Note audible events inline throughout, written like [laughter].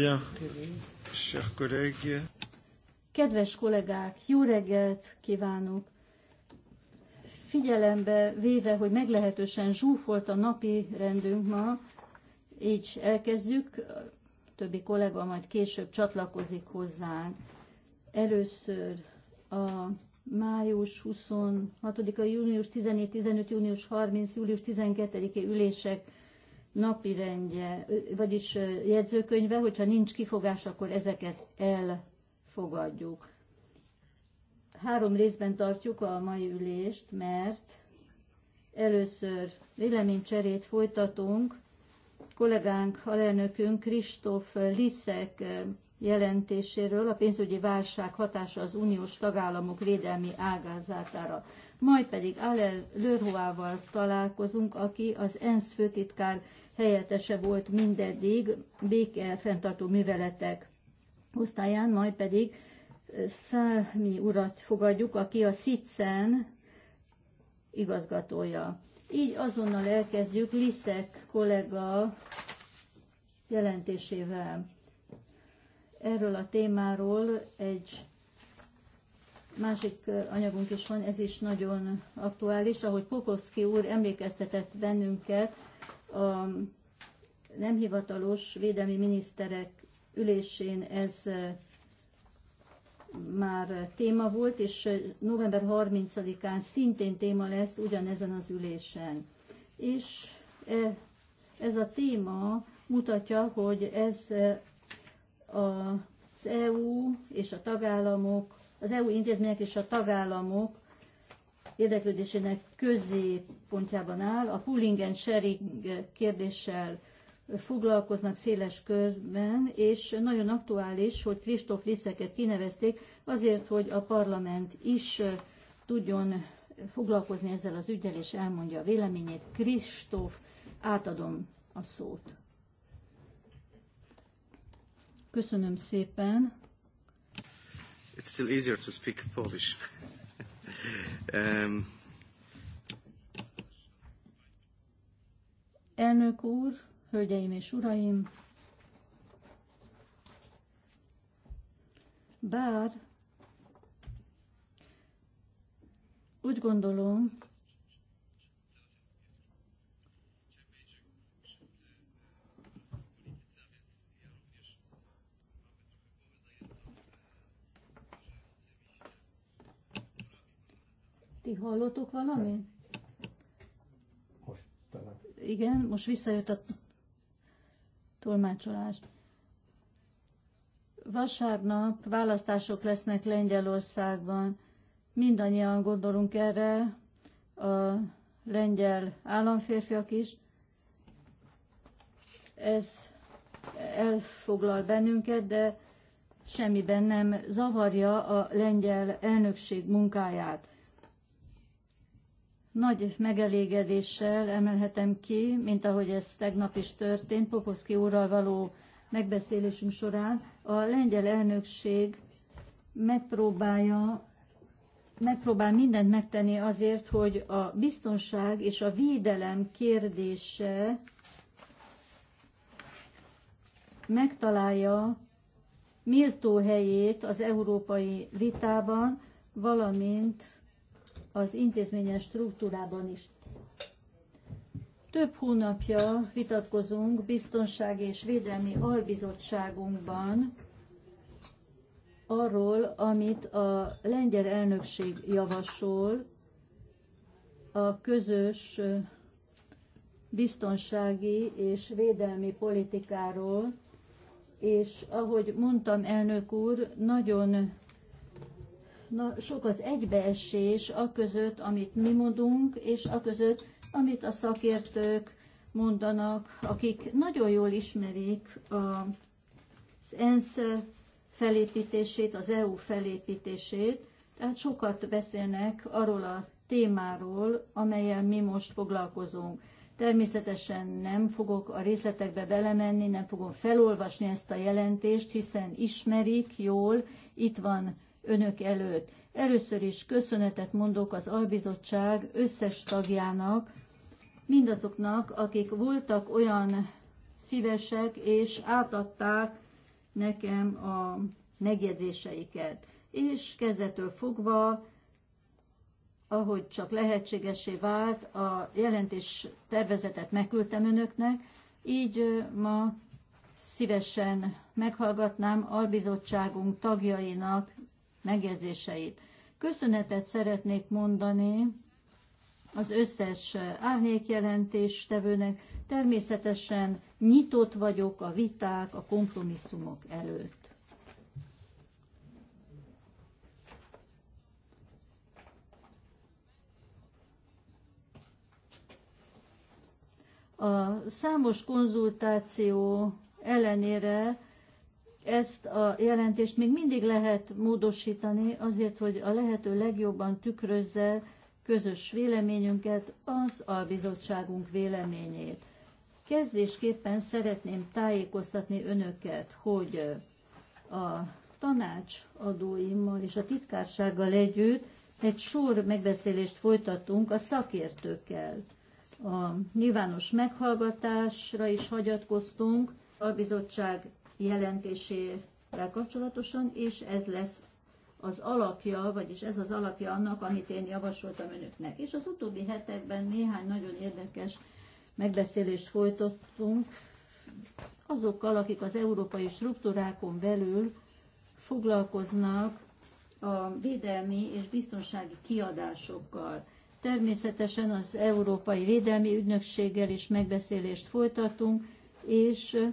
Bien, chers collègues. Kedves kollégák, jó reggelt kívánok! Figyelembe véve, hogy meglehetősen zsúfolt a napi rendünk ma, így elkezdjük, többi kollega majd később csatlakozik hozzánk. Először a május 26-a, június 14, 15, június 30, július 12-i ülések napi rendje, vagyis jegyzőkönyve, hogyha nincs kifogás, akkor ezeket elfogadjuk. Három részben tartjuk a mai ülést, mert először véleménycserét folytatunk. Kollégánk, alelnökünk Kristóf Liszek jelentéséről, a pénzügyi válság hatása az uniós tagállamok védelmi ágázátára. Majd pedig Alel Lörhoával találkozunk, aki az ENSZ főtitkár helyettese volt mindeddig béke fenntartó műveletek osztályán, majd pedig Szálmi urat fogadjuk, aki a SZICEN igazgatója. Így azonnal elkezdjük Liszek kollega jelentésével. Erről a témáról egy másik anyagunk is van, ez is nagyon aktuális, ahogy Popovski úr emlékeztetett bennünket a nem hivatalos védelmi miniszterek ülésén ez már téma volt, és november 30-án szintén téma lesz ugyanezen az ülésen. És ez a téma mutatja, hogy ez az EU és a tagállamok, az EU intézmények és a tagállamok érdeklődésének középpontjában áll. A pooling and sharing kérdéssel foglalkoznak széles körben, és nagyon aktuális, hogy Kristóf Liszeket kinevezték azért, hogy a parlament is tudjon foglalkozni ezzel az ügyel, és elmondja a véleményét. Kristóf, átadom a szót. Köszönöm szépen. It's still easier to speak Polish. [laughs] um... Elnök úr, hölgyeim és uraim, bár úgy gondolom, Ti hallottok valamit? Most talán. Igen, most visszajött a tolmácsolás. Vasárnap választások lesznek Lengyelországban. Mindannyian gondolunk erre, a lengyel államférfiak is. Ez elfoglal bennünket, de semmiben nem zavarja a lengyel elnökség munkáját. Nagy megelégedéssel emelhetem ki, mint ahogy ez tegnap is történt, Popovszki úrral való megbeszélésünk során, a lengyel elnökség megpróbálja, megpróbál mindent megtenni azért, hogy a biztonság és a védelem kérdése megtalálja méltó helyét az európai vitában, valamint az intézményes struktúrában is. Több hónapja vitatkozunk biztonsági és védelmi albizottságunkban arról, amit a lengyel elnökség javasol a közös biztonsági és védelmi politikáról, és ahogy mondtam, elnök úr, nagyon na, sok az egybeesés a között, amit mi mondunk, és a között, amit a szakértők mondanak, akik nagyon jól ismerik az ENSZ felépítését, az EU felépítését, tehát sokat beszélnek arról a témáról, amelyel mi most foglalkozunk. Természetesen nem fogok a részletekbe belemenni, nem fogom felolvasni ezt a jelentést, hiszen ismerik jól, itt van önök előtt. Először is köszönetet mondok az albizottság összes tagjának, mindazoknak, akik voltak olyan szívesek, és átadták nekem a megjegyzéseiket. És kezdetől fogva, ahogy csak lehetségesé vált, a jelentés tervezetet megküldtem önöknek, így ma szívesen meghallgatnám albizottságunk tagjainak megjegyzéseit. Köszönetet szeretnék mondani az összes tevőnek Természetesen nyitott vagyok a viták, a kompromisszumok előtt. A számos konzultáció ellenére ezt a jelentést még mindig lehet módosítani azért, hogy a lehető legjobban tükrözze közös véleményünket, az albizottságunk véleményét. Kezdésképpen szeretném tájékoztatni önöket, hogy a tanácsadóimmal és a titkársággal együtt egy sor megbeszélést folytatunk a szakértőkkel. A nyilvános meghallgatásra is hagyatkoztunk, a bizottság jelentésével kapcsolatosan, és ez lesz az alapja, vagyis ez az alapja annak, amit én javasoltam önöknek. És az utóbbi hetekben néhány nagyon érdekes megbeszélést folytattunk azokkal, akik az európai struktúrákon belül foglalkoznak a védelmi és biztonsági kiadásokkal. Természetesen az Európai Védelmi Ügynökséggel is megbeszélést folytatunk, és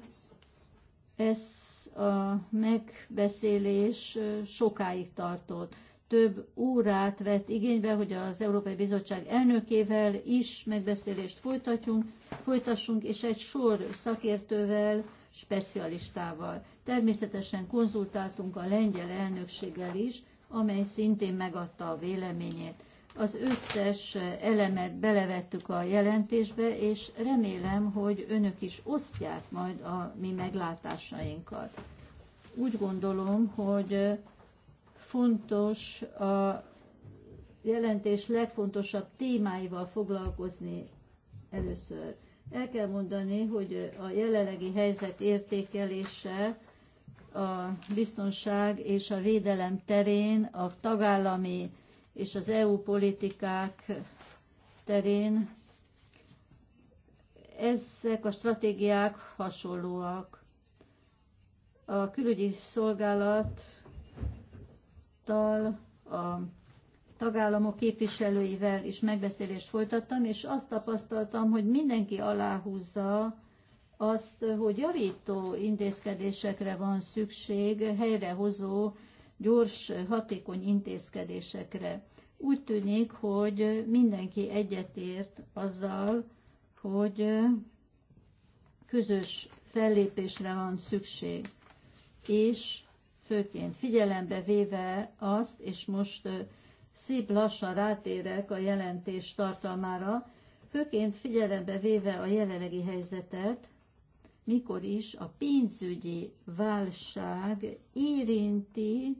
ez a megbeszélés sokáig tartott. Több órát vett igénybe, hogy az Európai Bizottság elnökével is megbeszélést folytatjunk, folytassunk, és egy sor szakértővel, specialistával. Természetesen konzultáltunk a lengyel elnökséggel is, amely szintén megadta a véleményét. Az összes elemet belevettük a jelentésbe, és remélem, hogy önök is osztják majd a mi meglátásainkat. Úgy gondolom, hogy fontos a jelentés legfontosabb témáival foglalkozni először. El kell mondani, hogy a jelenlegi helyzet értékelése a biztonság és a védelem terén a tagállami és az EU politikák terén ezek a stratégiák hasonlóak. A külügyi szolgálattal a tagállamok képviselőivel is megbeszélést folytattam, és azt tapasztaltam, hogy mindenki aláhúzza azt, hogy javító intézkedésekre van szükség, helyrehozó gyors, hatékony intézkedésekre. Úgy tűnik, hogy mindenki egyetért azzal, hogy közös fellépésre van szükség, és főként figyelembe véve azt, és most szép lassan rátérek a jelentés tartalmára, főként figyelembe véve a jelenlegi helyzetet, mikor is a pénzügyi válság érinti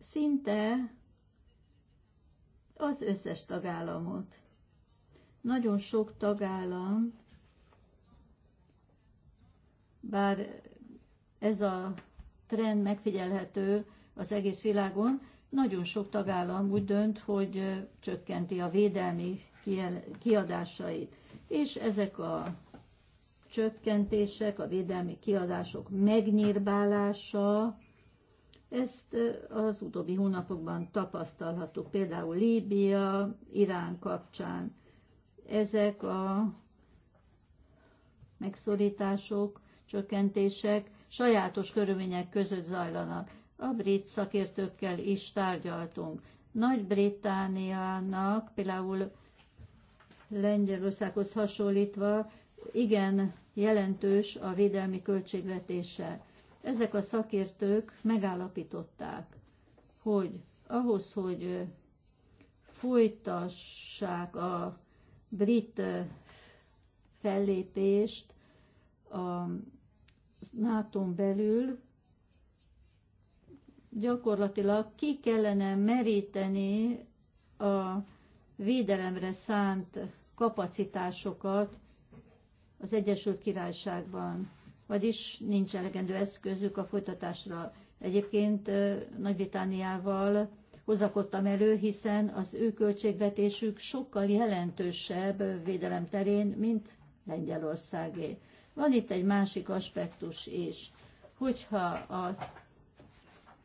szinte az összes tagállamot. Nagyon sok tagállam, bár ez a trend megfigyelhető az egész világon, nagyon sok tagállam úgy dönt, hogy csökkenti a védelmi kiadásait. És ezek a csökkentések, a védelmi kiadások megnyírbálása ezt az utóbbi hónapokban tapasztalhattuk, például Líbia, Irán kapcsán. Ezek a megszorítások, csökkentések sajátos körülmények között zajlanak. A brit szakértőkkel is tárgyaltunk. Nagy-Britániának például Lengyelországhoz hasonlítva igen jelentős a védelmi költségvetése. Ezek a szakértők megállapították, hogy ahhoz, hogy folytassák a brit fellépést a nato belül, gyakorlatilag ki kellene meríteni a védelemre szánt kapacitásokat az Egyesült Királyságban vagyis nincs elegendő eszközük a folytatásra. Egyébként Nagy-Britániával hozakodtam elő, hiszen az ő költségvetésük sokkal jelentősebb védelem terén, mint Lengyelországé. Van itt egy másik aspektus is, hogyha a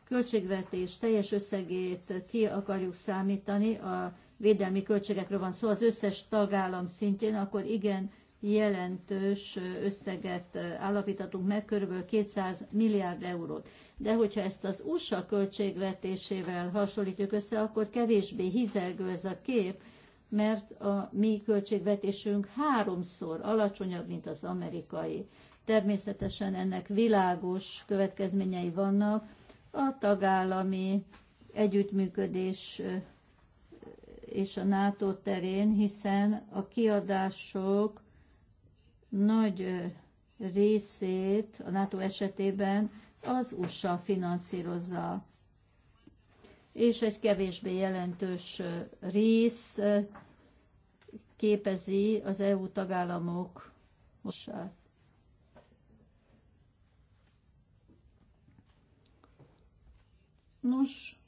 költségvetés teljes összegét ki akarjuk számítani, a védelmi költségekről van szó az összes tagállam szintjén, akkor igen, jelentős összeget állapítatunk meg, kb. 200 milliárd eurót. De hogyha ezt az USA költségvetésével hasonlítjuk össze, akkor kevésbé hizelgő ez a kép, mert a mi költségvetésünk háromszor alacsonyabb, mint az amerikai. Természetesen ennek világos következményei vannak. A tagállami együttműködés és a NATO terén, hiszen a kiadások nagy részét a NATO esetében az USA finanszírozza, és egy kevésbé jelentős rész képezi az EU tagállamok mosát. Nos,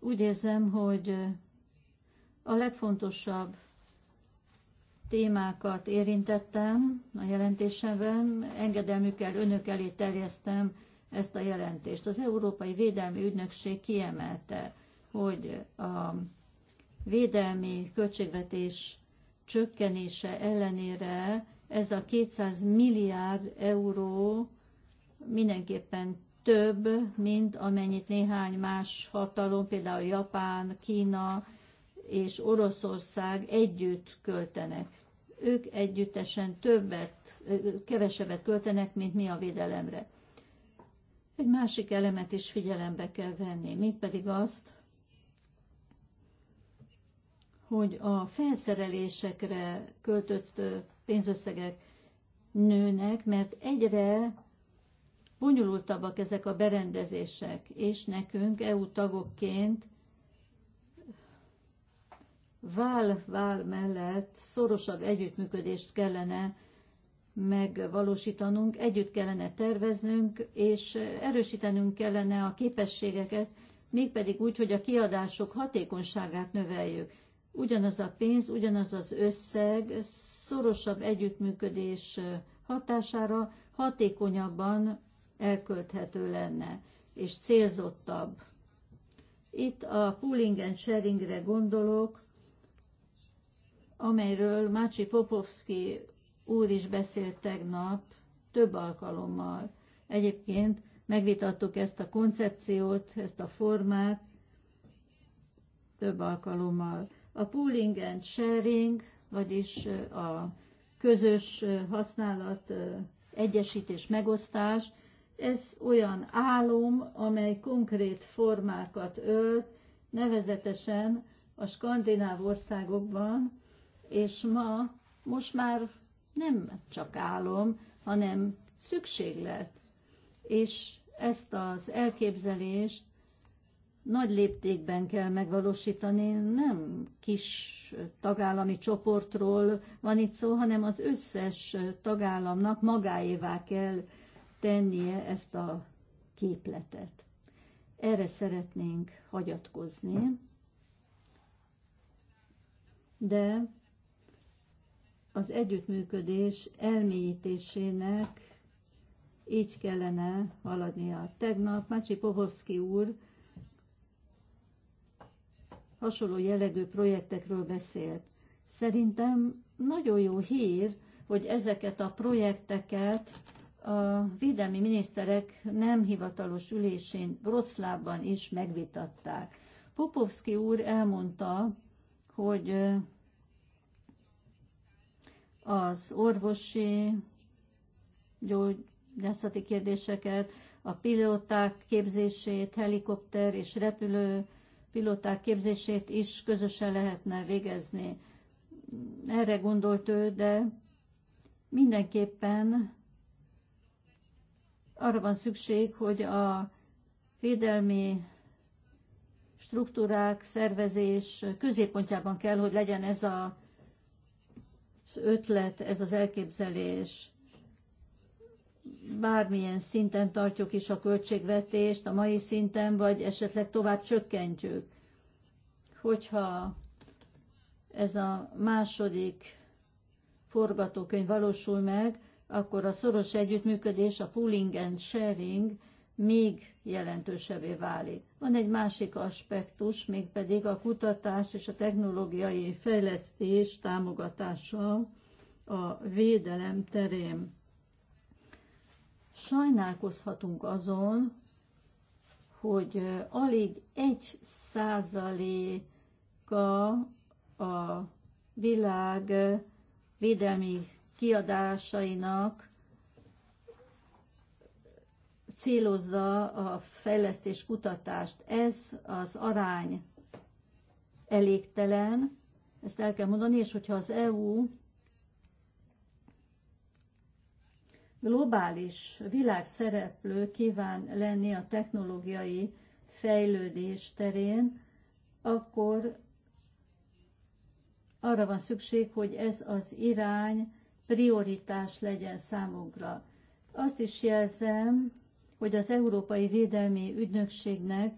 úgy érzem, hogy a legfontosabb témákat érintettem a jelentésemben, engedelmükkel önök elé terjesztem ezt a jelentést. Az Európai Védelmi Ügynökség kiemelte, hogy a védelmi költségvetés csökkenése ellenére ez a 200 milliárd euró mindenképpen több, mint amennyit néhány más hatalom, például Japán, Kína és Oroszország együtt költenek. Ők együttesen többet, kevesebbet költenek, mint mi a védelemre. Egy másik elemet is figyelembe kell venni, mint pedig azt, hogy a felszerelésekre költött pénzösszegek nőnek, mert egyre bonyolultabbak ezek a berendezések, és nekünk EU tagokként vál-vál mellett szorosabb együttműködést kellene megvalósítanunk, együtt kellene terveznünk, és erősítenünk kellene a képességeket, mégpedig úgy, hogy a kiadások hatékonyságát növeljük. Ugyanaz a pénz, ugyanaz az összeg szorosabb együttműködés hatására hatékonyabban elkölthető lenne, és célzottabb. Itt a pooling and sharingre gondolok, amelyről Mácsi Popovski úr is beszélt tegnap több alkalommal. Egyébként megvitattuk ezt a koncepciót, ezt a formát több alkalommal. A pooling and sharing, vagyis a közös használat, egyesítés, megosztás, ez olyan álom, amely konkrét formákat ölt, nevezetesen a skandináv országokban, és ma most már nem csak álom, hanem szükséglet. És ezt az elképzelést nagy léptékben kell megvalósítani, nem kis tagállami csoportról van itt szó, hanem az összes tagállamnak magáévá kell tennie ezt a képletet. Erre szeretnénk hagyatkozni, de az együttműködés elmélyítésének így kellene haladnia. Tegnap Mácsi Pohovszki úr hasonló jellegű projektekről beszélt. Szerintem nagyon jó hír, hogy ezeket a projekteket a védelmi miniszterek nem hivatalos ülésén Wroclawban is megvitatták. Popovski úr elmondta, hogy az orvosi gyógyászati kérdéseket, a pilóták képzését, helikopter és repülő pilóták képzését is közösen lehetne végezni. Erre gondolt ő, de mindenképpen arra van szükség, hogy a védelmi struktúrák, szervezés középpontjában kell, hogy legyen ez a az ötlet, ez az elképzelés. Bármilyen szinten tartjuk is a költségvetést, a mai szinten, vagy esetleg tovább csökkentjük. Hogyha ez a második forgatókönyv valósul meg, akkor a szoros együttműködés, a pooling and sharing még jelentősebbé válik. Van egy másik aspektus, mégpedig a kutatás és a technológiai fejlesztés támogatása a védelem terén. Sajnálkozhatunk azon, hogy alig egy százaléka a világ védelmi kiadásainak célozza a fejlesztés kutatást. Ez az arány elégtelen, ezt el kell mondani, és hogyha az EU globális világszereplő kíván lenni a technológiai fejlődés terén, akkor arra van szükség, hogy ez az irány prioritás legyen számunkra. Azt is jelzem, hogy az Európai Védelmi Ügynökségnek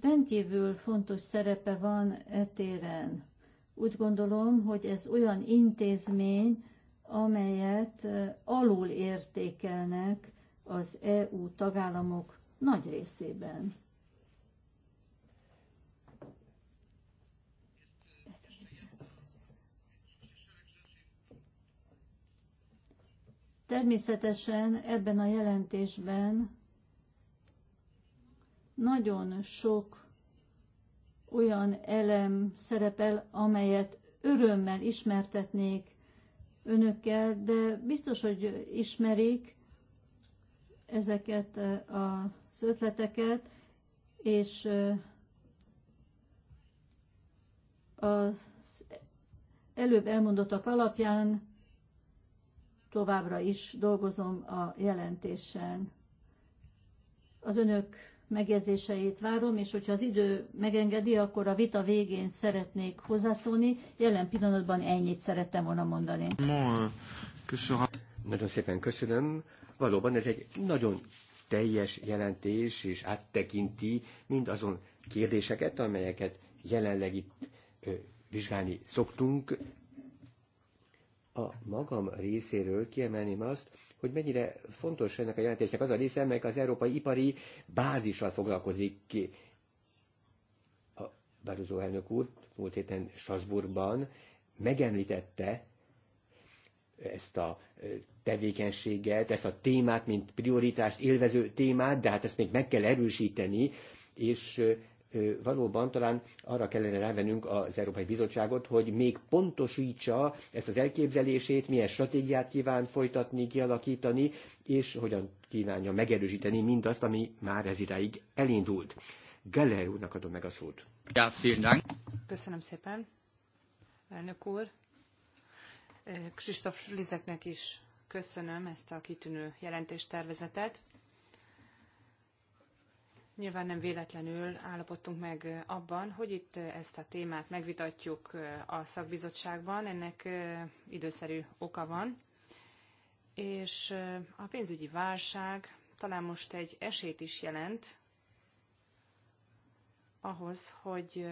rendkívül fontos szerepe van e téren. Úgy gondolom, hogy ez olyan intézmény, amelyet alul értékelnek az EU tagállamok nagy részében. Természetesen ebben a jelentésben nagyon sok olyan elem szerepel, amelyet örömmel ismertetnék önökkel, de biztos, hogy ismerik ezeket eh, az ötleteket, és eh, az előbb elmondottak alapján továbbra is dolgozom a jelentésen. Az önök megjegyzéseit várom, és hogyha az idő megengedi, akkor a vita végén szeretnék hozzászólni. Jelen pillanatban ennyit szerettem volna mondani. Nagyon szépen köszönöm. Valóban ez egy nagyon teljes jelentés, és áttekinti mind azon kérdéseket, amelyeket jelenleg itt vizsgálni szoktunk, a magam részéről kiemelném azt, hogy mennyire fontos ennek a jelentésnek az a része, amely az európai ipari bázissal foglalkozik ki. A Barozó elnök úr múlt héten Strasbourgban megemlítette ezt a e, tevékenységet, ezt a témát, mint prioritást élvező témát, de hát ezt még meg kell erősíteni, és e, valóban talán arra kellene rávennünk az Európai Bizottságot, hogy még pontosítsa ezt az elképzelését, milyen stratégiát kíván folytatni, kialakítani, és hogyan kívánja megerősíteni mindazt, ami már ez idáig elindult. Geller úrnak adom meg a szót. Ja, vielen Dank. Köszönöm szépen, elnök úr. Krisztof Lizeknek is köszönöm ezt a kitűnő jelentéstervezetet. Nyilván nem véletlenül állapodtunk meg abban, hogy itt ezt a témát megvitatjuk a szakbizottságban, ennek időszerű oka van, és a pénzügyi válság talán most egy esét is jelent ahhoz, hogy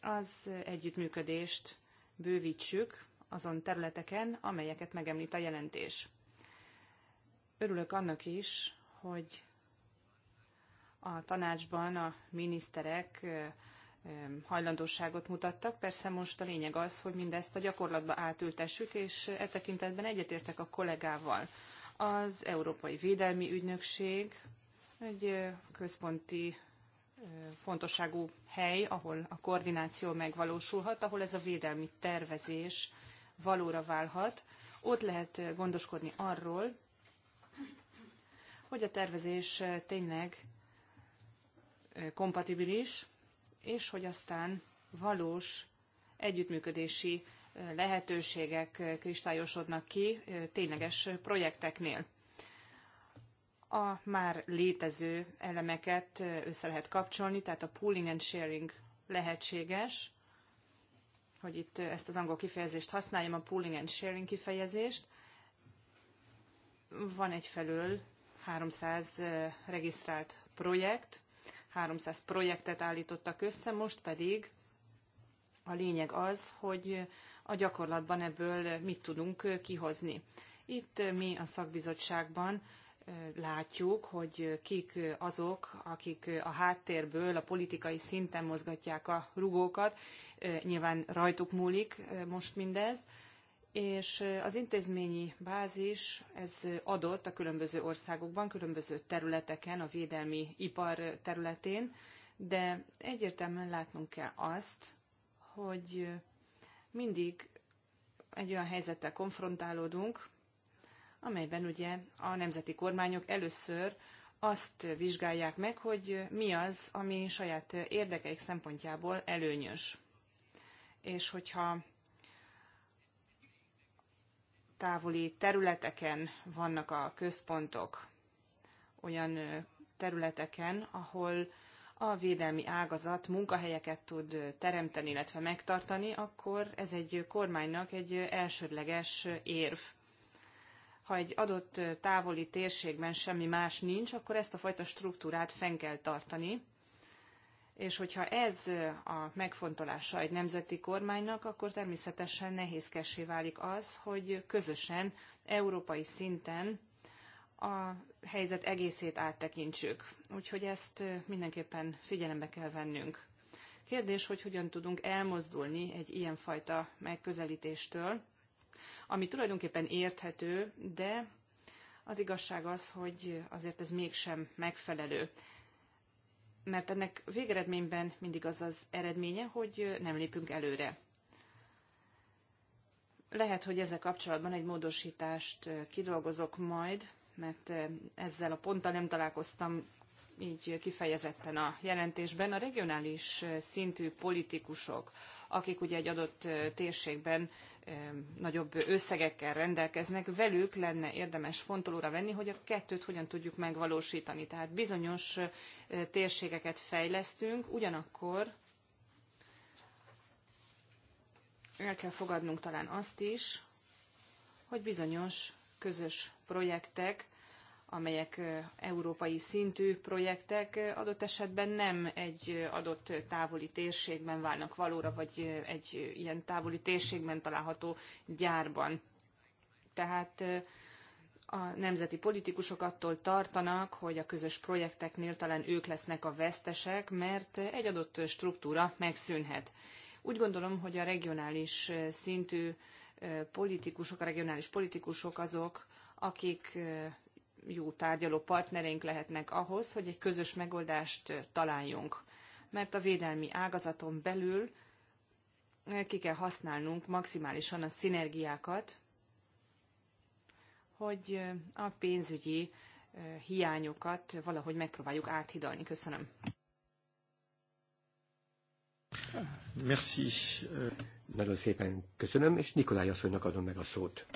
az együttműködést bővítsük azon területeken, amelyeket megemlít a jelentés. Örülök annak is, hogy a tanácsban a miniszterek hajlandóságot mutattak. Persze most a lényeg az, hogy mindezt a gyakorlatba átültessük, és e tekintetben egyetértek a kollégával. Az Európai Védelmi Ügynökség egy központi fontosságú hely, ahol a koordináció megvalósulhat, ahol ez a védelmi tervezés valóra válhat. Ott lehet gondoskodni arról, hogy a tervezés tényleg kompatibilis, és hogy aztán valós együttműködési lehetőségek kristályosodnak ki tényleges projekteknél. A már létező elemeket össze lehet kapcsolni, tehát a pooling and sharing lehetséges, hogy itt ezt az angol kifejezést használjam, a pooling and sharing kifejezést. Van egyfelől 300 regisztrált projekt, 300 projektet állítottak össze, most pedig a lényeg az, hogy a gyakorlatban ebből mit tudunk kihozni. Itt mi a szakbizottságban látjuk, hogy kik azok, akik a háttérből, a politikai szinten mozgatják a rugókat. Nyilván rajtuk múlik most mindez, és az intézményi bázis ez adott a különböző országokban, különböző területeken, a védelmi ipar területén, de egyértelműen látnunk kell azt, hogy mindig egy olyan helyzettel konfrontálódunk, amelyben ugye a nemzeti kormányok először azt vizsgálják meg, hogy mi az, ami saját érdekeik szempontjából előnyös. És hogyha távoli területeken vannak a központok, olyan területeken, ahol a védelmi ágazat munkahelyeket tud teremteni, illetve megtartani, akkor ez egy kormánynak egy elsődleges érv. Ha egy adott távoli térségben semmi más nincs, akkor ezt a fajta struktúrát fenn kell tartani, és hogyha ez a megfontolása egy nemzeti kormánynak, akkor természetesen nehézkessé válik az, hogy közösen, európai szinten a helyzet egészét áttekintsük. Úgyhogy ezt mindenképpen figyelembe kell vennünk. Kérdés, hogy hogyan tudunk elmozdulni egy ilyenfajta megközelítéstől, ami tulajdonképpen érthető, de az igazság az, hogy azért ez mégsem megfelelő mert ennek végeredményben mindig az az eredménye, hogy nem lépünk előre. Lehet, hogy ezzel kapcsolatban egy módosítást kidolgozok majd, mert ezzel a ponttal nem találkoztam így kifejezetten a jelentésben. A regionális szintű politikusok, akik ugye egy adott térségben nagyobb összegekkel rendelkeznek, velük lenne érdemes fontolóra venni, hogy a kettőt hogyan tudjuk megvalósítani. Tehát bizonyos térségeket fejlesztünk, ugyanakkor el kell fogadnunk talán azt is, hogy bizonyos közös projektek amelyek európai szintű projektek adott esetben nem egy adott távoli térségben válnak valóra, vagy egy ilyen távoli térségben található gyárban. Tehát a nemzeti politikusok attól tartanak, hogy a közös projekteknél talán ők lesznek a vesztesek, mert egy adott struktúra megszűnhet. Úgy gondolom, hogy a regionális szintű politikusok, a regionális politikusok azok, akik jó tárgyaló partnereink lehetnek ahhoz, hogy egy közös megoldást találjunk. Mert a védelmi ágazaton belül ki kell használnunk maximálisan a szinergiákat, hogy a pénzügyi hiányokat valahogy megpróbáljuk áthidalni. Köszönöm. Merci. Nagyon szépen köszönöm, és Nikolaj asszonynak adom meg a szót.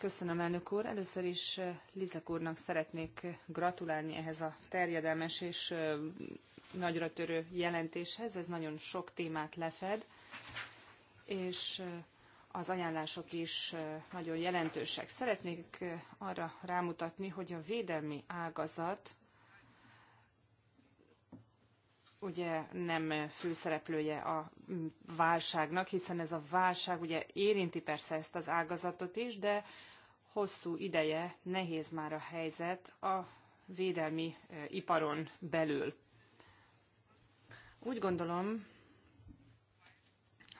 Köszönöm, elnök úr. Először is eh, Lizek úrnak szeretnék gratulálni ehhez a terjedelmes és eh, nagyra törő jelentéshez. Ez nagyon sok témát lefed, és eh, az ajánlások is nagyon jelentősek. Szeretnék arra rámutatni, hogy a védelmi ágazat ugye nem főszereplője a válságnak, hiszen ez a válság ugye érinti persze ezt az ágazatot is, de hosszú ideje nehéz már a helyzet a védelmi iparon belül. Úgy gondolom,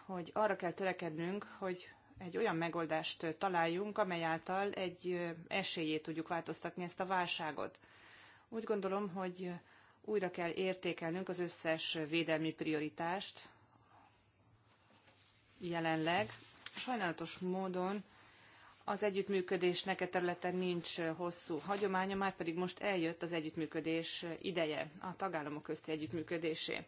hogy arra kell törekednünk, hogy egy olyan megoldást találjunk, amely által egy esélyét tudjuk változtatni ezt a válságot. Úgy gondolom, hogy újra kell értékelnünk az összes védelmi prioritást jelenleg. Sajnálatos módon az együttműködésnek e területen nincs hosszú hagyománya, már pedig most eljött az együttműködés ideje, a tagállamok közti együttműködésé.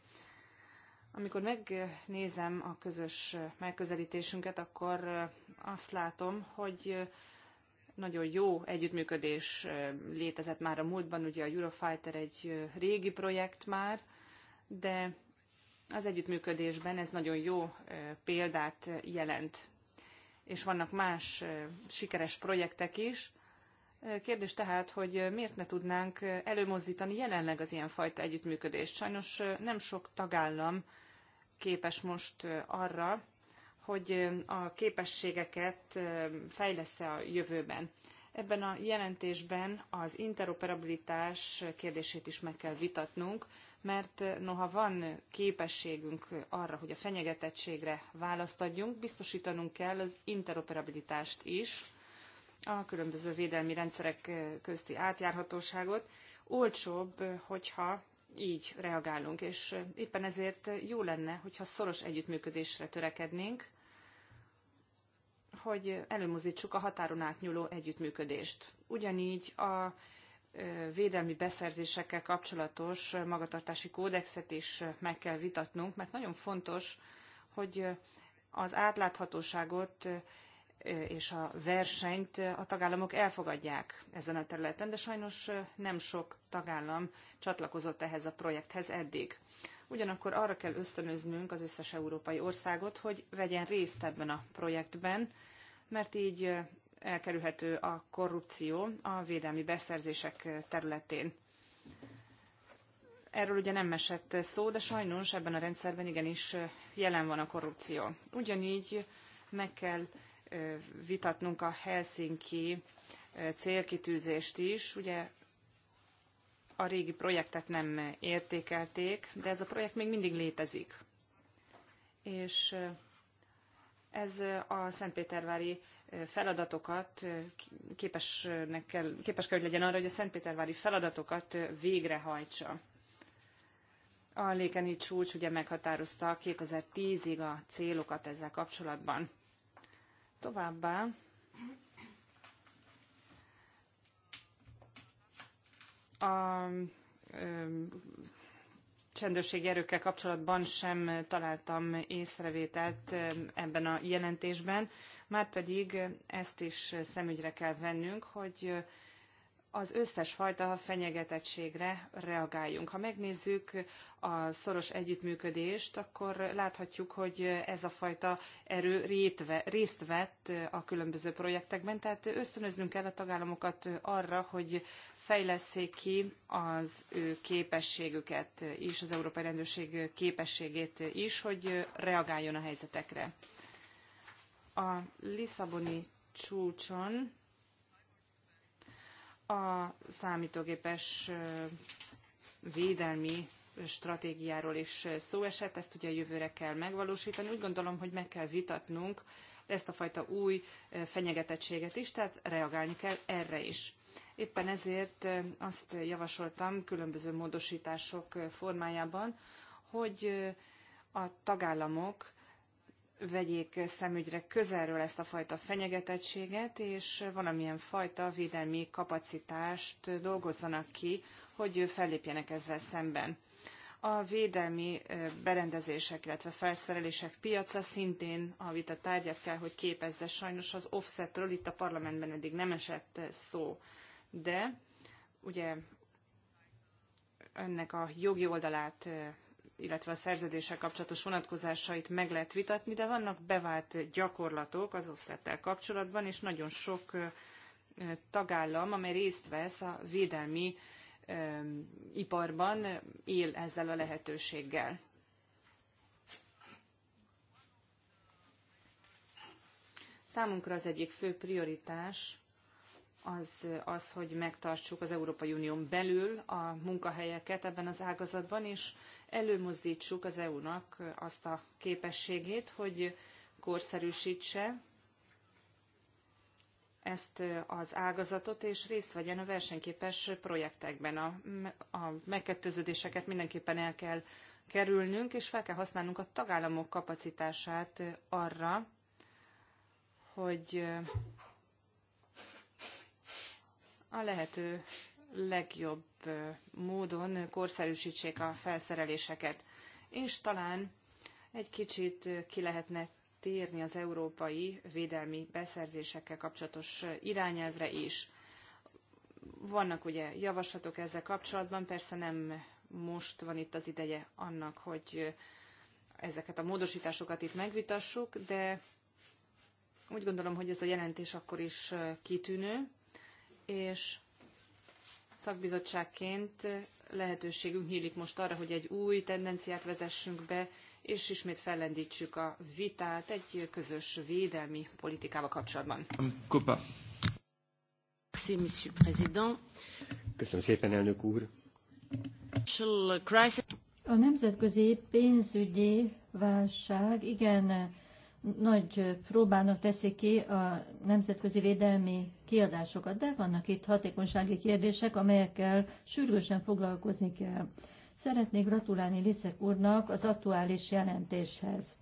Amikor megnézem a közös megközelítésünket, akkor azt látom, hogy nagyon jó együttműködés létezett már a múltban, ugye a Eurofighter egy régi projekt már, de az együttműködésben ez nagyon jó példát jelent. És vannak más sikeres projektek is. Kérdés tehát, hogy miért ne tudnánk előmozdítani jelenleg az ilyenfajta együttműködést. Sajnos nem sok tagállam képes most arra, hogy a képességeket fejlesz -e a jövőben. Ebben a jelentésben az interoperabilitás kérdését is meg kell vitatnunk, mert noha van képességünk arra, hogy a fenyegetettségre választ adjunk, biztosítanunk kell az interoperabilitást is, a különböző védelmi rendszerek közti átjárhatóságot. Olcsóbb, hogyha így reagálunk, és éppen ezért jó lenne, hogyha szoros együttműködésre törekednénk, hogy előmozdítsuk a határon átnyúló együttműködést. Ugyanígy a védelmi beszerzésekkel kapcsolatos magatartási kódexet is meg kell vitatnunk, mert nagyon fontos, hogy az átláthatóságot és a versenyt a tagállamok elfogadják ezen a területen, de sajnos nem sok tagállam csatlakozott ehhez a projekthez eddig. Ugyanakkor arra kell ösztönöznünk az összes európai országot, hogy vegyen részt ebben a projektben, mert így elkerülhető a korrupció a védelmi beszerzések területén. Erről ugye nem esett szó, de sajnos ebben a rendszerben igenis jelen van a korrupció. Ugyanígy meg kell vitatnunk a Helsinki célkitűzést is. Ugye a régi projektet nem értékelték, de ez a projekt még mindig létezik. És ez a Szentpétervári feladatokat képesnek kell, képes kell, hogy legyen arra, hogy a Szentpétervári feladatokat végrehajtsa. A Lékeni csúcs ugye meghatározta 2010-ig a célokat ezzel kapcsolatban. Továbbá a csendőrségi erőkkel kapcsolatban sem találtam észrevételt ebben a jelentésben, márpedig ezt is szemügyre kell vennünk, hogy az összes fajta fenyegetettségre reagáljunk. Ha megnézzük a szoros együttműködést, akkor láthatjuk, hogy ez a fajta erő rétve, részt vett a különböző projektekben, tehát ösztönöznünk kell a tagállamokat arra, hogy fejleszék ki az ő képességüket és az Európai Rendőrség képességét is, hogy reagáljon a helyzetekre. A Lisszaboni csúcson a számítógépes védelmi stratégiáról is szó esett, ezt ugye a jövőre kell megvalósítani. Úgy gondolom, hogy meg kell vitatnunk ezt a fajta új fenyegetettséget is, tehát reagálni kell erre is. Éppen ezért azt javasoltam különböző módosítások formájában, hogy a tagállamok vegyék szemügyre közelről ezt a fajta fenyegetettséget, és valamilyen fajta védelmi kapacitást dolgozzanak ki, hogy fellépjenek ezzel szemben. A védelmi berendezések, illetve felszerelések piaca szintén a vita tárgyát kell, hogy képezze. Sajnos az offsetről itt a parlamentben eddig nem esett szó, de ugye ennek a jogi oldalát illetve a szerződéssel kapcsolatos vonatkozásait meg lehet vitatni, de vannak bevált gyakorlatok az offsettel kapcsolatban, és nagyon sok tagállam, amely részt vesz a védelmi iparban, él ezzel a lehetőséggel. Számunkra az egyik fő prioritás az, az, hogy megtartsuk az Európai Unión belül a munkahelyeket ebben az ágazatban, és előmozdítsuk az EU-nak azt a képességét, hogy korszerűsítse ezt az ágazatot, és részt vegyen a versenyképes projektekben. A, a megkettőződéseket mindenképpen el kell kerülnünk, és fel kell használnunk a tagállamok kapacitását arra, hogy a lehető legjobb módon korszerűsítsék a felszereléseket, és talán egy kicsit ki lehetne térni az európai védelmi beszerzésekkel kapcsolatos irányelvre is. Vannak ugye javaslatok ezzel kapcsolatban, persze nem most van itt az ideje annak, hogy ezeket a módosításokat itt megvitassuk, de úgy gondolom, hogy ez a jelentés akkor is kitűnő, és szakbizottságként lehetőségünk nyílik most arra, hogy egy új tendenciát vezessünk be, és ismét fellendítsük a vitát egy közös védelmi politikával kapcsolatban. Kupa. Köszönöm szépen, elnök úr. A nemzetközi pénzügyi válság igen nagy próbának teszik ki a nemzetközi védelmi kiadásokat, de vannak itt hatékonysági kérdések, amelyekkel sürgősen foglalkozni kell. Szeretnék gratulálni Liszek úrnak az aktuális jelentéshez.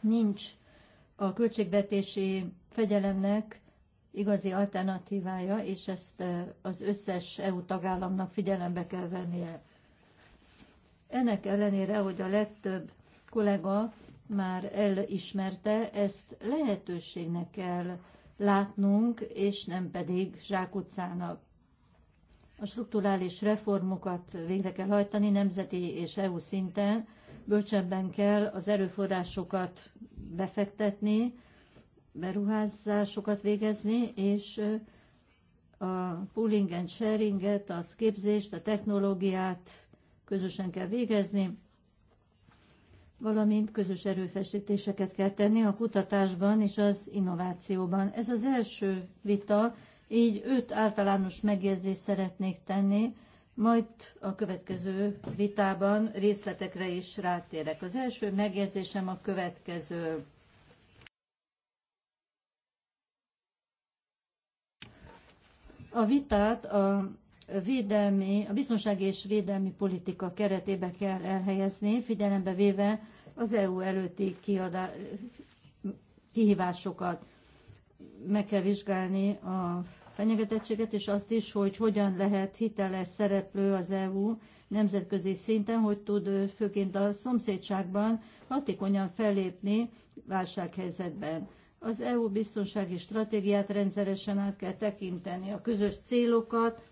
Nincs a költségvetési fegyelemnek igazi alternatívája, és ezt eh, az összes EU tagállamnak figyelembe kell vennie. Ennek ellenére, hogy a legtöbb kollega már elismerte, ezt lehetőségnek kell látnunk, és nem pedig zsákutcának. A strukturális reformokat végre kell hajtani nemzeti és EU szinten, bölcsebben kell az erőforrásokat befektetni, beruházásokat végezni, és a pooling and sharinget, a képzést, a technológiát közösen kell végezni, valamint közös erőfeszítéseket kell tenni a kutatásban és az innovációban. Ez az első vita, így öt általános megjegyzést szeretnék tenni, majd a következő vitában részletekre is rátérek. Az első megjegyzésem a következő. A vitát a védelmi, a biztonság és védelmi politika keretébe kell elhelyezni, figyelembe véve az EU előtti kiadá, kihívásokat. Meg kell vizsgálni a fenyegetettséget, és azt is, hogy hogyan lehet hiteles szereplő az EU nemzetközi szinten, hogy tud főként a szomszédságban hatékonyan fellépni válsághelyzetben. Az EU biztonsági stratégiát rendszeresen át kell tekinteni, a közös célokat,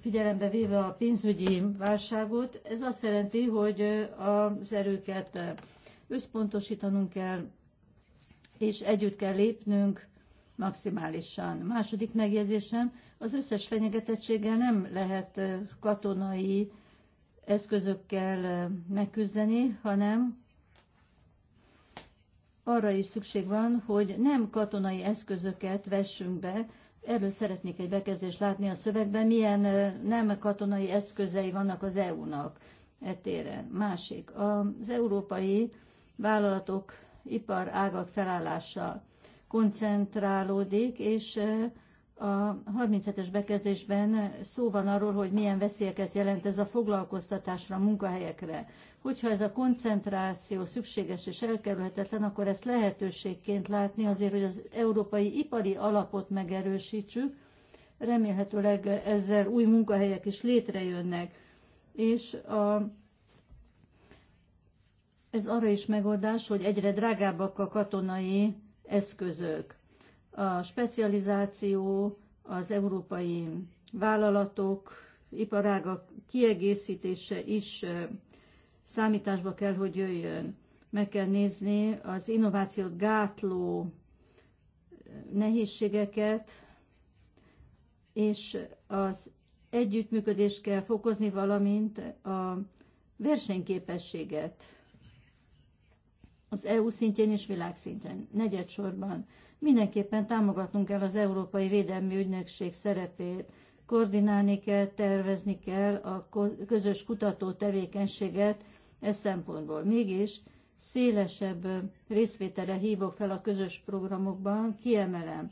figyelembe véve a pénzügyi válságot, ez azt jelenti, hogy az erőket összpontosítanunk kell, és együtt kell lépnünk maximálisan. Második megjegyzésem, az összes fenyegetettséggel nem lehet katonai eszközökkel megküzdeni, hanem arra is szükség van, hogy nem katonai eszközöket vessünk be Erről szeretnék egy bekezdést látni a szövegben, milyen nem katonai eszközei vannak az EU-nak etére. Másik, az európai vállalatok iparágak felállása koncentrálódik, és a 37-es bekezdésben szó van arról, hogy milyen veszélyeket jelent ez a foglalkoztatásra, a munkahelyekre. Hogyha ez a koncentráció szükséges és elkerülhetetlen, akkor ezt lehetőségként látni azért, hogy az európai ipari alapot megerősítsük, remélhetőleg ezzel új munkahelyek is létrejönnek. És a, ez arra is megoldás, hogy egyre drágábbak a katonai eszközök a specializáció, az európai vállalatok, iparágak kiegészítése is számításba kell, hogy jöjjön. Meg kell nézni az innovációt gátló nehézségeket, és az együttműködést kell fokozni, valamint a versenyképességet az EU szintjén és világszinten. sorban Mindenképpen támogatnunk kell az Európai Védelmi Ügynökség szerepét, koordinálni kell, tervezni kell a közös kutató tevékenységet ez szempontból. Mégis szélesebb részvétele hívok fel a közös programokban, kiemelem,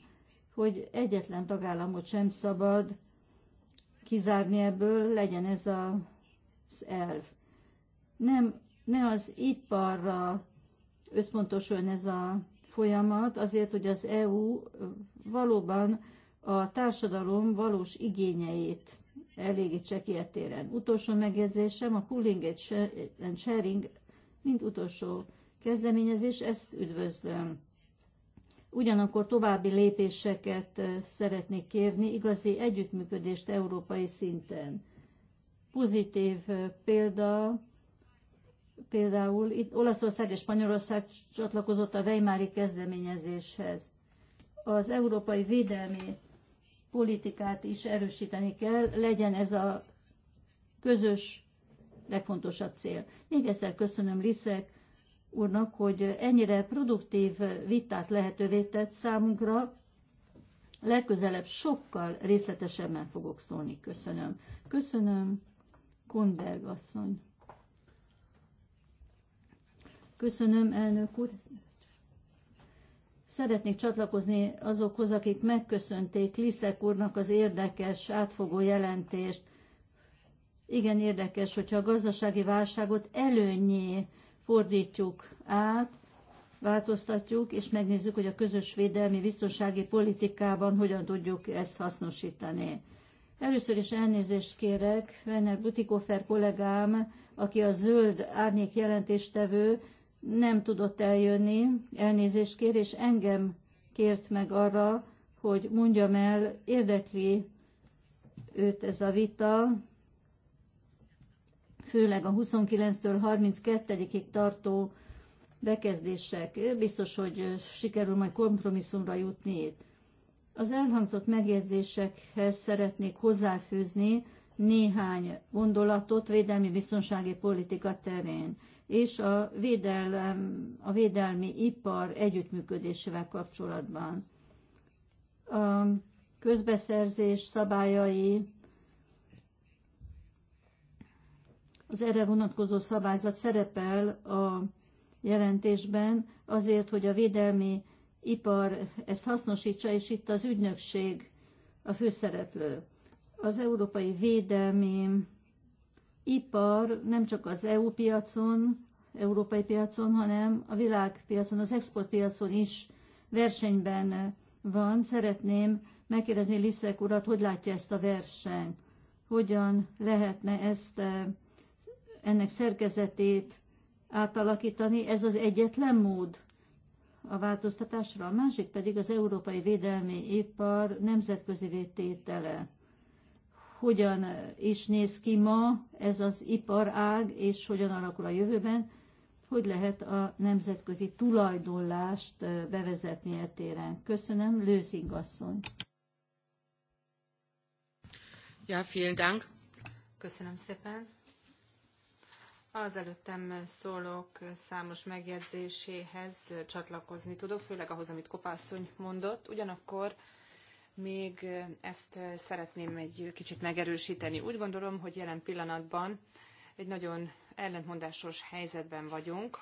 hogy egyetlen tagállamot sem szabad kizárni ebből, legyen ez a, az elv. Nem, ne az iparra összpontosuljon ez a folyamat azért, hogy az EU valóban a társadalom valós igényeit ki a téren. Utolsó megjegyzésem, a pooling and sharing, mint utolsó kezdeményezés, ezt üdvözlöm. Ugyanakkor további lépéseket eh, szeretnék kérni, igazi együttműködést európai szinten. Pozitív eh, példa Például itt Olaszország és Spanyolország csatlakozott a Weimári kezdeményezéshez. Az európai védelmi politikát is erősíteni kell, legyen ez a közös legfontosabb cél. Még egyszer köszönöm Liszek úrnak, hogy ennyire produktív vitát lehetővé tett számunkra. Legközelebb sokkal részletesebben fogok szólni. Köszönöm. Köszönöm, Konberg asszony. Köszönöm, elnök úr. Szeretnék csatlakozni azokhoz, akik megköszönték Liszek úrnak az érdekes, átfogó jelentést. Igen érdekes, hogyha a gazdasági válságot előnyé fordítjuk át, változtatjuk, és megnézzük, hogy a közös védelmi biztonsági politikában hogyan tudjuk ezt hasznosítani. Először is elnézést kérek Werner Butikofer kollégám, aki a zöld árnyék jelentéstevő, nem tudott eljönni, elnézést kér, és engem kért meg arra, hogy mondjam el, érdekli őt ez a vita, főleg a 29-től 32-ig tartó bekezdések. Biztos, hogy sikerül majd kompromisszumra jutni itt. Az elhangzott megjegyzésekhez szeretnék hozzáfűzni néhány gondolatot védelmi biztonsági politika terén és a, védelem, a védelmi ipar együttműködésével kapcsolatban. A közbeszerzés szabályai, az erre vonatkozó szabályzat szerepel a jelentésben azért, hogy a védelmi ipar ezt hasznosítsa, és itt az ügynökség a főszereplő. Az Európai Védelmi ipar nem csak az EU piacon, európai piacon, hanem a világpiacon, az exportpiacon is versenyben van. Szeretném megkérdezni Liszek urat, hogy látja ezt a versenyt, hogyan lehetne ezt, e, ennek szerkezetét átalakítani. Ez az egyetlen mód a változtatásra, a másik pedig az európai védelmi ipar nemzetközi vététele hogyan eh, is néz ki ma ez az iparág, és hogyan alakul a jövőben, hogy lehet a nemzetközi tulajdonlást eh, bevezetni e téren. Köszönöm, Lőzing asszony. Ja, vielen Dank. Köszönöm szépen. Az előttem szólók számos megjegyzéséhez csatlakozni tudok, főleg ahhoz, amit Kopászony mondott. Ugyanakkor még ezt szeretném egy kicsit megerősíteni. Úgy gondolom, hogy jelen pillanatban egy nagyon ellentmondásos helyzetben vagyunk.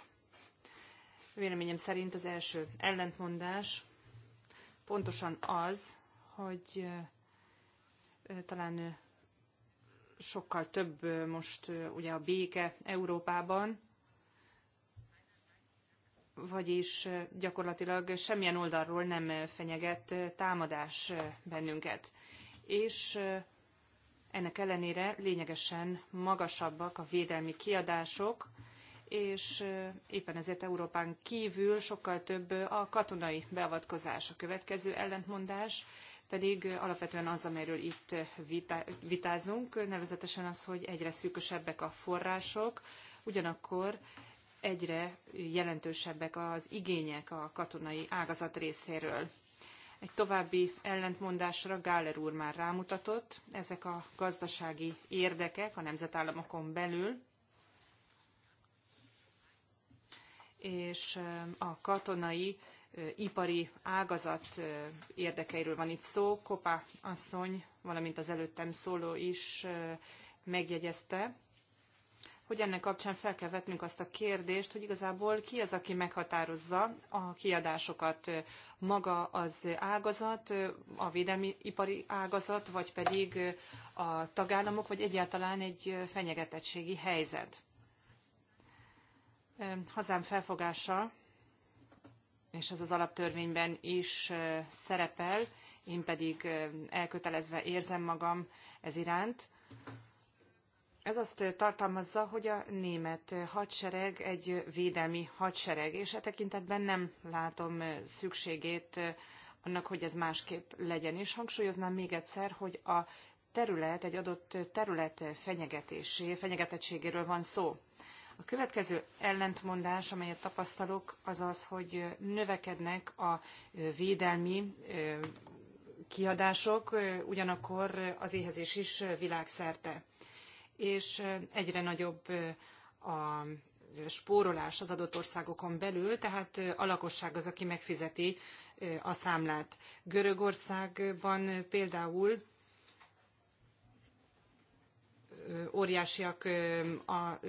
Véleményem szerint az első ellentmondás pontosan az, hogy talán sokkal több most ugye a béke Európában, vagyis gyakorlatilag semmilyen oldalról nem fenyeget támadás bennünket. És ennek ellenére lényegesen magasabbak a védelmi kiadások, és éppen ezért Európán kívül sokkal több a katonai beavatkozás. A következő ellentmondás pedig alapvetően az, amiről itt vitázunk, nevezetesen az, hogy egyre szűkösebbek a források, ugyanakkor egyre jelentősebbek az igények a katonai ágazat részéről. Egy további ellentmondásra Gáler úr már rámutatott, ezek a gazdasági érdekek a nemzetállamokon belül, és a katonai ipari ágazat érdekeiről van itt szó. Kopa asszony, valamint az előttem szóló is megjegyezte, hogy ennek kapcsán fel kell vetnünk azt a kérdést, hogy igazából ki az, aki meghatározza a kiadásokat, maga az ágazat, a védelmi ipari ágazat, vagy pedig a tagállamok, vagy egyáltalán egy fenyegetettségi helyzet. Hazám felfogása, és ez az alaptörvényben is szerepel, én pedig elkötelezve érzem magam ez iránt. Ez azt tartalmazza, hogy a német hadsereg egy védelmi hadsereg, és e tekintetben nem látom szükségét annak, hogy ez másképp legyen. És hangsúlyoznám még egyszer, hogy a terület, egy adott terület fenyegetésé, fenyegetettségéről van szó. A következő ellentmondás, amelyet tapasztalok, az az, hogy növekednek a védelmi kiadások, ugyanakkor az éhezés is világszerte és egyre nagyobb a spórolás az adott országokon belül, tehát a lakosság az, aki megfizeti a számlát. Görögországban például óriásiak a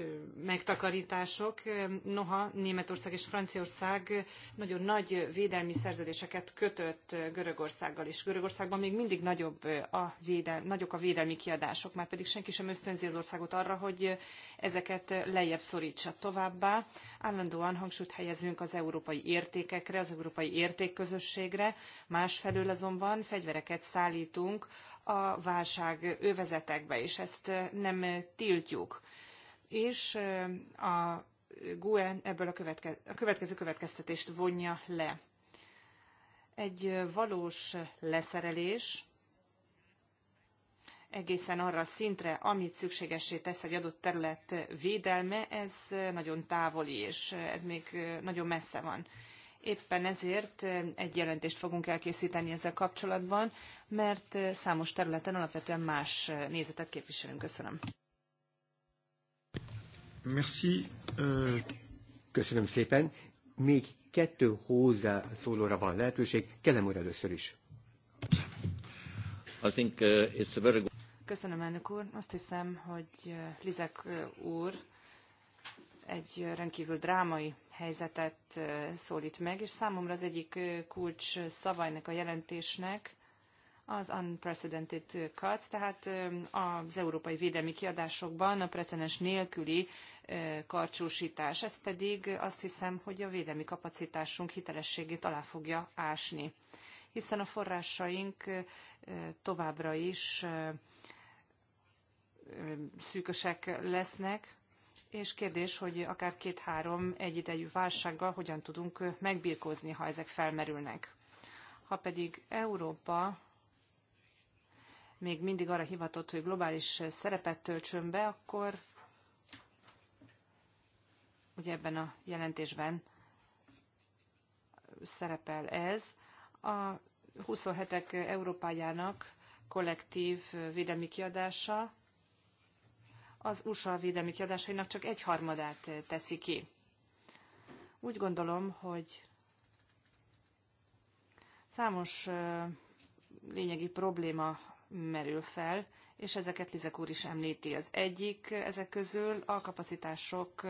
megtakarítások. Noha Németország és Franciaország nagyon nagy védelmi szerződéseket kötött Görögországgal, és Görögországban még mindig nagyobb a védel, nagyok a védelmi kiadások, már pedig senki sem ösztönzi az országot arra, hogy ezeket lejjebb szorítsa továbbá. Állandóan hangsúlyt helyezünk az európai értékekre, az európai értékközösségre, másfelől azonban fegyvereket szállítunk a válság övezetekbe, és ezt nem tiltjuk. És a Guen ebből a, a következő következtetést vonja le. Egy valós leszerelés egészen arra a szintre, amit szükségessé tesz egy adott terület védelme, ez nagyon távoli, és ez még nagyon messze van. Éppen ezért egy jelentést fogunk elkészíteni ezzel kapcsolatban, mert számos területen alapvetően más nézetet képviselünk. Köszönöm. Merci. Köszönöm szépen. Még kettő hozzászólóra van lehetőség. Kelem úr először is. I think, uh, it's a very good... Köszönöm, elnök úr. Azt hiszem, hogy Lizek úr egy rendkívül drámai helyzetet szólít meg, és számomra az egyik kulcs szavajnak a jelentésnek az unprecedented cuts, tehát az európai védelmi kiadásokban a precedens nélküli karcsúsítás. Ez pedig azt hiszem, hogy a védelmi kapacitásunk hitelességét alá fogja ásni, hiszen a forrásaink továbbra is szűkösek lesznek, és kérdés, hogy akár két-három egyidejű válsággal hogyan tudunk megbírkozni, ha ezek felmerülnek. Ha pedig Európa még mindig arra hivatott, hogy globális szerepet töltsön be, akkor ugye ebben a jelentésben szerepel ez. A 27-ek Európájának kollektív védelmi kiadása az USA védelmi kiadásainak csak egy harmadát eh, teszi ki. Úgy gondolom, hogy számos eh, lényegi probléma merül fel, és ezeket Lizek úr is említi. Az egyik eh, ezek közül a kapacitások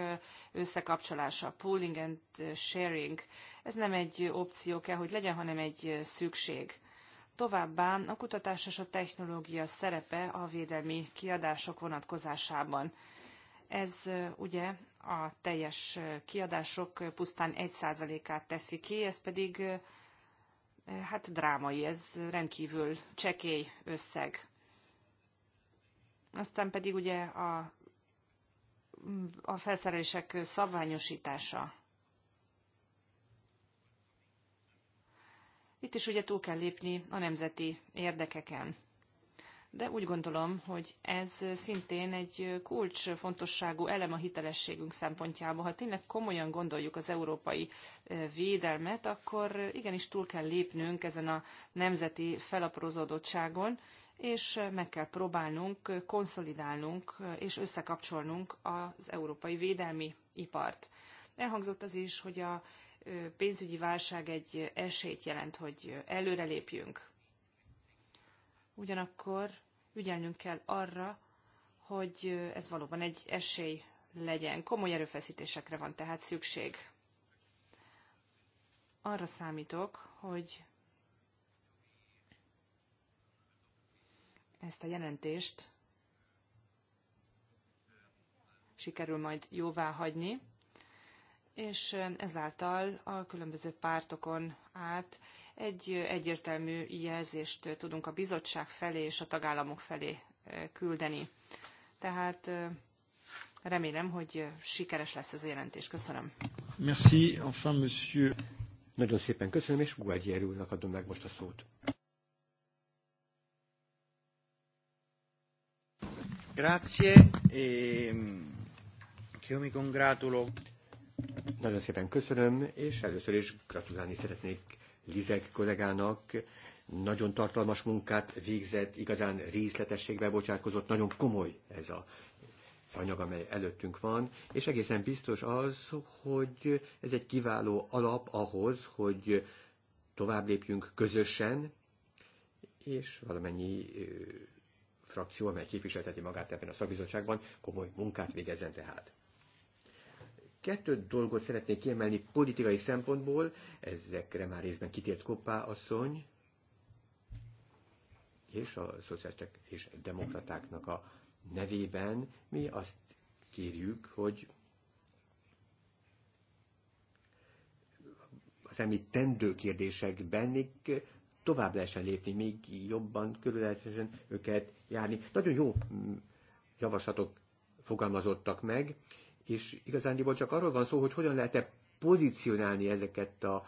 összekapcsolása, pooling and sharing. Ez nem egy opció kell, hogy legyen, hanem egy szükség. Továbbá a kutatás és a technológia szerepe a védelmi kiadások vonatkozásában. Ez ugye a teljes kiadások pusztán 1%-át teszi ki, ez pedig hát drámai, ez rendkívül csekély összeg. Aztán pedig ugye a, a felszerelések szabványosítása Itt is ugye túl kell lépni a nemzeti érdekeken. De úgy gondolom, hogy ez szintén egy kulcsfontosságú elem a hitelességünk szempontjából. Ha tényleg komolyan gondoljuk az európai védelmet, akkor igenis túl kell lépnünk ezen a nemzeti felaprózódottságon, és meg kell próbálnunk konszolidálnunk és összekapcsolnunk az európai védelmi ipart. Elhangzott az is, hogy a pénzügyi válság egy esélyt jelent, hogy előrelépjünk. Ugyanakkor ügyelnünk kell arra, hogy ez valóban egy esély legyen. Komoly erőfeszítésekre van tehát szükség. Arra számítok, hogy ezt a jelentést sikerül majd jóvá hagyni, és ezáltal a különböző pártokon át egy egyértelmű jelzést tudunk a bizottság felé és a tagállamok felé küldeni. Tehát remélem, hogy sikeres lesz ez a jelentés. Köszönöm. Merci, enfin, monsieur. Nagyon szépen köszönöm, és Guadier úrnak adom meg most a szót. Grazie, e... Io mi congratulo. Nagyon szépen köszönöm, és először is gratulálni szeretnék Lizek kollégának. Nagyon tartalmas munkát végzett, igazán részletességbe bocsátkozott, nagyon komoly ez a az anyag, amely előttünk van, és egészen biztos az, hogy ez egy kiváló alap ahhoz, hogy tovább lépjünk közösen, és valamennyi ö, frakció, amely képviselteti magát ebben a szakbizottságban, komoly munkát végezzen tehát. Kettő dolgot szeretnék kiemelni politikai szempontból, ezekre már részben kitért Koppá asszony, és a szociálisták és demokratáknak a nevében mi azt kérjük, hogy az említendő kérdésekben még tovább lehessen lépni, még jobban körül őket járni. Nagyon jó mm, javaslatok fogalmazottak meg, és igazándiból csak arról van szó, hogy hogyan lehet-e pozícionálni ezeket a,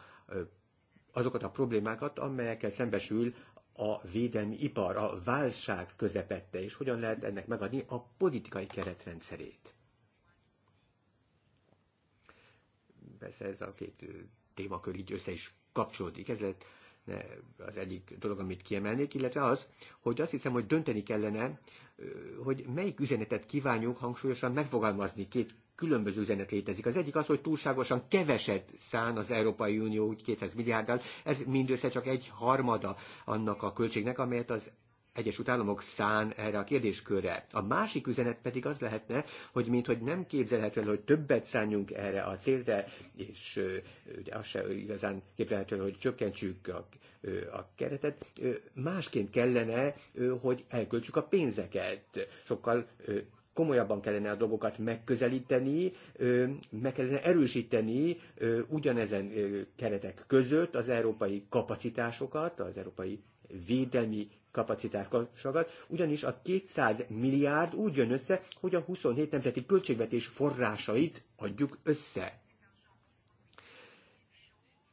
azokat a problémákat, amelyekkel szembesül a védelmi ipar a válság közepette, és hogyan lehet ennek megadni a politikai keretrendszerét. Persze ez a két témakör így össze is kapcsolódik. Ez lett az egyik dolog, amit kiemelnék, illetve az, hogy azt hiszem, hogy dönteni kellene, hogy melyik üzenetet kívánjuk hangsúlyosan megfogalmazni két különböző üzenet létezik. Az egyik az, hogy túlságosan keveset szán az Európai Unió úgy 200 milliárddal, ez mindössze csak egy harmada annak a költségnek, amelyet az Egyesült Államok szán erre a kérdéskörre. A másik üzenet pedig az lehetne, hogy mint hogy nem képzelhető el, hogy többet szánjunk erre a célra, és ugye az se igazán képzelhető el, hogy csökkentsük a, a keretet. Másként kellene, hogy elköltsük a pénzeket. Sokkal komolyabban kellene a dolgokat megközelíteni, meg kellene erősíteni ugyanezen keretek között az európai kapacitásokat, az európai védelmi kapacitásokat, ugyanis a 200 milliárd úgy jön össze, hogy a 27 nemzeti költségvetés forrásait adjuk össze.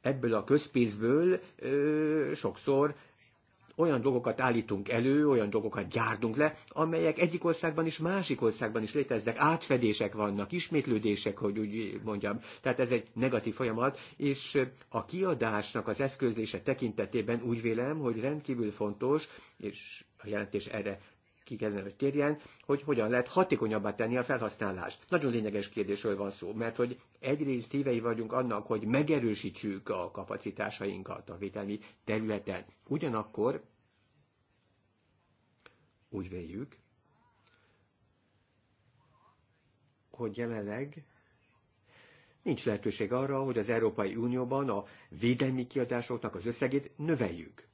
Ebből a közpénzből ö, sokszor olyan dolgokat állítunk elő, olyan dolgokat gyártunk le, amelyek egyik országban is, másik országban is léteznek, átfedések vannak, ismétlődések, hogy úgy mondjam. Tehát ez egy negatív folyamat, és a kiadásnak az eszközlése tekintetében úgy vélem, hogy rendkívül fontos, és a jelentés erre ki kellene, hogy térjen, hogy hogyan lehet hatékonyabbá tenni a felhasználást. Nagyon lényeges kérdésről van szó, mert hogy egyrészt hívei vagyunk annak, hogy megerősítsük a kapacitásainkat a vételmi területen. Ugyanakkor úgy véljük, hogy jelenleg nincs lehetőség arra, hogy az Európai Unióban a védelmi kiadásoknak az összegét növeljük.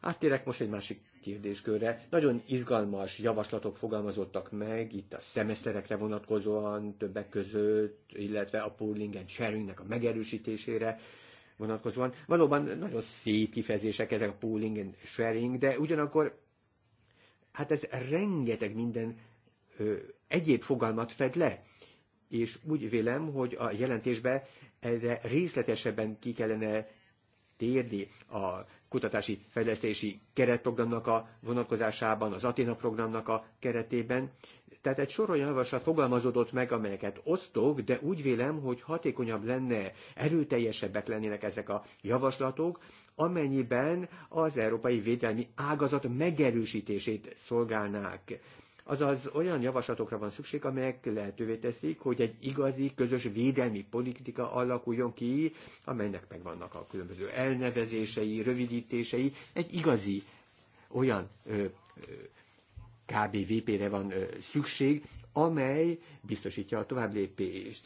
Áttérek most egy másik kérdéskörre. Nagyon izgalmas javaslatok fogalmazottak meg, itt a szemeszterekre vonatkozóan többek között, illetve a pooling and sharingnek a megerősítésére vonatkozóan. Valóban nagyon szép kifejezések ezek a pooling and sharing, de ugyanakkor hát ez rengeteg minden ö, egyéb fogalmat fed le, és úgy vélem, hogy a jelentésbe erre részletesebben ki kellene térdi a kutatási fejlesztési keretprogramnak a vonatkozásában, az Aténa programnak a keretében. Tehát egy sor olyan javaslat fogalmazódott meg, amelyeket osztok, de úgy vélem, hogy hatékonyabb lenne, erőteljesebbek lennének ezek a javaslatok, amennyiben az európai védelmi ágazat megerősítését szolgálnák Azaz olyan javaslatokra van szükség, amelyek lehetővé teszik, hogy egy igazi, közös védelmi politika alakuljon ki, amelynek megvannak a különböző elnevezései, rövidítései, egy igazi olyan ö, ö, KBVP-re van szükség, amely biztosítja a tovább lépést,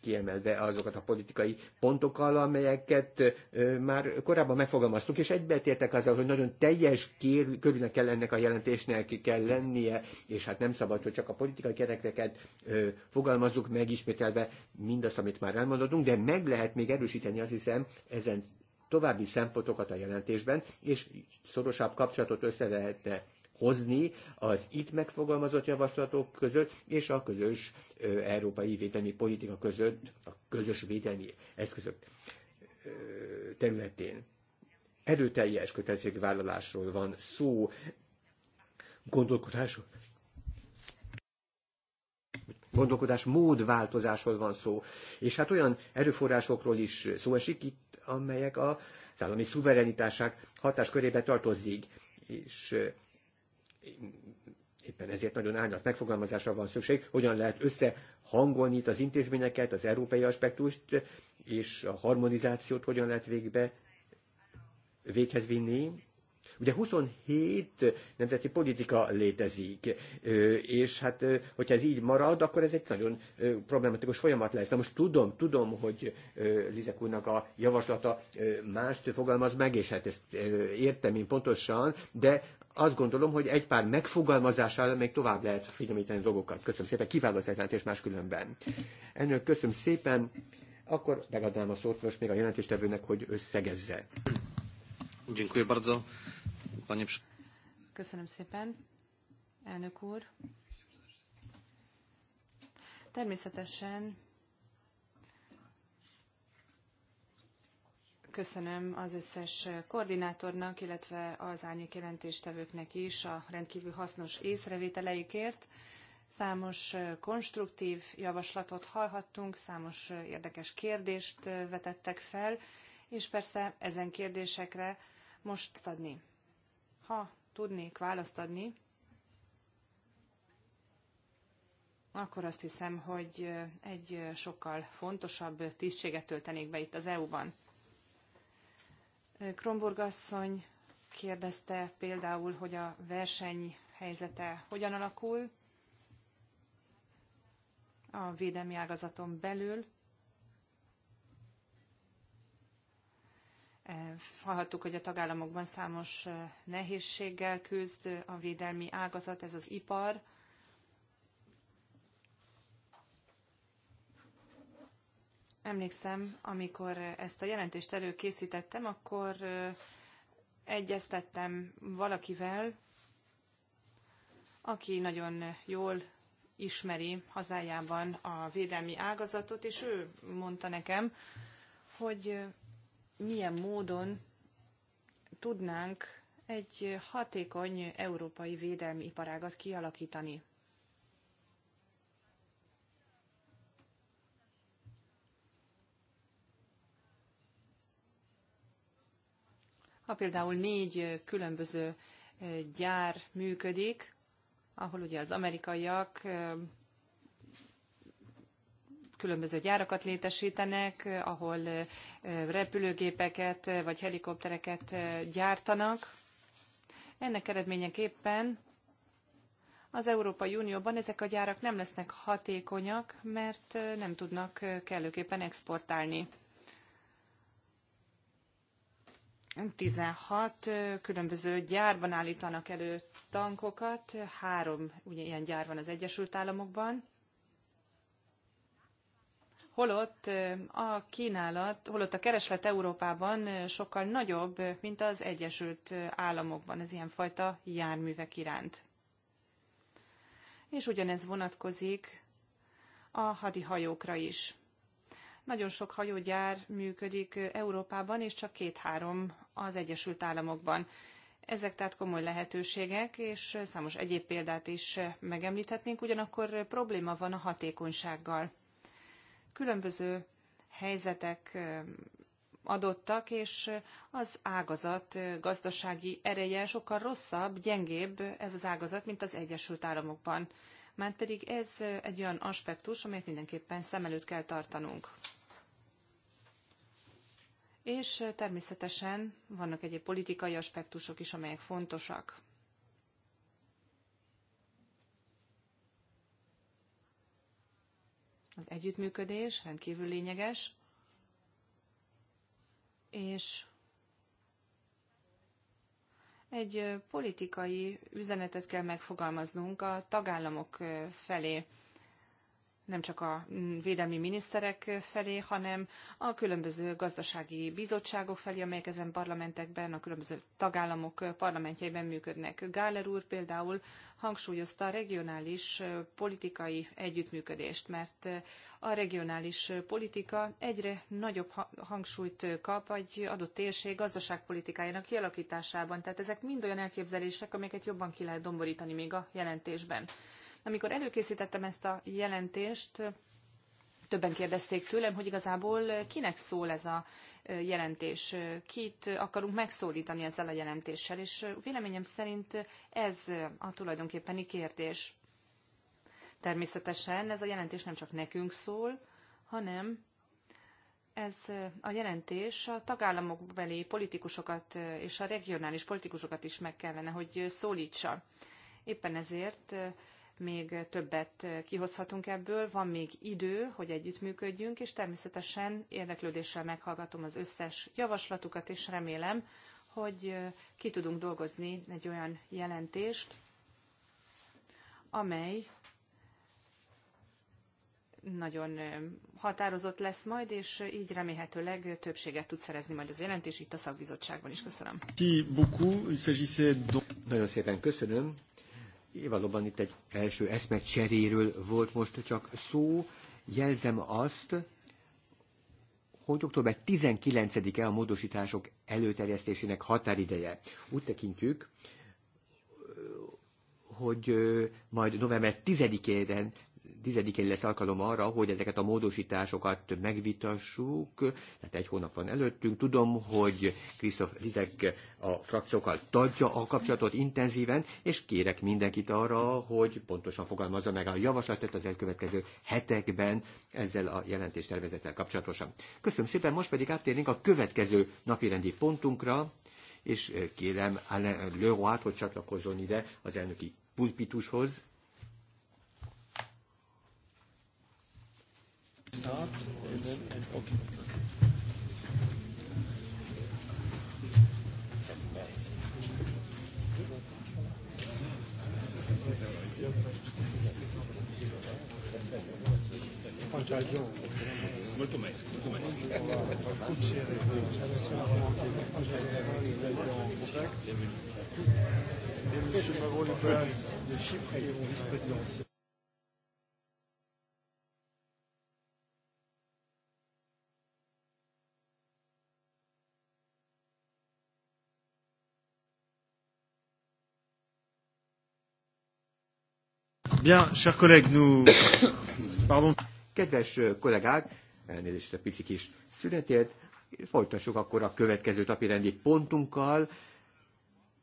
kiemelve azokat a politikai pontokkal, amelyeket már korábban megfogalmaztuk, és egybetértek azzal, hogy nagyon teljes kér, körülnek kell ennek a jelentésnek kell lennie, és hát nem szabad, hogy csak a politikai kereteket fogalmazzuk meg ismételve mindazt, amit már elmondottunk, de meg lehet még erősíteni, azt hiszem, ezen további szempontokat a jelentésben, és szorosabb kapcsolatot össze lehetne hozni az itt megfogalmazott javaslatok között és a közös európai védelmi politika között, a közös védelmi eszközök területén. Erőteljes kötelezettségvállalásról van szó, gondolkodásról gondolkodás módváltozásról van szó. És hát olyan erőforrásokról is szó esik itt, amelyek a állami szuverenitásák hatáskörébe tartozik. És éppen ezért nagyon árnyalt megfogalmazásra van szükség, hogyan lehet összehangolni itt az intézményeket, az európai aspektust, és a harmonizációt hogyan lehet végbe véghez vinni. Ugye 27 nemzeti politika létezik, és hát hogyha ez így marad, akkor ez egy nagyon problematikus folyamat lesz. Na most tudom, tudom, hogy Lizek úrnak a javaslata mást fogalmaz meg, és hát ezt értem én pontosan, de azt gondolom, hogy egy pár megfogalmazására még tovább lehet figyelmíteni dolgokat. Köszönöm szépen, kiváló az jelentés máskülönben. Ennél köszönöm szépen, akkor megadnám a szót most még a jelentéstevőnek, hogy összegezze. Dziękuję bardzo. Panie... Köszönöm szépen, elnök úr. Természetesen köszönöm az összes koordinátornak, illetve az árnyék jelentéstevőknek is a rendkívül hasznos észrevételeikért. Számos konstruktív javaslatot hallhattunk, számos érdekes kérdést vetettek fel, és persze ezen kérdésekre most adni. Ha tudnék választ adni, akkor azt hiszem, hogy egy sokkal fontosabb tisztséget töltenék be itt az EU-ban. Kronborg asszony kérdezte például, hogy a verseny helyzete hogyan alakul a védelmi ágazaton belül. E, hallhattuk, hogy a tagállamokban számos e, nehézséggel küzd a védelmi ágazat, ez az ipar. Emlékszem, amikor ezt a jelentést előkészítettem, akkor egyeztettem valakivel, aki nagyon jól ismeri hazájában a védelmi ágazatot, és ő mondta nekem, hogy milyen módon tudnánk egy hatékony európai védelmi iparágat kialakítani. Ha például négy különböző gyár működik, ahol ugye az amerikaiak különböző gyárakat létesítenek, ahol repülőgépeket vagy helikoptereket gyártanak. Ennek eredményeképpen az Európai Unióban ezek a gyárak nem lesznek hatékonyak, mert nem tudnak kellőképpen exportálni. 16 különböző gyárban állítanak elő tankokat, három ugye ilyen gyár van az Egyesült Államokban, holott a kínálat, holott a kereslet Európában sokkal nagyobb, mint az Egyesült Államokban az ilyenfajta járművek iránt. És ugyanez vonatkozik a hadihajókra is. Nagyon sok hajógyár működik Európában, és csak két-három az Egyesült Államokban. Ezek tehát komoly lehetőségek, és számos egyéb példát is megemlíthetnénk, ugyanakkor probléma van a hatékonysággal. Különböző helyzetek adottak, és az ágazat gazdasági ereje sokkal rosszabb, gyengébb ez az ágazat, mint az Egyesült Államokban. Márpedig ez egy olyan aspektus, amelyet mindenképpen szem előtt kell tartanunk. És természetesen vannak egyéb politikai aspektusok is, amelyek fontosak. Az együttműködés rendkívül lényeges, és egy politikai üzenetet kell megfogalmaznunk a tagállamok felé nem csak a védelmi miniszterek felé, hanem a különböző gazdasági bizottságok felé, amelyek ezen parlamentekben, a különböző tagállamok parlamentjeiben működnek. Gáler úr például hangsúlyozta a regionális politikai együttműködést, mert a regionális politika egyre nagyobb hangsúlyt kap egy adott térség gazdaságpolitikájának kialakításában. Tehát ezek mind olyan elképzelések, amelyeket jobban ki lehet domborítani még a jelentésben. Amikor előkészítettem ezt a jelentést, többen kérdezték tőlem, hogy igazából kinek szól ez a jelentés, kit akarunk megszólítani ezzel a jelentéssel, és véleményem szerint ez a tulajdonképpeni kérdés. Természetesen ez a jelentés nem csak nekünk szól, hanem ez a jelentés a tagállamok belé politikusokat és a regionális politikusokat is meg kellene, hogy szólítsa. Éppen ezért még többet kihozhatunk ebből, van még idő, hogy együttműködjünk, és természetesen érdeklődéssel meghallgatom az összes javaslatukat, és remélem, hogy ki tudunk dolgozni egy olyan jelentést, amely nagyon határozott lesz majd, és így remélhetőleg többséget tud szerezni majd az jelentés itt a szakbizottságban is. Köszönöm. Nagyon szépen köszönöm valóban itt egy első eszmecseréről volt most csak szó. Jelzem azt, hogy október 19-e a módosítások előterjesztésének határideje. Úgy tekintjük, hogy majd november 10-én tizedikén lesz alkalom arra, hogy ezeket a módosításokat megvitassuk, tehát egy hónap van előttünk. Tudom, hogy Krisztof Lizek a frakciókkal tartja a kapcsolatot intenzíven, és kérek mindenkit arra, hogy pontosan fogalmazza meg a javaslatot az elkövetkező hetekben ezzel a jelentéstervezettel kapcsolatosan. Köszönöm szépen, most pedig áttérnénk a következő napirendi pontunkra, és kérem Alain Leroy-t, hogy csatlakozzon ide az elnöki pulpitushoz. Start and then and okay. Quanto al giorno? Molto messa, molto messa. Bienvenue. de Chypre et vice-présidence. Bien, chers collègues, nous... Pardon. Kedves kollégák, elnézést a picik is szünetért, folytassuk akkor a következő tapirendi pontunkkal.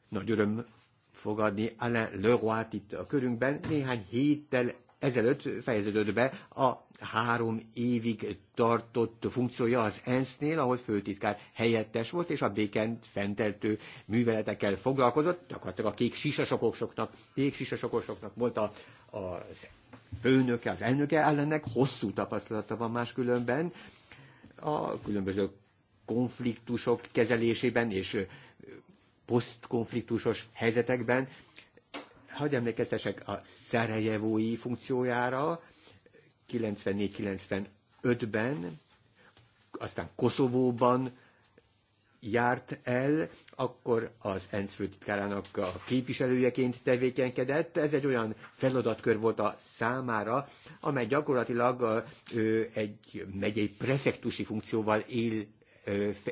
Nagy öröm fogadni Alain Leroy itt a körünkben. Néhány héttel ezelőtt fejeződött be a három évig tartott funkciója az ENSZ-nél, ahol főtitkár helyettes volt, és a béken fenteltő műveletekkel foglalkozott, gyakorlatilag a kék sisasokosoknak, kék sisasokosoknak volt a, az főnöke, az elnöke ellennek, hosszú tapasztalata van máskülönben, a különböző konfliktusok kezelésében és posztkonfliktusos helyzetekben, hagy emlékeztesek a Szerejevói funkciójára 94-95-ben, aztán Koszovóban járt el, akkor az ENSZ főtitkárának a képviselőjeként tevékenykedett. Ez egy olyan feladatkör volt a számára, amely gyakorlatilag egy megyei prefektusi funkcióval él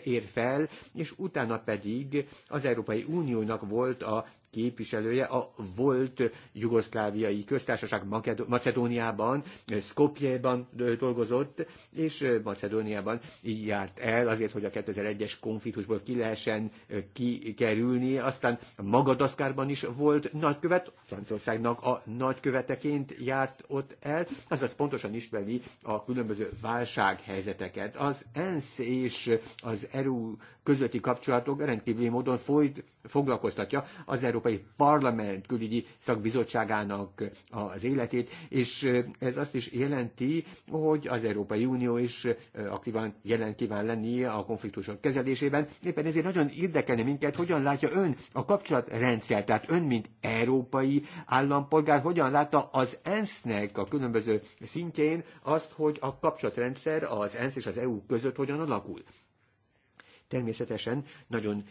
ér fel, és utána pedig az Európai Uniónak volt a képviselője a volt jugoszláviai köztársaság Macedóniában, Skopjeban dolgozott, és Macedóniában így járt el azért, hogy a 2001-es konfliktusból ki lehessen kikerülni. Aztán Magadaszkárban is volt nagykövet, Franciaországnak a nagyköveteként járt ott el, azaz pontosan ismeri a különböző válsághelyzeteket. Az ENSZ és az ERU közötti kapcsolatok rendkívüli módon folyt, foglalkoztatja az ERU Európai Parlament külügyi szakbizottságának az életét, és ez azt is jelenti, hogy az Európai Unió is aktívan jelen kíván lenni a konfliktusok kezelésében. Éppen ezért nagyon érdekelne minket, hogyan látja ön a kapcsolatrendszer, tehát ön, mint európai állampolgár, hogyan látta az ENSZ-nek a különböző szintjén azt, hogy a kapcsolatrendszer az ENSZ és az EU között hogyan alakul. Természetesen nagyon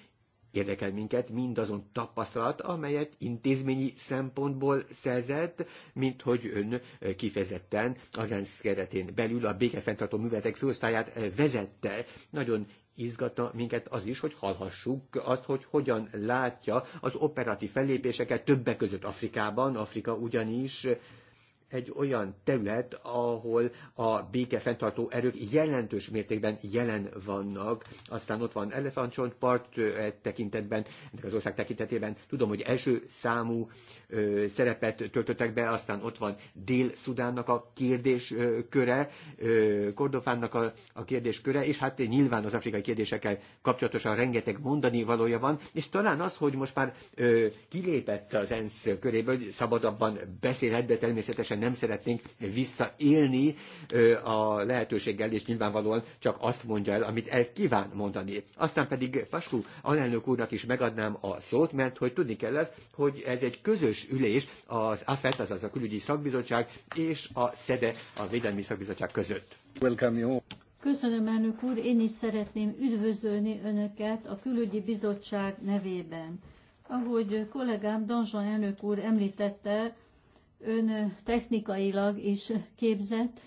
Érdekel minket mindazon tapasztalat, amelyet intézményi szempontból szerzett, mint hogy ön eh, kifejezetten az ENSZ keretén belül a békefenntartó műveletek főosztályát eh, vezette. Nagyon izgatna minket az is, hogy hallhassuk azt, hogy hogyan látja az operatív fellépéseket többek között Afrikában, Afrika ugyanis egy olyan terület, ahol a béke fenntartó erők jelentős mértékben jelen vannak. Aztán ott van Elefántcsontpart e tekintetben, ennek az ország tekintetében. Tudom, hogy első számú ö, szerepet töltöttek be, aztán ott van Dél-Szudánnak a kérdésköre, Kordofánnak a, a kérdésköre, és hát nyilván az afrikai kérdésekkel kapcsolatosan rengeteg mondani valója van, és talán az, hogy most már ö, kilépett az ENSZ köréből, szabadabban beszélhet, de természetesen hiszen nem szeretnénk visszaélni a lehetőséggel, és nyilvánvalóan csak azt mondja el, amit el kíván mondani. Aztán pedig Paskú alelnök úrnak is megadnám a szót, mert hogy tudni kell ez, hogy ez egy közös ülés az AFET, azaz a külügyi szakbizottság és a SZEDE, a Védelmi Szakbizottság között. Welcome you. Köszönöm, elnök úr, én is szeretném üdvözölni önöket a külügyi bizottság nevében. Ahogy kollégám Danzsa elnök úr említette, ön technikailag is képzett,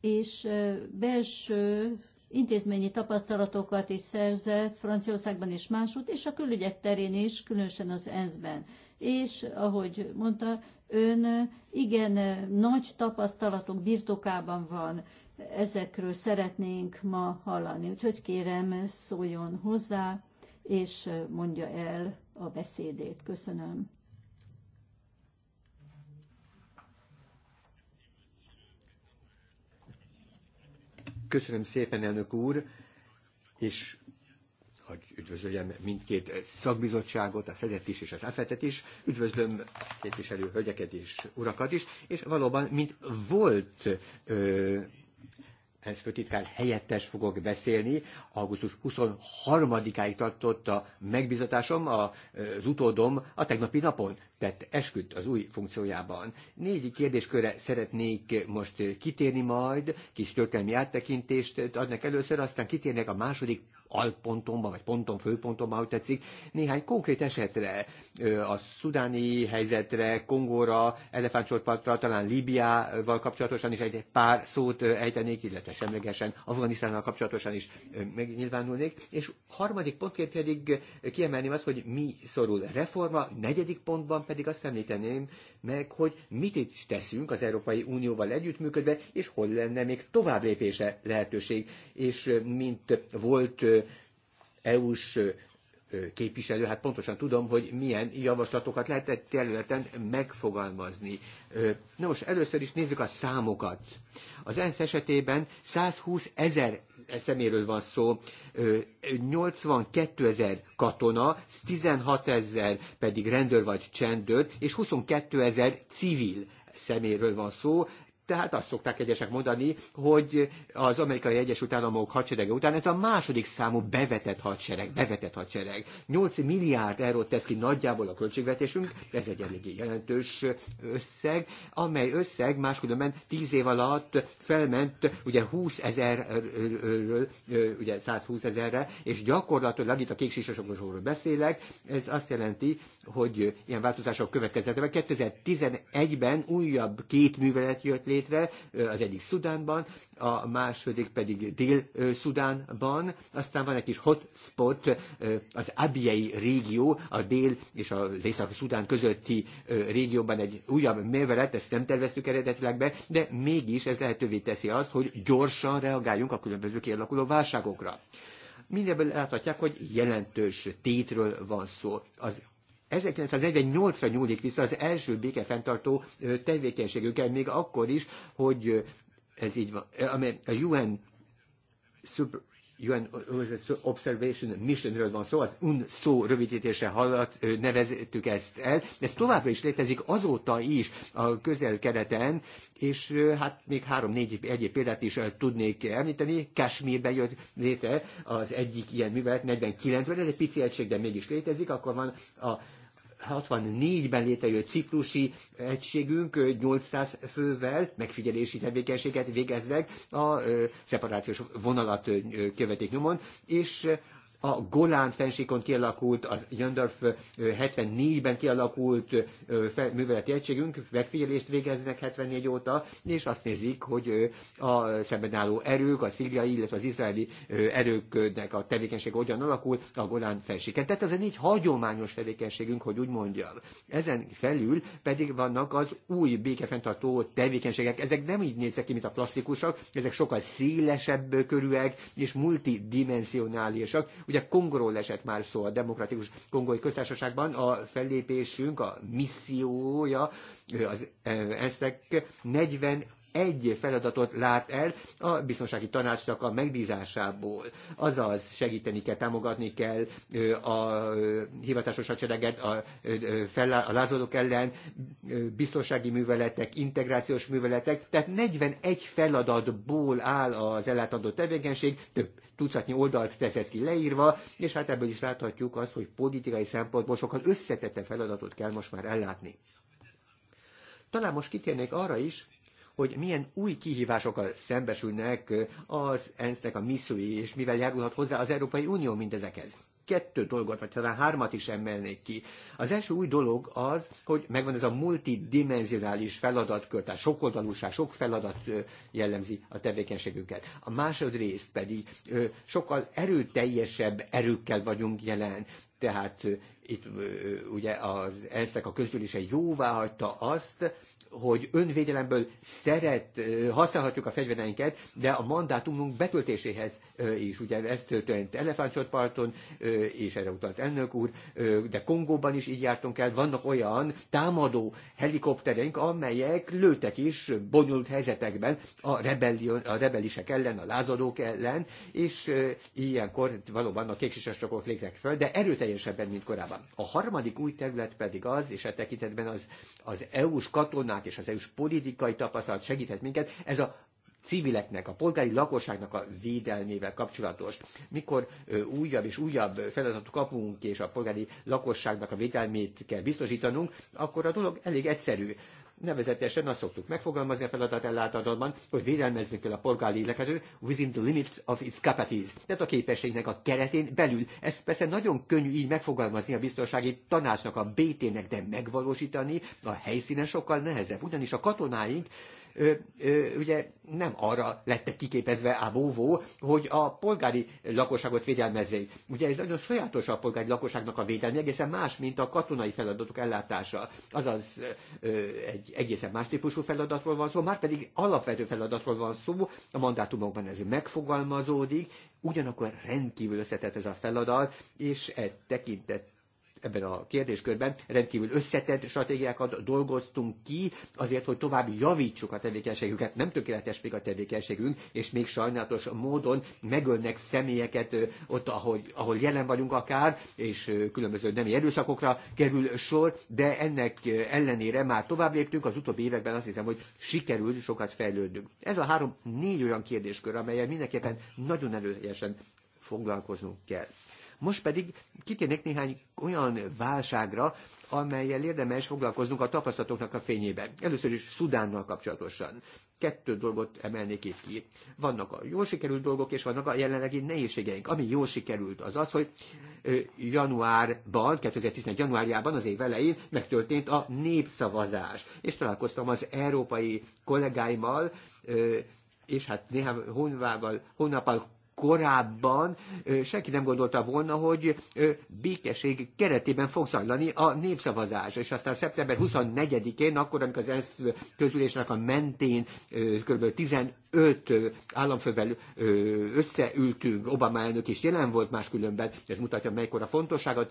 és belső intézményi tapasztalatokat is szerzett Franciaországban és máshogy, és a külügyek terén is, különösen az ENSZ-ben. És, ahogy mondta, ön igen nagy tapasztalatok birtokában van, ezekről szeretnénk ma hallani. Úgyhogy kérem, szóljon hozzá, és mondja el a beszédét. Köszönöm. Köszönöm szépen, elnök úr, és hogy üdvözöljem mindkét szakbizottságot, a fedet is és az afetet is, üdvözlöm képviselő hölgyeket és urakat is, és valóban, mint volt ö, ENSZ főtitkár helyettes fogok beszélni. Augusztus 23-áig tartott a megbizatásom, az utódom a tegnapi napon tett esküdt az új funkciójában. Négy kérdéskörre szeretnék most kitérni majd, kis történelmi áttekintést adnak először, aztán kitérnek a második alpontomban, vagy ponton, főpontomban, ahogy tetszik, néhány konkrét esetre, a szudáni helyzetre, Kongóra, Elefántcsortpartra, talán Líbiával kapcsolatosan is egy pár szót ejtenék, illetve semlegesen Afganisztánnal kapcsolatosan is megnyilvánulnék. És harmadik pontként pedig kiemelném azt, hogy mi szorul reforma, negyedik pontban pedig azt említeném meg, hogy mit itt teszünk az Európai Unióval együttműködve, és hol lenne még tovább lépése lehetőség. És mint volt EU-s képviselő, hát pontosan tudom, hogy milyen javaslatokat lehetett területen megfogalmazni. Na most először is nézzük a számokat. Az ENSZ esetében 120 ezer szeméről van szó, 82 ezer katona, 16 ezer pedig rendőr vagy csendőr, és 22 ezer civil szeméről van szó, tehát azt szokták egyesek mondani, hogy az amerikai Egyesült Államok hadserege után ez a második számú bevetett hadsereg, bevetett hadsereg. 8 milliárd eurót tesz ki nagyjából a költségvetésünk, ez egy eléggé jelentős összeg, amely összeg máskülönben 10 év alatt felment ugye 20 ezerről, ugye 120 ezerre, és gyakorlatilag itt a kék sisasokosról beszélek, ez azt jelenti, hogy ilyen változások következetben 2011-ben újabb két művelet jött létre, létre, az egyik Szudánban, a második pedig Dél-Szudánban, aztán van egy kis hotspot, az Abiei régió, a Dél és az Észak-Szudán közötti régióban egy újabb művelet, ezt nem terveztük eredetileg be, de mégis ez lehetővé teszi azt, hogy gyorsan reagáljunk a különböző kialakuló válságokra. Mindenből láthatják, hogy jelentős tétről van szó. Az 1948-ra nyúlik vissza az első békefenntartó tevékenységükkel, még akkor is, hogy ez így van, amely a UN Super UN Observation Missionről van szó, az UNSZO rövidítése hallat neveztük ezt el. Ez továbbra is létezik azóta is a közel-keleten, és hát még három-négy egyéb példát is tudnék említeni. Kashmirbe jött létre az egyik ilyen művelet 49-ben, ez egy pici egység, de mégis létezik. Akkor van a 64-ben létrejött ciprusi egységünk 800 fővel megfigyelési tevékenységet végeznek, a szeparációs vonalat követik nyomon, és a Golán fensékon kialakult, az Jöndorf 74-ben kialakult műveleti egységünk, megfigyelést végeznek 74 óta, és azt nézik, hogy a szemben álló erők, a szíriai, illetve az izraeli erőknek a tevékenység hogyan alakul a Golán fenséken. Tehát ez egy így hagyományos tevékenységünk, hogy úgy mondjam. Ezen felül pedig vannak az új békefenntartó tevékenységek. Ezek nem így néznek ki, mint a klasszikusak, ezek sokkal szélesebb körűek és multidimensionálisak. Ugye Kongról esett már szó a Demokratikus Kongói Köztársaságban, a fellépésünk, a missziója az ensz 40 egy feladatot lát el a biztonsági tanácsnak a megbízásából. Azaz segíteni kell, támogatni kell a hivatásos hadsereget a, a lázadók ellen, biztonsági műveletek, integrációs műveletek, tehát 41 feladatból áll az ellátandó tevékenység, több tucatnyi oldalt tesz ez ki leírva, és hát ebből is láthatjuk azt, hogy politikai szempontból sokkal összetettebb feladatot kell most már ellátni. Talán most kitérnék arra is, hogy milyen új kihívásokkal szembesülnek az ENSZ-nek a missziói, és mivel járulhat hozzá az Európai Unió mindezekhez kettő dolgot, vagy talán hármat is emelnék ki. Az első új dolog az, hogy megvan ez a multidimenzionális feladatkör, tehát sokoldalúság, sok feladat jellemzi a tevékenységüket. A másodrészt pedig sokkal erőteljesebb erőkkel vagyunk jelen, tehát itt ugye az ensz a közgyűlése jóvá hagyta azt, hogy önvédelemből szeret, használhatjuk a fegyvereinket, de a mandátumunk betöltéséhez is, ugye ez történt Elefántcsontparton, és erre utalt elnök úr, de Kongóban is így jártunk el, vannak olyan támadó helikoptereink, amelyek lőtek is bonyolult helyzetekben a, rebellion, a rebelisek ellen, a lázadók ellen, és ilyenkor valóban a kéksisesrakok léptek föl, de erőteljesebben, mint korábban. Európában. A harmadik új terület pedig az, és a e tekintetben az, az EU-s katonák és az EU-s politikai tapasztalat segített minket, ez a civileknek, a polgári lakosságnak a védelmével kapcsolatos. Mikor újabb és újabb feladatot kapunk, és a polgári lakosságnak a védelmét kell biztosítanunk, akkor a dolog elég egyszerű. Nevezetesen azt szoktuk megfogalmazni a feladat ellátadatban, hogy védelmezni kell a polgári életet within the limits of its capacities. Tehát a képességnek a keretén belül. Ez persze nagyon könnyű így megfogalmazni a biztonsági tanácsnak, a BT-nek, de megvalósítani a helyszínen sokkal nehezebb. Ugyanis a katonáink ugye nem arra lettek kiképezve a bóvó, hogy a polgári lakosságot védelmezzék. Ugye ez nagyon sajátos a polgári lakosságnak a védelme, egészen más, mint a katonai feladatok ellátása. Azaz egy egészen más típusú feladatról van szó, már pedig alapvető feladatról van szó, a mandátumokban ez megfogalmazódik, ugyanakkor rendkívül összetett ez a feladat, és e tekintet ebben a kérdéskörben rendkívül összetett stratégiákat dolgoztunk ki, azért, hogy tovább javítsuk a tevékenységüket. Nem tökéletes még a tevékenységünk, és még sajnálatos módon megölnek személyeket ott, ahogy, ahol jelen vagyunk akár, és különböző nemi erőszakokra kerül sor, de ennek ellenére már tovább léptünk, az utóbbi években azt hiszem, hogy sikerült, sokat fejlődünk. Ez a három-négy olyan kérdéskör, amelyet mindenképpen nagyon erősen foglalkoznunk kell. Most pedig kitérnék néhány olyan válságra, amelyel érdemes foglalkoznunk a tapasztalatoknak a fényében. Először is Szudánnal kapcsolatosan. Kettő dolgot emelnék itt ki. Vannak a jól sikerült dolgok, és vannak a jelenlegi nehézségeink. Ami jól sikerült, az az, hogy januárban, 2011 januárjában az év elején megtörtént a népszavazás. És találkoztam az európai kollégáimmal, és hát néhány hónapal korábban senki nem gondolta volna, hogy békesség keretében fog zajlani a népszavazás, és aztán szeptember 24-én, akkor, amikor az ENSZ közülésnek a mentén kb. 15 államfővel összeültünk, Obama elnök is jelen volt máskülönben, ez mutatja, a fontosságot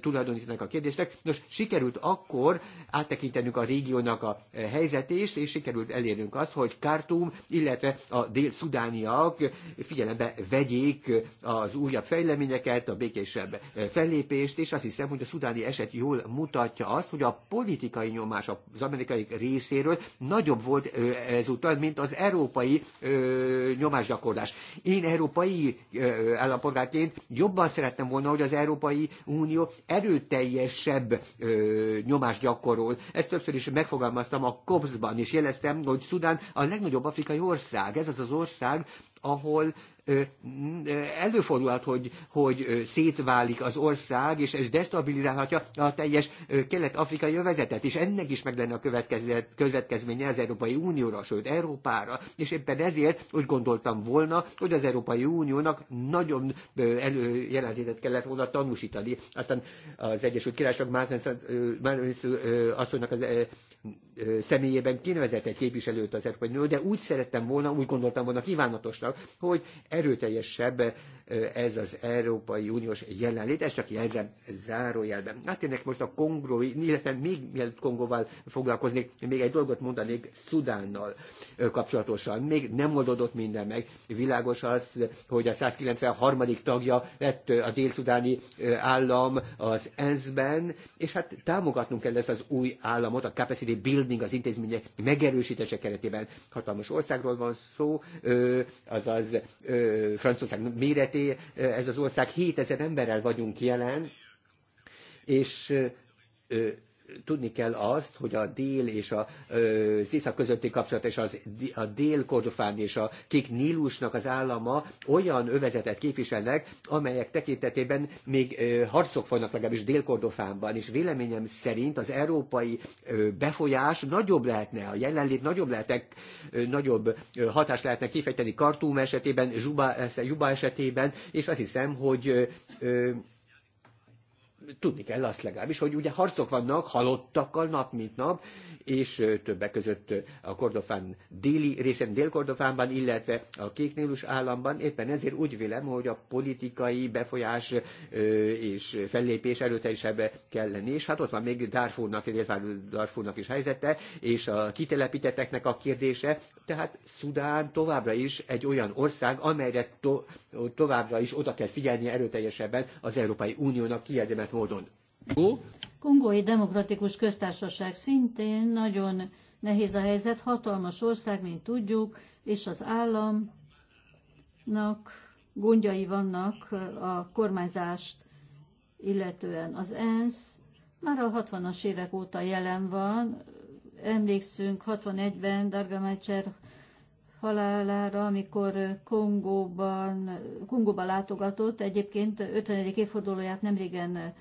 tulajdonítanak a kérdésnek. Nos, sikerült akkor áttekintenünk a régiónak a helyzetést, és sikerült elérnünk azt, hogy Kártum, illetve a dél-szudániak figyelembe figyelembe vegyék az újabb fejleményeket, a békésebb eh, fellépést, és azt hiszem, hogy a szudáni eset jól mutatja azt, hogy a politikai nyomás az amerikai részéről nagyobb volt eh, ezúttal, mint az európai eh, nyomásgyakorlás. Én európai állampolgárként jobban szerettem volna, hogy az Európai Unió erőteljesebb nyomást gyakorol. Ezt többször is megfogalmaztam a COPS-ban, és jeleztem, hogy Szudán a legnagyobb afrikai ország. Ez az az ország, ahol előfordulhat, hogy, hogy szétválik az ország, és ez destabilizálhatja a teljes kelet-afrikai övezetet, és ennek is meg lenne a következménye az Európai Unióra, sőt Európára, és éppen ezért úgy gondoltam volna, hogy az Európai Uniónak nagyon előjelentétet kellett volna tanúsítani. Aztán az Egyesült Királyság Márnesz asszonynak az személyében kinevezett egy képviselőt az Európai Unió, de úgy szerettem volna, úgy gondoltam volna kívánatosnak, hogy erőteljesebb ez az Európai Uniós jelenlét, ezt csak jelzem zárójelben. Hát ennek most a kongói, illetve még mielőtt Kongóval foglalkoznék, még egy dolgot mondanék Szudánnal kapcsolatosan. Még nem oldódott minden meg. Világos az, hogy a 193. tagja lett a dél-szudáni állam az ENSZ-ben, és hát támogatnunk kell ezt az új államot, a capacity building, az intézmények megerősítése keretében. Hatalmas országról van szó, azaz Franciaország méretében, illeti, ez az ország 7000 emberrel vagyunk jelen, és tudni kell azt, hogy a dél és a, az észak közötti kapcsolat és az, a dél kordofán és a kék Nílusnak az állama olyan övezetet képviselnek, amelyek tekintetében még harcok folynak legalábbis dél kordofánban és véleményem szerint az európai befolyás nagyobb lehetne, a jelenlét nagyobb ö, nagyobb hatást lehetne kifejteni Kartum esetében, Juba, Juba esetében, és azt hiszem, hogy tudni kell azt legalábbis, hogy ugye harcok vannak, halottakkal nap mint nap, és többek között a Kordofán déli részen, Dél-Kordofánban, illetve a Kéknélus államban. Éppen ezért úgy vélem, hogy a politikai befolyás és fellépés erőteljesebb kell lenni. És hát ott van még Darfurnak, Darfurnak is helyzete, és a kitelepítetteknek a kérdése. Tehát Szudán továbbra is egy olyan ország, amelyre to- továbbra is oda kell figyelni erőteljesebben az Európai Uniónak kiérdemelt módon. Kongói Demokratikus Köztársaság szintén nagyon nehéz a helyzet, hatalmas ország, mint tudjuk, és az államnak gondjai vannak a kormányzást illetően. Az ENSZ már a 60-as évek óta jelen van, emlékszünk 61-ben Dargamácser halálára, amikor Kongóban, Kongóba látogatott. Egyébként 50. évfordulóját nemrégen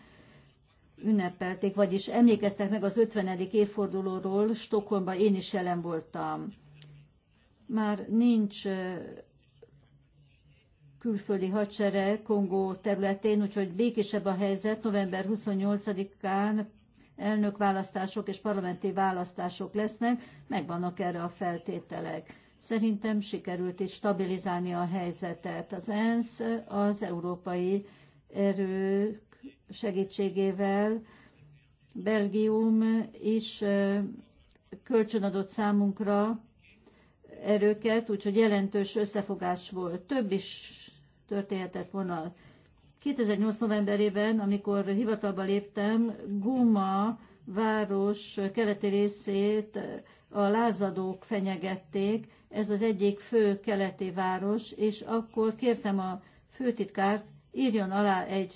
ünnepelték, vagyis emlékeztek meg az 50. évfordulóról, Stockholmban én is jelen voltam. Már nincs külföldi hadsereg Kongó területén, úgyhogy békésebb a helyzet. November 28-án elnökválasztások és parlamenti választások lesznek, megvannak erre a feltételek. Szerintem sikerült is stabilizálni a helyzetet. Az ENSZ az európai erők segítségével Belgium is kölcsönadott számunkra erőket, úgyhogy jelentős összefogás volt. Több is történhetett volna. 2008. novemberében, amikor hivatalba léptem, Guma város keleti részét a lázadók fenyegették, ez az egyik fő keleti város, és akkor kértem a főtitkárt, írjon alá egy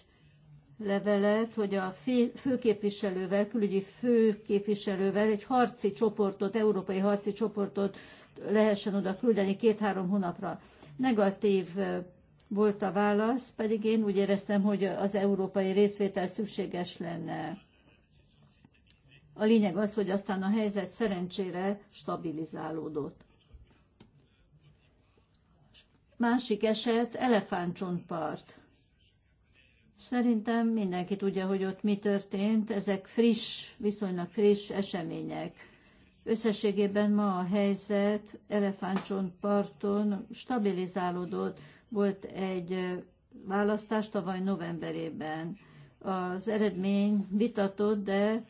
levelet, hogy a főképviselővel, külügyi főképviselővel egy harci csoportot, európai harci csoportot lehessen oda küldeni két-három hónapra. Negatív volt a válasz, pedig én úgy éreztem, hogy az európai részvétel szükséges lenne. A lényeg az, hogy aztán a helyzet szerencsére stabilizálódott másik eset elefántcsontpart. Szerintem mindenki tudja, hogy ott mi történt. Ezek friss, viszonylag friss események. Összességében ma a helyzet elefántcsontparton stabilizálódott. Volt egy választás tavaly novemberében. Az eredmény vitatott, de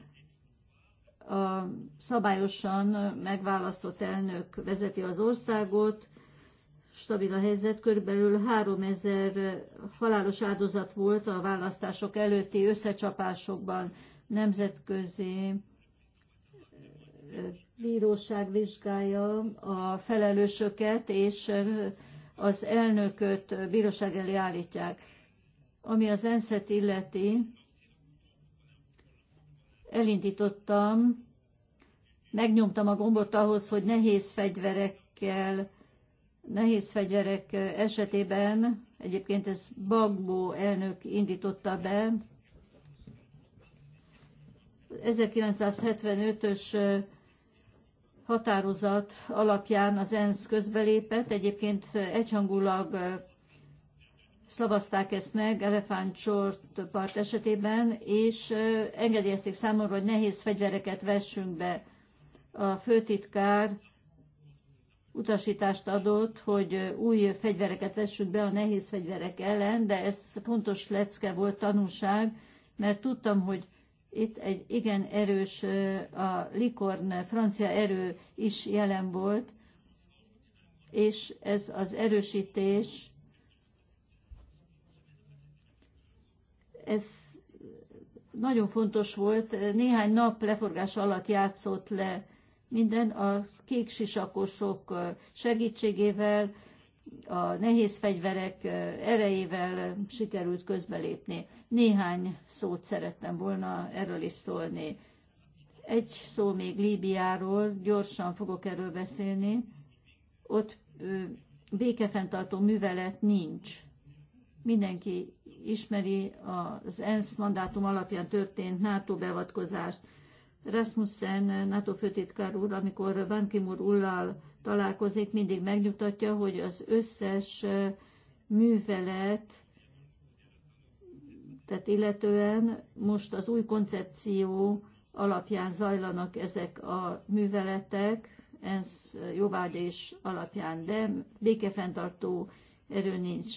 a szabályosan megválasztott elnök vezeti az országot, stabil a helyzet. Körülbelül 3000 halálos áldozat volt a választások előtti összecsapásokban nemzetközi bíróság vizsgálja a felelősöket, és az elnököt bíróság elé állítják. Ami az ensz illeti, elindítottam, megnyomtam a gombot ahhoz, hogy nehéz fegyverekkel nehéz fegyverek esetében, egyébként ez Bagbo elnök indította be, 1975-ös határozat alapján az ENSZ közbelépett, egyébként egyhangulag szavazták ezt meg Elefánt part esetében, és engedélyezték számomra, hogy nehéz fegyvereket vessünk be. A főtitkár utasítást adott, hogy új fegyvereket vessünk be a nehéz fegyverek ellen, de ez fontos lecke volt tanúság, mert tudtam, hogy itt egy igen erős, a Likorn francia erő is jelen volt, és ez az erősítés, ez nagyon fontos volt, néhány nap leforgás alatt játszott le minden a kék sisakosok segítségével, a nehéz fegyverek erejével sikerült közbelépni. Néhány szót szerettem volna erről is szólni. Egy szó még Líbiáról, gyorsan fogok erről beszélni. Ott békefenntartó művelet nincs. Mindenki ismeri az ENSZ mandátum alapján történt NATO beavatkozást. Rasmussen NATO főtitkár úr, amikor Ban ki ullal találkozik, mindig megnyugtatja, hogy az összes művelet, tehát illetően most az új koncepció alapján zajlanak ezek a műveletek, ENSZ jóvágyés alapján, de békefenntartó erő nincs.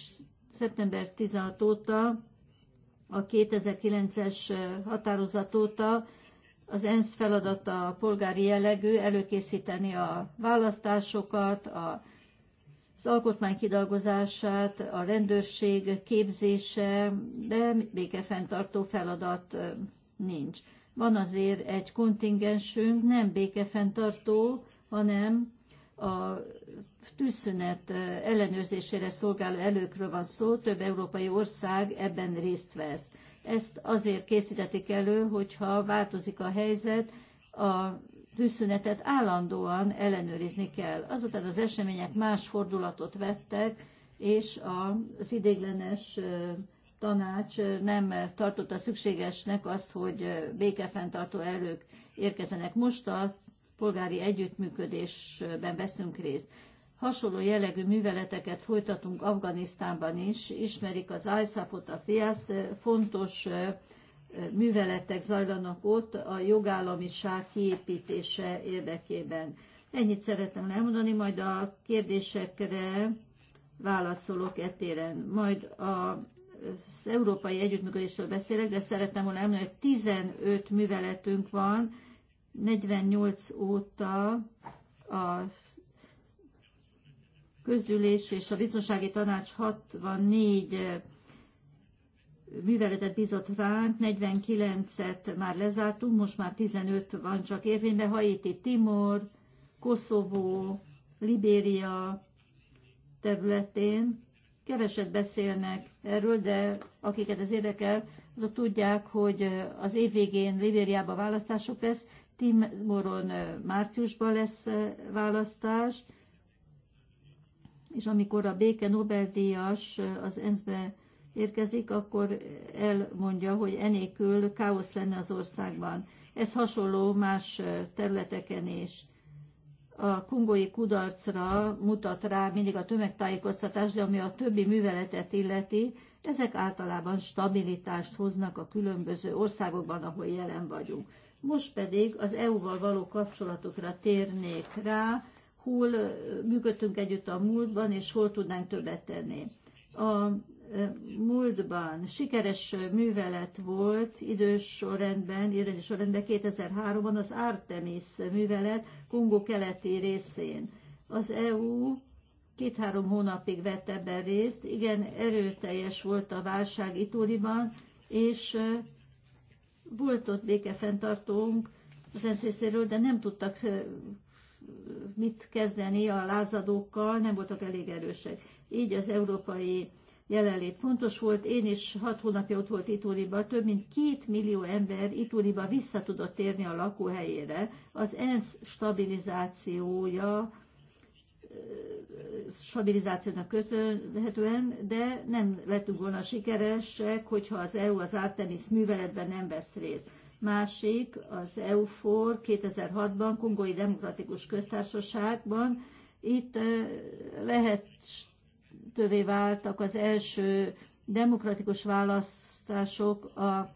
Szeptember 16 óta, a 2009-es határozat óta az ENSZ feladata a polgári jellegű, előkészíteni a választásokat, a, az alkotmány kidolgozását, a rendőrség képzése, de békefenntartó feladat nincs. Van azért egy kontingensünk, nem békefenntartó, hanem a tűzszünet ellenőrzésére szolgáló előkről van szó, több európai ország ebben részt vesz. Ezt azért készítetik elő, hogyha változik a helyzet, a tűzszünetet állandóan ellenőrizni kell. Azután az események más fordulatot vettek, és az idéglenes tanács nem tartotta szükségesnek azt, hogy békefenntartó erők érkezenek. Most a polgári együttműködésben veszünk részt. Hasonló jellegű műveleteket folytatunk Afganisztánban is, ismerik az ISAF-ot, a FIASZ-t, fontos műveletek zajlanak ott a jogállamiság kiépítése érdekében. Ennyit szeretem elmondani, majd a kérdésekre válaszolok etéren. Majd a az európai együttműködésről beszélek, de szerettem volna elmondani, hogy 15 műveletünk van, 48 óta a közgyűlés és a biztonsági tanács 64 eh, műveletet bízott ránk, 49-et már lezártunk, most már 15 van csak érvényben, Haiti, Timor, Koszovó, Libéria területén. Keveset beszélnek erről, de akiket ez érdekel, azok tudják, hogy eh, az év végén Libériában választások lesz, Timoron eh, márciusban lesz választás, és amikor a béke Nobel-díjas eh, az ENSZ-be érkezik, akkor elmondja, hogy enélkül káosz lenne az országban. Ez hasonló más eh, területeken is. A kungói kudarcra mutat rá mindig a tömegtájékoztatás, de ami a többi műveletet illeti, ezek általában stabilitást hoznak a különböző országokban, ahol jelen vagyunk. Most pedig az EU-val való kapcsolatokra térnék rá, hol működtünk együtt a múltban, és hol tudnánk többet tenni. A múltban sikeres művelet volt idősorrendben, sorrendben 2003-ban az Artemis művelet Kongó keleti részén. Az EU két-három hónapig vett ebben részt, igen erőteljes volt a válság Ituriban, és volt ott békefenntartónk az NCC-ről, de nem tudtak mit kezdeni a lázadókkal, nem voltak elég erősek. Így az európai jelenlét fontos volt. Én is hat hónapja ott volt Ituriba, több mint két millió ember Ituriba vissza tudott térni a lakóhelyére. Az ENSZ stabilizációja stabilizációnak köszönhetően, de nem lettünk volna sikeresek, hogyha az EU az Artemis műveletben nem vesz részt másik az EUFOR 2006-ban, Kongói Demokratikus Köztársaságban. Itt lehetővé váltak az első demokratikus választások a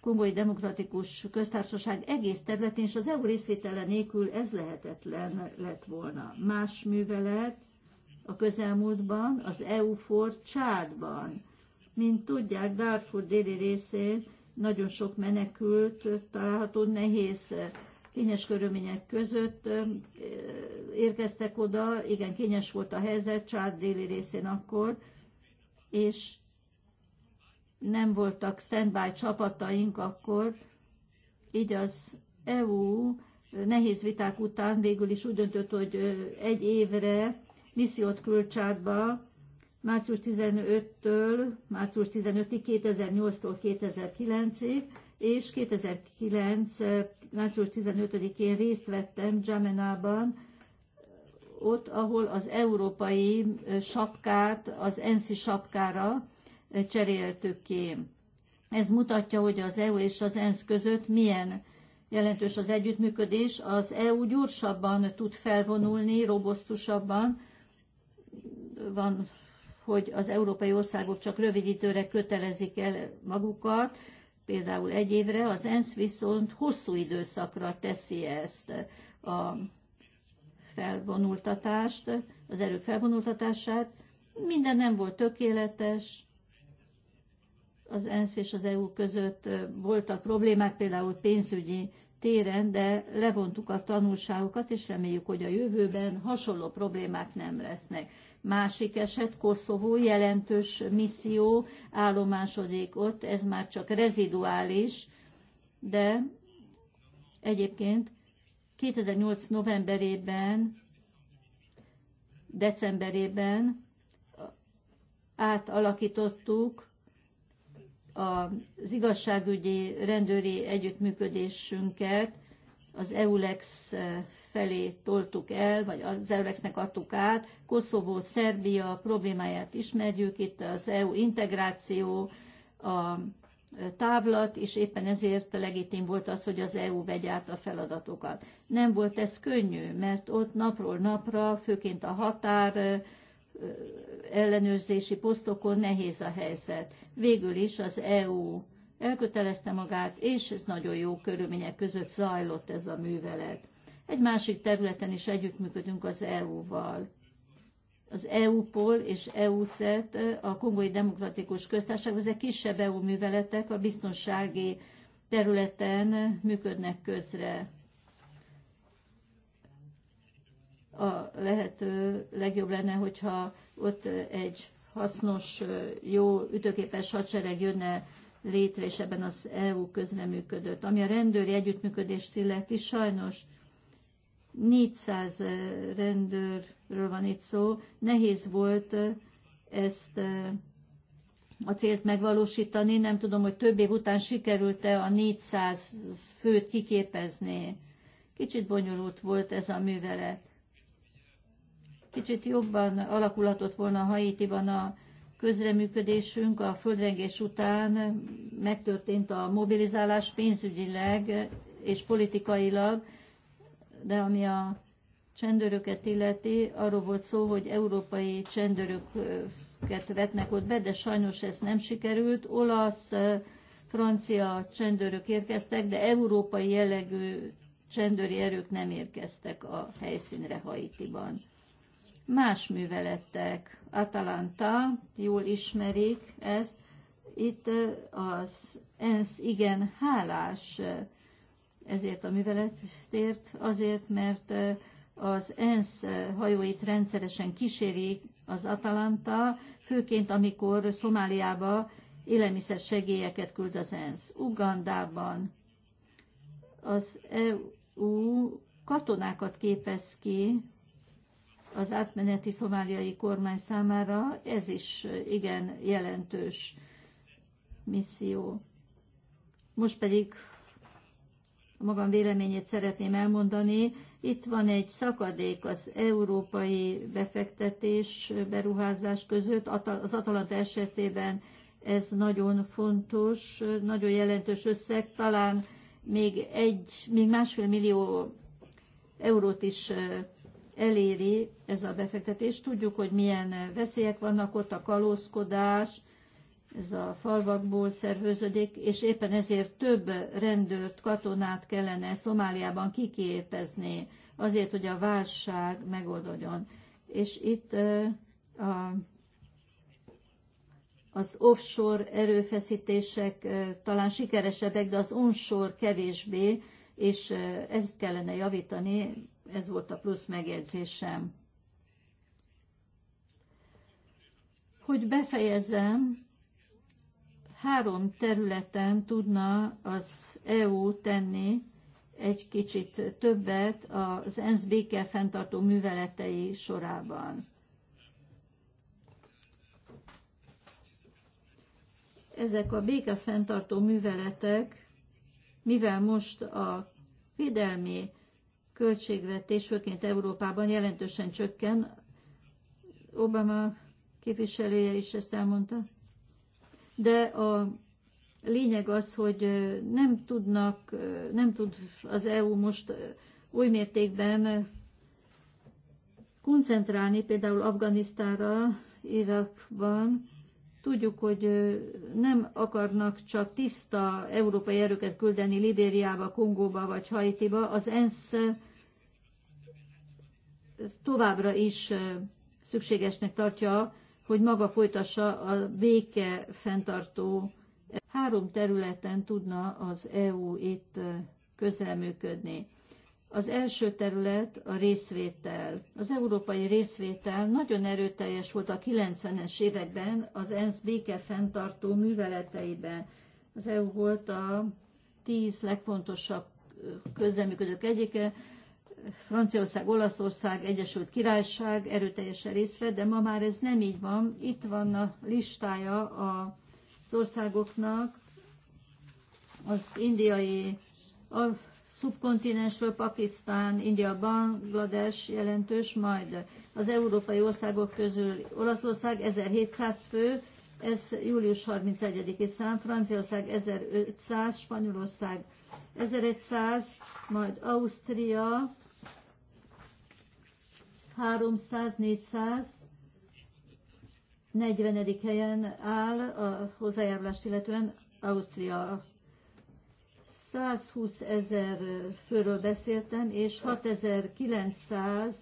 Kongói Demokratikus Köztársaság egész területén, és az EU részvétele nélkül ez lehetetlen lett volna. Más művelet a közelmúltban, az EU for Csádban. Mint tudják, Darfur déli részén nagyon sok menekült található, nehéz eh, kényes körülmények között eh, érkeztek oda, igen, kényes volt a helyzet Csád déli részén akkor, és nem voltak standby csapataink akkor, így az EU eh, nehéz viták után végül is úgy döntött, hogy egy évre missziót küld Csádba, március 15-től, március 15-ig, 2008-tól 2009-ig, és 2009. március 15-én részt vettem Jamenában, ott, ahol az európai sapkát az ENSZI sapkára cseréltük ki. Ez mutatja, hogy az EU és az ENSZ között milyen jelentős az együttműködés. Az EU gyorsabban tud felvonulni, robosztusabban, van hogy az európai országok csak rövid időre kötelezik el magukat, például egy évre, az ENSZ viszont hosszú időszakra teszi ezt a felvonultatást, az erők felvonultatását. Minden nem volt tökéletes, az ENSZ és az EU között voltak problémák, például pénzügyi téren, de levontuk a tanulságokat, és reméljük, hogy a jövőben hasonló problémák nem lesznek. Másik eset, Koszovó jelentős misszió állomásodik ott, ez már csak reziduális, de egyébként 2008. novemberében, decemberében átalakítottuk az igazságügyi rendőri együttműködésünket az EULEX eh, felé toltuk el, vagy az EULEX-nek adtuk át. Koszovó, Szerbia problémáját ismerjük, itt az EU integráció, a eh, távlat, és éppen ezért legitim volt az, hogy az EU vegy át a feladatokat. Nem volt ez könnyű, mert ott napról napra, főként a határ eh, ellenőrzési posztokon nehéz a helyzet. Végül is az EU elkötelezte magát, és ez nagyon jó körülmények között zajlott ez a művelet. Egy másik területen is együttműködünk az EU-val. Az EU-POL és EU-CET, a Kongói Demokratikus Köztársaság, ezek kisebb EU műveletek a biztonsági területen működnek közre. a lehető legjobb lenne, hogyha ott egy hasznos, jó, ütőképes hadsereg jönne létre, és ebben az EU közreműködött. Ami a rendőri együttműködést illeti, sajnos 400 eh, rendőrről van itt szó, nehéz volt eh, ezt eh, a célt megvalósítani. Nem tudom, hogy több év után sikerült-e a 400 főt kiképezni. Kicsit bonyolult volt ez a művelet. Kicsit jobban alakulhatott volna Haitiban a közreműködésünk a földrengés után megtörtént a mobilizálás pénzügyileg és politikailag, de ami a csendőröket illeti, arról volt szó, hogy európai csendőröket vetnek ott be, de sajnos ez nem sikerült. Olasz, francia csendőrök érkeztek, de európai jellegű csendőri erők nem érkeztek a helyszínre Haitiban más műveletek. Atalanta, jól ismerik ezt, itt az ENSZ igen hálás ezért a műveletért, azért, mert az ENSZ hajóit rendszeresen kíséri az Atalanta, főként amikor Szomáliába élelmiszer segélyeket küld az ENSZ. Ugandában az EU katonákat képez ki, az átmeneti szomáliai kormány számára ez is igen jelentős misszió. Most pedig a magam véleményét szeretném elmondani. Itt van egy szakadék az európai befektetés, beruházás között. Az Atalanta esetében ez nagyon fontos, nagyon jelentős összeg. Talán még egy, még másfél millió eurót is eléri ez a befektetés. Tudjuk, hogy milyen veszélyek vannak ott, a kalózkodás, ez a falvakból szerveződik, és éppen ezért több rendőrt, katonát kellene Szomáliában kiképezni, azért, hogy a válság megoldódjon. És itt a, az offshore erőfeszítések talán sikeresebbek, de az onshore kevésbé, és ezt kellene javítani, ez volt a plusz megjegyzésem. Hogy befejezem, három területen tudna az EU tenni egy kicsit többet az ENSZ béke fenntartó műveletei sorában. Ezek a békefenntartó műveletek, mivel most a védelmi költségvetés, főként Európában jelentősen csökken. Obama képviselője is ezt elmondta. De a lényeg az, hogy nem tudnak, nem tud az EU most új mértékben koncentrálni, például Afganisztára, Irakban, Tudjuk, hogy nem akarnak csak tiszta európai erőket küldeni Libériába, Kongóba vagy Haitiba. Az ENSZ továbbra is szükségesnek tartja, hogy maga folytassa a béke fenntartó. Három területen tudna az EU itt közreműködni. Az első terület a részvétel. Az európai részvétel nagyon erőteljes volt a 90-es években az ENSZ fenntartó műveleteiben. Az EU volt a tíz legfontosabb közreműködők egyike, Franciaország, Olaszország, Egyesült Királyság erőteljesen részt vett, de ma már ez nem így van. Itt van a listája az országoknak, az indiai a szubkontinensről Pakisztán, India, Bangladesh jelentős, majd az európai országok közül Olaszország 1700 fő, ez július 31-i szám, Franciaország 1500, Spanyolország 1100, majd Ausztria 300-400 40. helyen áll a hozzájárulás illetően Ausztria. 120 ezer főről beszéltem, és 6900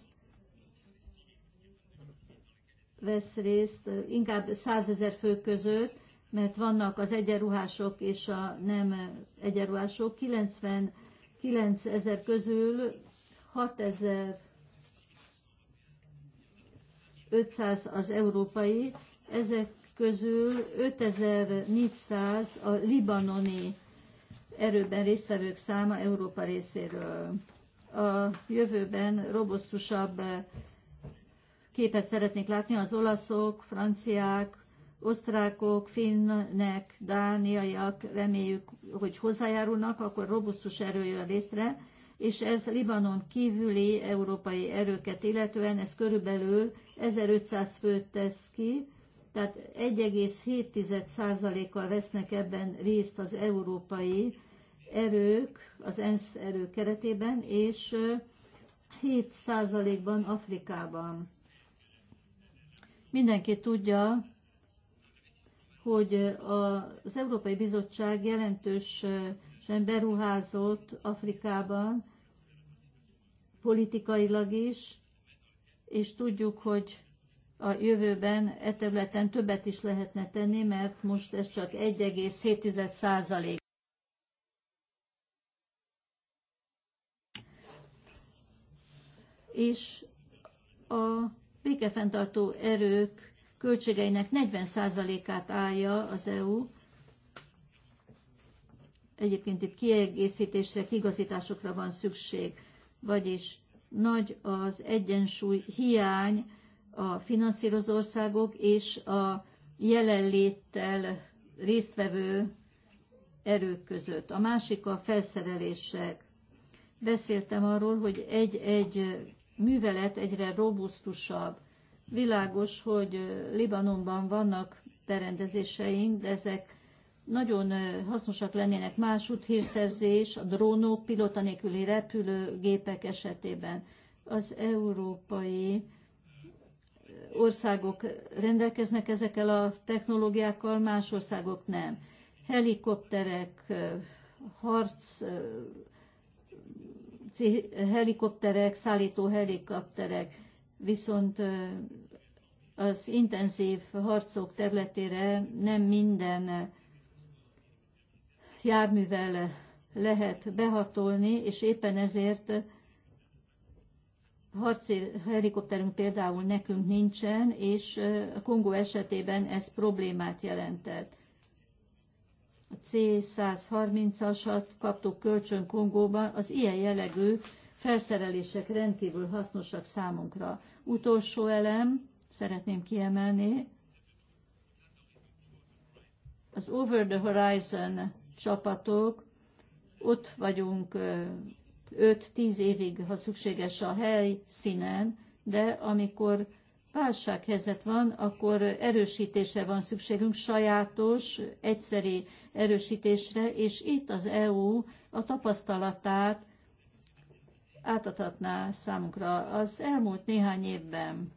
vesz részt, inkább 100 ezer fő között, mert vannak az egyenruhások és a nem egyenruhások. 99 ezer közül 6 ezer 500 az európai, ezek közül 5400 a libanoni erőben résztvevők száma Európa részéről. A jövőben robosztusabb eh, képet szeretnék látni az olaszok, franciák, osztrákok, finnek, dániaiak, reméljük, hogy hozzájárulnak, akkor robusztus erő jön részre, és ez Libanon kívüli európai erőket illetően, ez körülbelül 1500 főt tesz ki, tehát 1,7%-kal vesznek ebben részt az európai erők, az ENSZ erők keretében, és 7%-ban Afrikában. Mindenki tudja, hogy az Európai Bizottság jelentős sem beruházott Afrikában, politikailag is, és tudjuk, hogy a jövőben e területen többet is lehetne tenni, mert most ez csak 1,7 százalék. És a békefenntartó erők költségeinek 40%-át állja az EU, Egyébként itt kiegészítésre, kigazításokra van szükség, vagyis nagy az egyensúly hiány a finanszírozó országok és a jelenléttel résztvevő erők között. A másik a felszerelések. Beszéltem arról, hogy egy-egy művelet egyre robusztusabb. Világos, hogy Libanonban vannak berendezéseink, de ezek nagyon hasznosak lennének más hírszerzés, a drónok, pilota nélküli repülőgépek esetében. Az európai országok rendelkeznek ezekkel a technológiákkal, más országok nem. Helikopterek, harc, helikopterek, szállító helikopterek, viszont az intenzív harcok területére nem minden járművel lehet behatolni, és éppen ezért harci helikopterünk például nekünk nincsen, és a Kongó esetében ez problémát jelentett. A C-130-asat kaptuk kölcsön Kongóban, az ilyen jellegű felszerelések rendkívül hasznosak számunkra. Utolsó elem, szeretném kiemelni, az Over the Horizon csapatok, ott vagyunk 5-10 évig, ha szükséges a hely színen, de amikor válsághelyzet van, akkor erősítésre van szükségünk, sajátos, egyszeri erősítésre, és itt az EU a tapasztalatát átadhatná számunkra. Az elmúlt néhány évben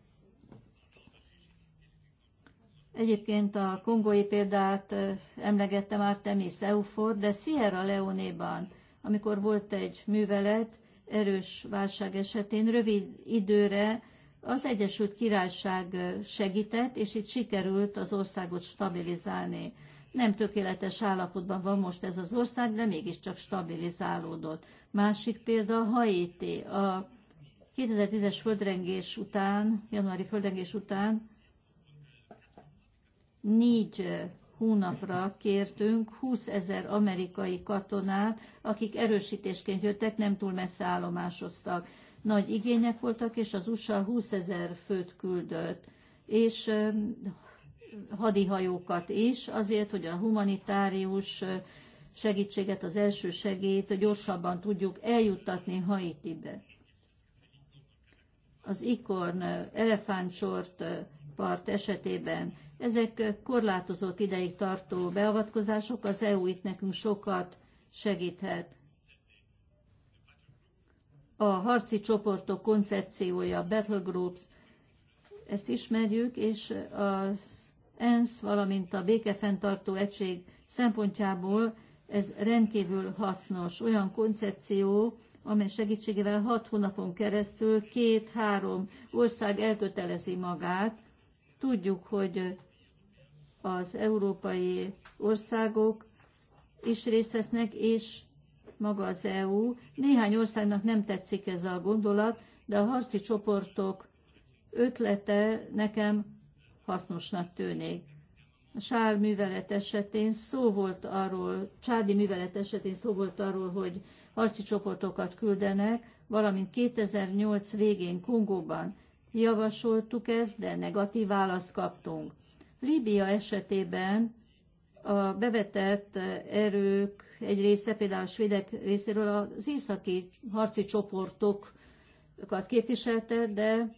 Egyébként a kongói példát emlegette már Temis Eufor, de Sierra Leone-ban, amikor volt egy művelet, erős válság esetén rövid időre az Egyesült Királyság segített, és itt sikerült az országot stabilizálni. Nem tökéletes állapotban van most ez az ország, de mégiscsak stabilizálódott. Másik példa Haiti. A 2010-es földrengés után, januári földrengés után négy hónapra kértünk 20 ezer amerikai katonát, akik erősítésként jöttek, nem túl messze állomásoztak. Nagy igények voltak, és az USA 20 ezer főt küldött, és hadihajókat is, azért, hogy a humanitárius segítséget, az első segélyt gyorsabban tudjuk eljuttatni Haitibe. Az ikorn elefántsort part esetében. Ezek korlátozott ideig tartó beavatkozások, az EU itt nekünk sokat segíthet. A harci csoportok koncepciója, battle groups, ezt ismerjük, és az ENSZ, valamint a békefenntartó egység szempontjából ez rendkívül hasznos. Olyan koncepció, amely segítségével hat hónapon keresztül két-három ország elkötelezi magát Tudjuk, hogy az európai országok is részt vesznek, és maga az EU. Néhány országnak nem tetszik ez a gondolat, de a harci csoportok ötlete nekem hasznosnak tűnik. A sár művelet esetén szó volt arról, csádi művelet esetén szó volt arról, hogy harci csoportokat küldenek, valamint 2008 végén Kongóban javasoltuk ezt, de negatív választ kaptunk. Líbia esetében a bevetett erők egy része, például a svédek részéről az északi harci csoportokat képviselte, de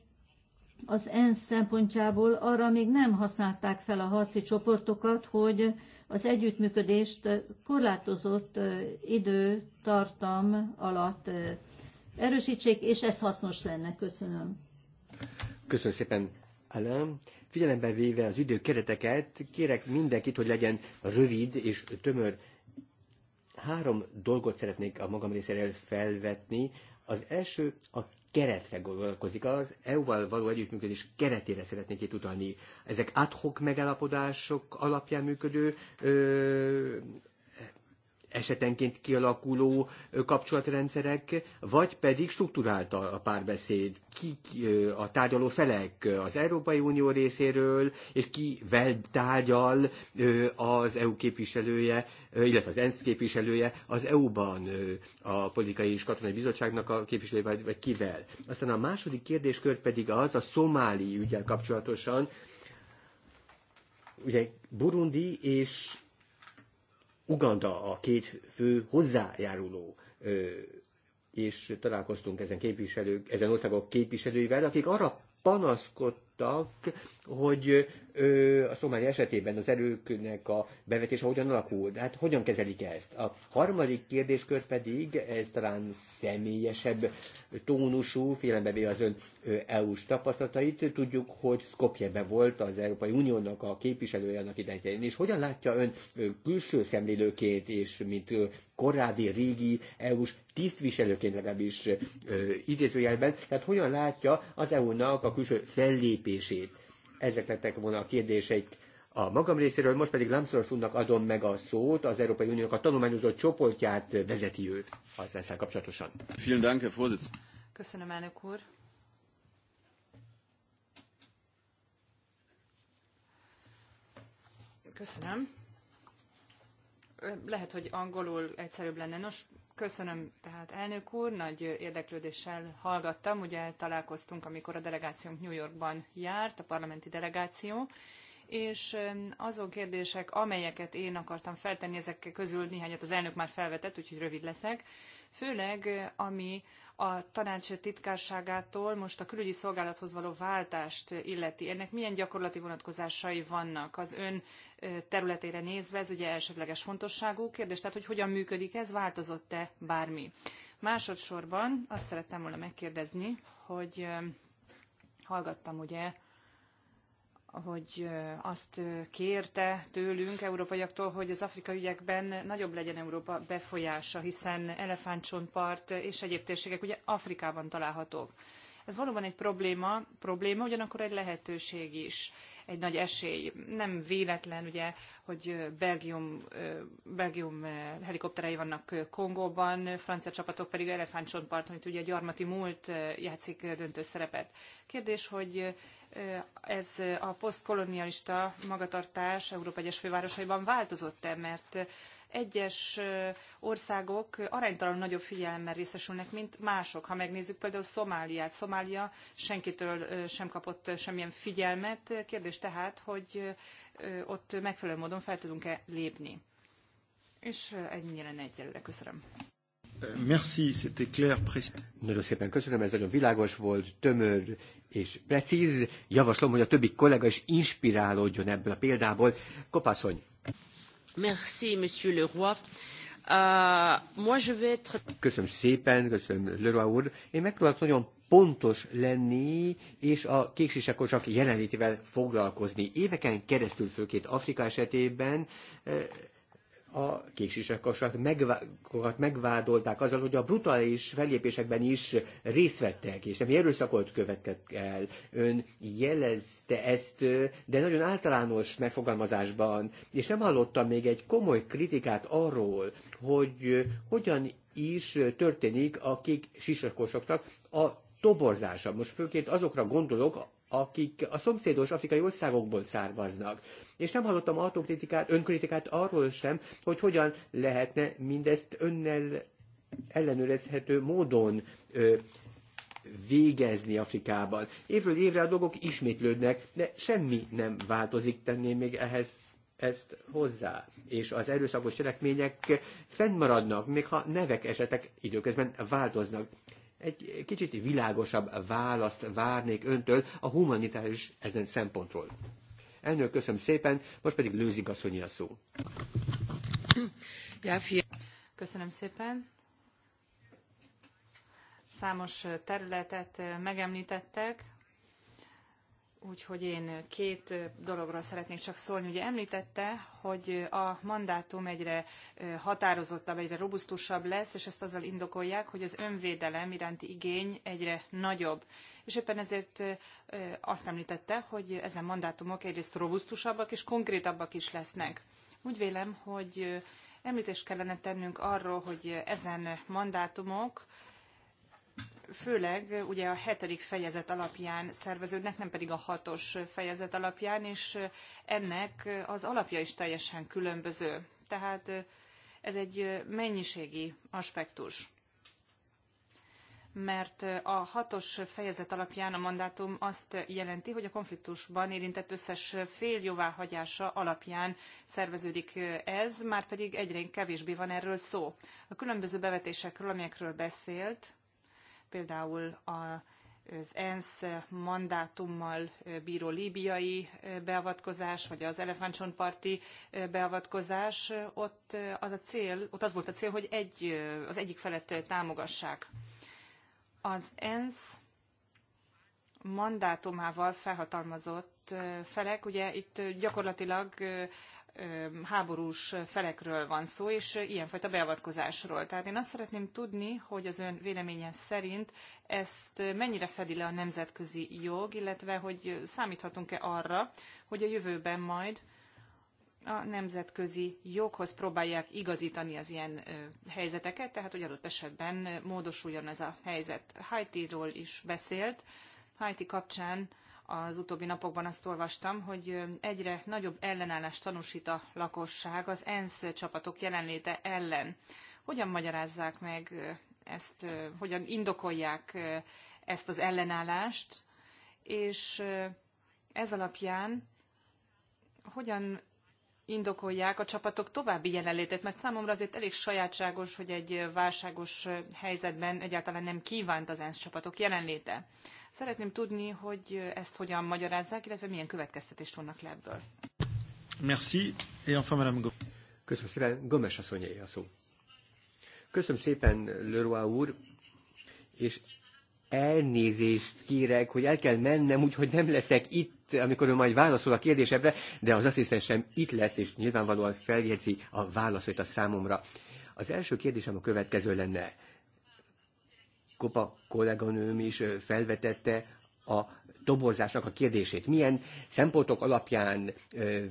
az ENSZ szempontjából arra még nem használták fel a harci csoportokat, hogy az együttműködést korlátozott időtartam alatt erősítsék, és ez hasznos lenne. Köszönöm. Köszönöm szépen, Alain. Figyelembe véve az kereteket, kérek mindenkit, hogy legyen rövid és tömör. Három dolgot szeretnék a magam részéről felvetni. Az első a keretre gondolkozik, az EU-val való együttműködés keretére szeretnék itt utalni. Ezek adhok megállapodások alapján működő ö, esetenként kialakuló kapcsolatrendszerek, vagy pedig struktúrált a párbeszéd, ki a tárgyaló felek az Európai Unió részéről, és ki vel tárgyal az EU képviselője, illetve az ENSZ képviselője az EU-ban a politikai és katonai bizottságnak a képviselője, vagy, vagy kivel. Aztán a második kérdéskör pedig az a szomáli ügyel kapcsolatosan, ugye Burundi és Uganda a két fő hozzájáruló és találkoztunk ezen képviselők, ezen országok képviselőivel, akik arra panaszkodtak, hogy a Szomália esetében az erőknek a bevetése hogyan alakul? Hát hogyan kezelik ezt? A harmadik kérdéskör pedig, ez talán személyesebb tónusú, félembevé az ön EU-s tapasztalatait, tudjuk, hogy Skopjebe volt az Európai Uniónak a képviselője annak idején. És hogyan látja ön külső szemlélőként, és mint korábbi régi EU-s tisztviselőként legalábbis ö, idézőjelben, tehát hogyan látja az EU-nak a külső fellépését ezek lettek volna a kérdéseik a magam részéről, most pedig Lamszor úrnak adom meg a szót, az Európai Uniónak a tanulmányozó csoportját vezeti őt az ezzel kapcsolatosan. Köszönöm, elnök úr. Köszönöm lehet, hogy angolul egyszerűbb lenne. Nos, köszönöm tehát elnök úr, nagy érdeklődéssel hallgattam, ugye találkoztunk, amikor a delegációnk New Yorkban járt, a parlamenti delegáció, és azon kérdések, amelyeket én akartam feltenni, ezek közül néhányat az elnök már felvetett, úgyhogy rövid leszek, főleg ami a tanács titkárságától most a külügyi szolgálathoz való váltást illeti. Ennek milyen gyakorlati vonatkozásai vannak az ön területére nézve, ez ugye elsődleges fontosságú kérdés, tehát hogy hogyan működik ez, változott-e bármi. Másodszorban azt szerettem volna megkérdezni, hogy hallgattam ugye hogy azt kérte tőlünk, európaiaktól, hogy az Afrika ügyekben nagyobb legyen Európa befolyása, hiszen elefántcsontpart és egyéb térségek ugye Afrikában találhatók. Ez valóban egy probléma, probléma, ugyanakkor egy lehetőség is egy nagy esély. Nem véletlen, ugye, hogy Belgium, Belgium helikopterei vannak Kongóban, francia csapatok pedig elefántcsontparton, itt ugye a gyarmati múlt játszik döntő szerepet. Kérdés, hogy ez a posztkolonialista magatartás Európa egyes fővárosaiban változott-e, mert egyes országok aránytalanul nagyobb figyelemmel részesülnek, mint mások. Ha megnézzük például Szomáliát, Szomália senkitől sem kapott semmilyen figyelmet. Kérdés tehát, hogy ott megfelelő módon fel tudunk-e lépni. És ennyi lenne egyelőre. Köszönöm. Merci, c'était clair, précis. Nagyon szépen köszönöm, ez nagyon világos volt, tömör és precíz. Javaslom, hogy a többi kollega is inspirálódjon ebből a példából. Kopászony! Merci, Monsieur Leroy. Uh, moi, je vais être... Köszönöm szépen, köszönöm Leroy úr. Én megpróbálok nagyon pontos lenni, és a kéksisakosok jelenlétével foglalkozni. Éveken keresztül, főként Afrika esetében, eh, a kéksisakasak megvá- megvádolták azzal, hogy a brutális fellépésekben is részt vettek, és nem erőszakot követtek el. Ön jelezte ezt, de nagyon általános megfogalmazásban, és nem hallottam még egy komoly kritikát arról, hogy hogyan is történik a kék sisakosoknak a toborzása. Most főként azokra gondolok, akik a szomszédos afrikai országokból származnak. És nem hallottam autokritikát, önkritikát arról sem, hogy hogyan lehetne mindezt önnel ellenőrezhető módon ö, végezni Afrikában. Évről évre a dolgok ismétlődnek, de semmi nem változik, tenném még ehhez ezt hozzá. És az erőszakos cselekmények fennmaradnak, még ha nevek esetek időközben változnak egy kicsit világosabb választ várnék öntől a humanitárius ezen szempontról. Elnök, köszönöm szépen, most pedig lőzik a a szó. Köszönöm szépen. Számos területet megemlítettek, úgyhogy én két dologra szeretnék csak szólni. Ugye említette, hogy a mandátum egyre határozottabb, egyre robusztusabb lesz, és ezt azzal indokolják, hogy az önvédelem iránti igény egyre nagyobb. És éppen ezért azt említette, hogy ezen mandátumok egyrészt robusztusabbak és konkrétabbak is lesznek. Úgy vélem, hogy említést kellene tennünk arról, hogy ezen mandátumok, főleg ugye a hetedik fejezet alapján szerveződnek, nem pedig a hatos fejezet alapján, és ennek az alapja is teljesen különböző. Tehát ez egy mennyiségi aspektus mert a hatos fejezet alapján a mandátum azt jelenti, hogy a konfliktusban érintett összes fél jóváhagyása alapján szerveződik ez, már pedig egyre kevésbé van erről szó. A különböző bevetésekről, amelyekről beszélt, például a az ENSZ mandátummal bíró líbiai beavatkozás, vagy az elefántsonparti beavatkozás, ott az a cél, ott az volt a cél, hogy egy, az egyik felett támogassák. Az ENSZ mandátumával felhatalmazott felek, ugye itt gyakorlatilag háborús felekről van szó, és ilyenfajta beavatkozásról. Tehát én azt szeretném tudni, hogy az ön véleménye szerint ezt mennyire fedi le a nemzetközi jog, illetve hogy számíthatunk-e arra, hogy a jövőben majd a nemzetközi joghoz próbálják igazítani az ilyen helyzeteket, tehát hogy adott esetben módosuljon ez a helyzet. Haiti-ról is beszélt. Haiti kapcsán az utóbbi napokban azt olvastam, hogy egyre nagyobb ellenállást tanúsít a lakosság az ENSZ csapatok jelenléte ellen. Hogyan magyarázzák meg ezt, hogyan indokolják ezt az ellenállást, és ez alapján hogyan indokolják a csapatok további jelenlétét, mert számomra azért elég sajátságos, hogy egy válságos helyzetben egyáltalán nem kívánt az ENSZ csapatok jelenléte. Szeretném tudni, hogy ezt hogyan magyarázzák, illetve milyen következtetést vonnak le ebből. Merci, et enfin Madame Köszönöm szépen, Gomes asszonyai a szó. Köszönöm szépen, Leroy úr, és elnézést kérek, hogy el kell mennem, úgyhogy nem leszek itt, amikor ő majd válaszol a kérdésemre, de az asszisztensem itt lesz, és nyilvánvalóan feljegyzi a válaszait a számomra. Az első kérdésem a következő lenne. Kopa kolléganőm is felvetette a dobozásnak a kérdését. Milyen szempontok alapján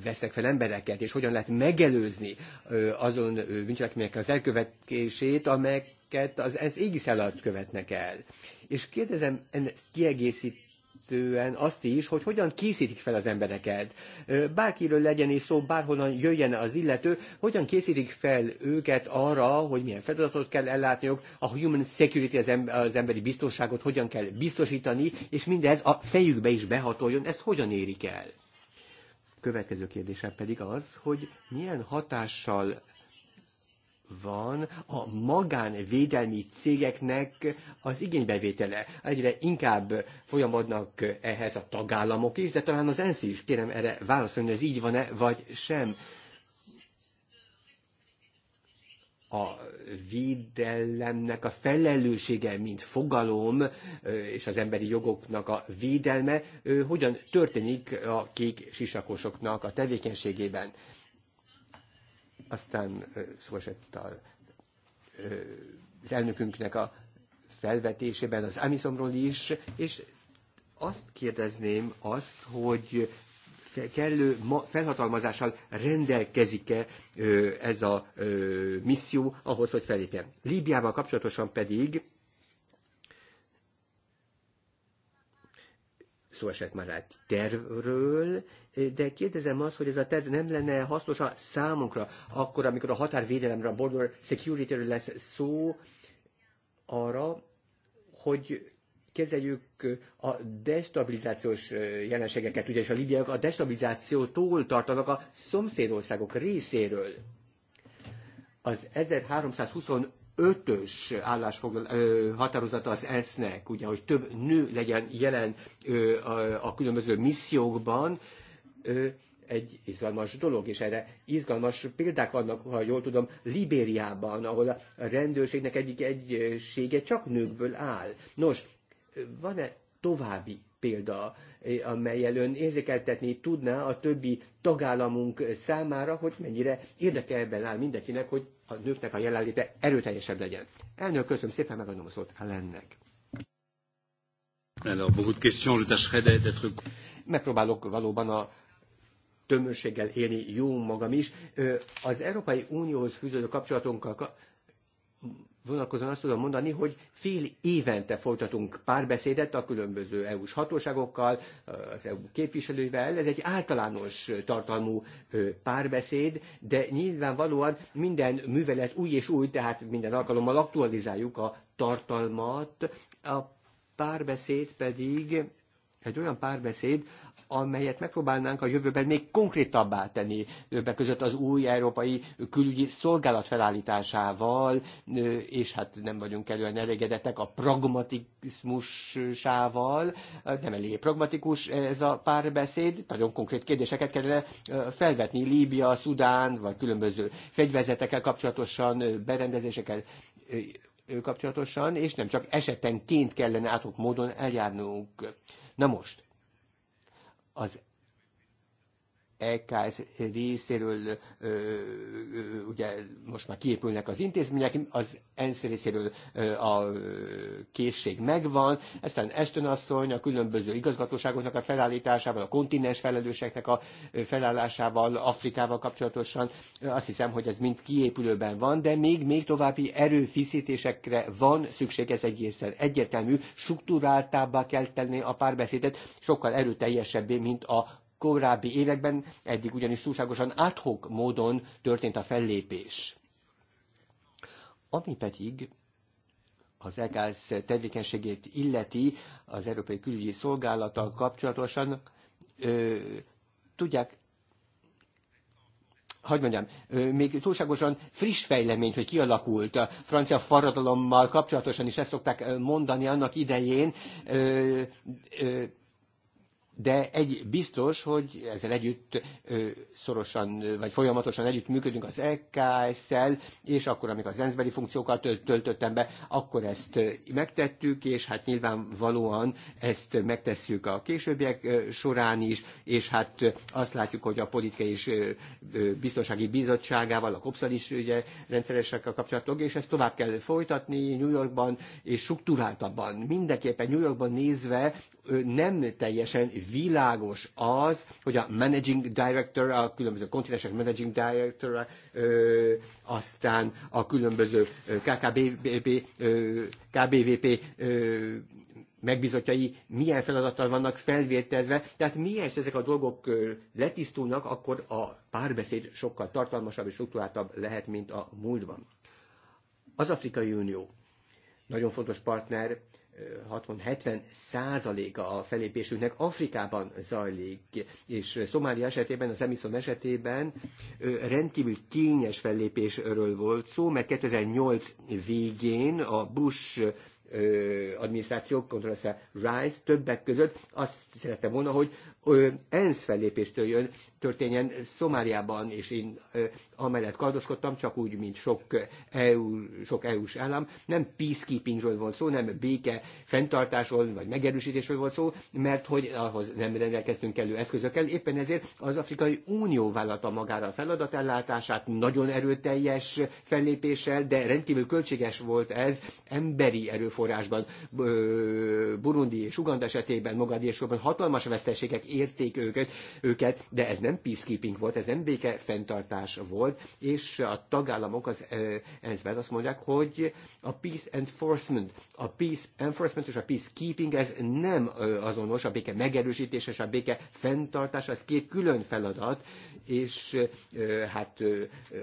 veszek fel embereket, és hogyan lehet megelőzni azon bűncselekményeknek az elkövetését, amelyeket az ENSZ égisz alatt követnek el. És kérdezem, ennek kiegészít illetően azt is, hogy hogyan készítik fel az embereket. Bárkiről legyen is szó, bárhonnan jöjjen az illető, hogyan készítik fel őket arra, hogy milyen feladatot kell ellátniuk, a human security, az emberi biztonságot hogyan kell biztosítani, és mindez a fejükbe is behatoljon, ezt hogyan érik el? Következő kérdése pedig az, hogy milyen hatással van a magánvédelmi cégeknek az igénybevétele. Egyre inkább folyamodnak ehhez a tagállamok is, de talán az ENSZ is kérem erre válaszolni, hogy ez így van-e, vagy sem. a védelemnek a felelőssége, mint fogalom, és az emberi jogoknak a védelme hogyan történik a kék sisakosoknak a tevékenységében. Aztán szó esett a, az elnökünknek a felvetésében az Amisomról is, és azt kérdezném azt, hogy kellő felhatalmazással rendelkezik-e ez a misszió ahhoz, hogy felépjen. Líbiával kapcsolatosan pedig szó esett már egy tervről, de kérdezem azt, hogy ez a terv nem lenne hasznos a számunkra, akkor, amikor a határvédelemre, a border security lesz szó, arra, hogy kezeljük a destabilizációs jelenségeket, ugyanis a libiaiak a destabilizációtól tartanak a szomszédországok részéről. Az 1320 ötös állásfoglal, határozata az ENSZ-nek, ugye, hogy több nő legyen jelen a, a különböző missziókban, egy izgalmas dolog, és erre izgalmas példák vannak, ha jól tudom, Libériában, ahol a rendőrségnek egyik egysége csak nőkből áll. Nos, van-e további példa, eh, amelyel ön érzékeltetni tudná a többi tagállamunk számára, hogy mennyire érdekelben áll mindenkinek, hogy a nőknek a jelenléte erőteljesebb legyen. Elnök, köszönöm szépen, megadom a szót Ellennek. Alors, beaucoup de questions, je tâcherai d'être... Megpróbálok valóban a tömörséggel élni jó magam is. Az Európai Unióhoz fűződő kapcsolatunkkal vonatkozóan azt tudom mondani, hogy fél évente folytatunk párbeszédet a különböző EU-s hatóságokkal, az EU képviselővel. Ez egy általános tartalmú párbeszéd, de nyilvánvalóan minden művelet új és új, tehát minden alkalommal aktualizáljuk a tartalmat. A párbeszéd pedig egy olyan párbeszéd, amelyet megpróbálnánk a jövőben még konkrétabbá tenni, többek között az új európai külügyi szolgálat felállításával, és hát nem vagyunk elően elégedettek a pragmatizmusával, nem elég pragmatikus ez a párbeszéd, nagyon konkrét kérdéseket kellene felvetni, Líbia, Szudán, vagy különböző fegyverzetekkel kapcsolatosan, berendezésekkel kapcsolatosan, és nem csak esetenként kellene átok módon eljárnunk Na most, az EKS részéről ö, ö, ugye most már kiépülnek az intézmények, az ENSZ részéről ö, a készség megvan, aztán Eston asszony a különböző igazgatóságoknak a felállításával, a kontinens felelőseknek a felállásával, Afrikával kapcsolatosan, azt hiszem, hogy ez mind kiépülőben van, de még, még további erőfiszítésekre van szükség, ez egészen egyértelmű, struktúráltábbá kell tenni a párbeszédet, sokkal erőteljesebbé, mint a korábbi években, eddig ugyanis túlságosan adhok módon történt a fellépés. Ami pedig az EGÁZ tevékenységét illeti az Európai Külügyi Szolgálattal kapcsolatosan, ö, tudják, hogy mondjam, még túlságosan friss fejlemény, hogy kialakult a francia forradalommal kapcsolatosan is ezt szokták mondani annak idején, ö, ö, de egy biztos, hogy ezzel együtt ö, szorosan, vagy folyamatosan együtt működünk az EKS-szel, és akkor, amikor az ENSZ-beli funkciókat töltöttem be, akkor ezt megtettük, és hát nyilvánvalóan ezt megtesszük a későbbiek során is, és hát azt látjuk, hogy a politikai és biztonsági bizottságával, a COPSZ-al is ugye a kapcsolatok, és ezt tovább kell folytatni New Yorkban, és struktúráltabban. Mindenképpen New Yorkban nézve nem teljesen világos az, hogy a managing director, a különböző kontinensek managing director, ö, aztán a különböző KKBB, ö, KBVP ö, megbizotjai milyen feladattal vannak felvértezve, tehát miért ezek a dolgok letisztulnak, akkor a párbeszéd sokkal tartalmasabb és struktúráltabb lehet, mint a múltban. Az Afrikai Unió nagyon fontos partner 60-70 százaléka a felépésünknek Afrikában zajlik, és Szomália esetében, az Emiszon esetében rendkívül kényes fellépésről volt szó, mert 2008 végén a Bush adminisztráció, Condoleezza Rice többek között azt szerette volna, hogy ENSZ fellépéstől jön, történjen Szomáriában, és én amellett kardoskodtam, csak úgy, mint sok, EU, sok EU-s állam. Nem peacekeepingről volt szó, nem béke fenntartásról, vagy megerősítésről volt szó, mert hogy ahhoz nem rendelkeztünk elő eszközökkel. Éppen ezért az Afrikai Unió vállalta magára a feladatellátását, nagyon erőteljes fellépéssel, de rendkívül költséges volt ez emberi erőforrásban. Burundi és Uganda esetében, Mogadésóban hatalmas veszteségek érték őket, őket, de ez nem peacekeeping volt, ez nem béke fenntartás volt, és a tagállamok az ensz azt mondják, hogy a peace enforcement, a peace enforcement és a peacekeeping ez nem azonos, a béke megerősítés és a béke fenntartás, ez két külön feladat, és hát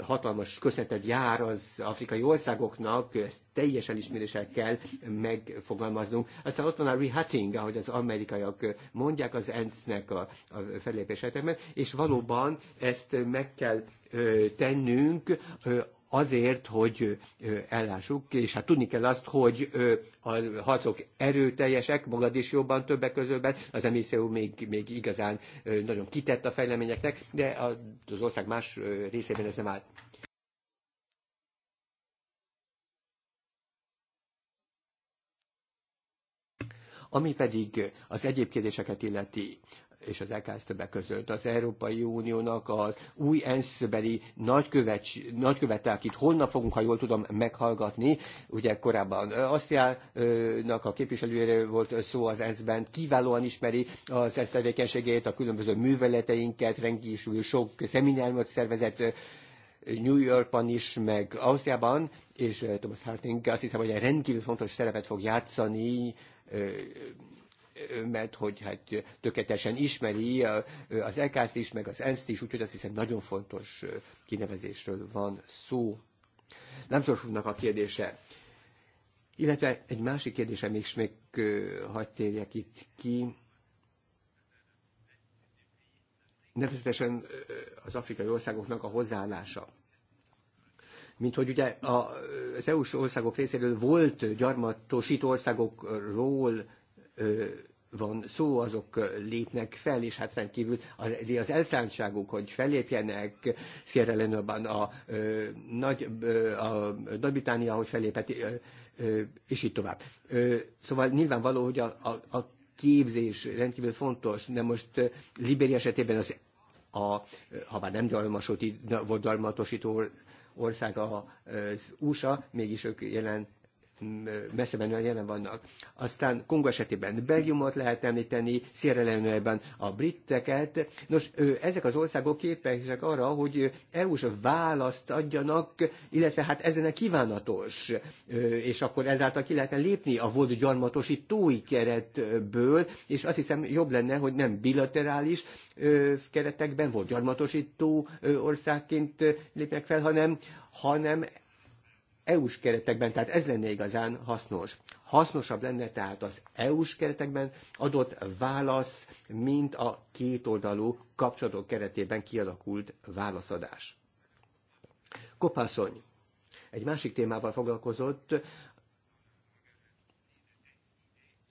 hatalmas köszönetet jár az afrikai országoknak, ezt teljes elismeréssel kell megfogalmaznunk. Aztán ott van a rehatting, ahogy az amerikaiak mondják az ENSZ-nek a, a felépésetekben, és valóban ezt meg kell tennünk azért, hogy ellássuk, és hát tudni kell azt, hogy a harcok erőteljesek, magad is jobban többek közöbben, az emisszió még, még igazán nagyon kitett a fejleményeknek, de az ország más részében ez nem áll. Ami pedig az egyéb kérdéseket illeti, és az EKSZ többek között az Európai Uniónak az új ENSZ-beli nagykövet, akit holnap fogunk, ha jól tudom, meghallgatni. Ugye korábban Asztriának a képviselőjére volt szó az ENSZ-ben, kiválóan ismeri az ENSZ tevékenységét, a különböző műveleteinket, rendkívül sok szemináriumot szervezett New Yorkban is, meg Ausztriában, és Thomas Harting azt hiszem, hogy egy rendkívül fontos szerepet fog játszani mert hogy hát tökéletesen ismeri az eksz t is, meg az ENSZ-t is, úgyhogy azt hiszem nagyon fontos kinevezésről van szó. Nem Lámtorfúnak a kérdése. Illetve egy másik kérdésem is még hagyd térjek itt ki. Nevezetesen az afrikai országoknak a hozzáállása mint hogy ugye az EU-s országok részéről volt gyarmatosító országokról van szó, azok lépnek fel, és hát rendkívül az elszántságuk, hogy felépjenek Sierra Leone-ban a, nagy, a Nagy-Britannia, hogy fellépett, és így tovább. Szóval nyilvánvaló, hogy a, a, a képzés rendkívül fontos, de most Liberia esetében az a, ha már nem gyarmatosító ország az USA, mégis ők jelen messze menően jelen vannak. Aztán Kongo esetében Belgiumot lehet említeni, Szierrelenőben a britteket. Nos, ezek az országok képesek arra, hogy EU-s választ adjanak, illetve hát ezen kívánatos, és akkor ezáltal ki lehetne lépni a volt gyarmatosítói keretből, és azt hiszem jobb lenne, hogy nem bilaterális keretekben volt gyarmatosító országként lépnek fel, hanem hanem EU-s keretekben, tehát ez lenne igazán hasznos. Hasznosabb lenne tehát az EU-s keretekben adott válasz, mint a kétoldalú kapcsolatok keretében kialakult válaszadás. Kopászony egy másik témával foglalkozott,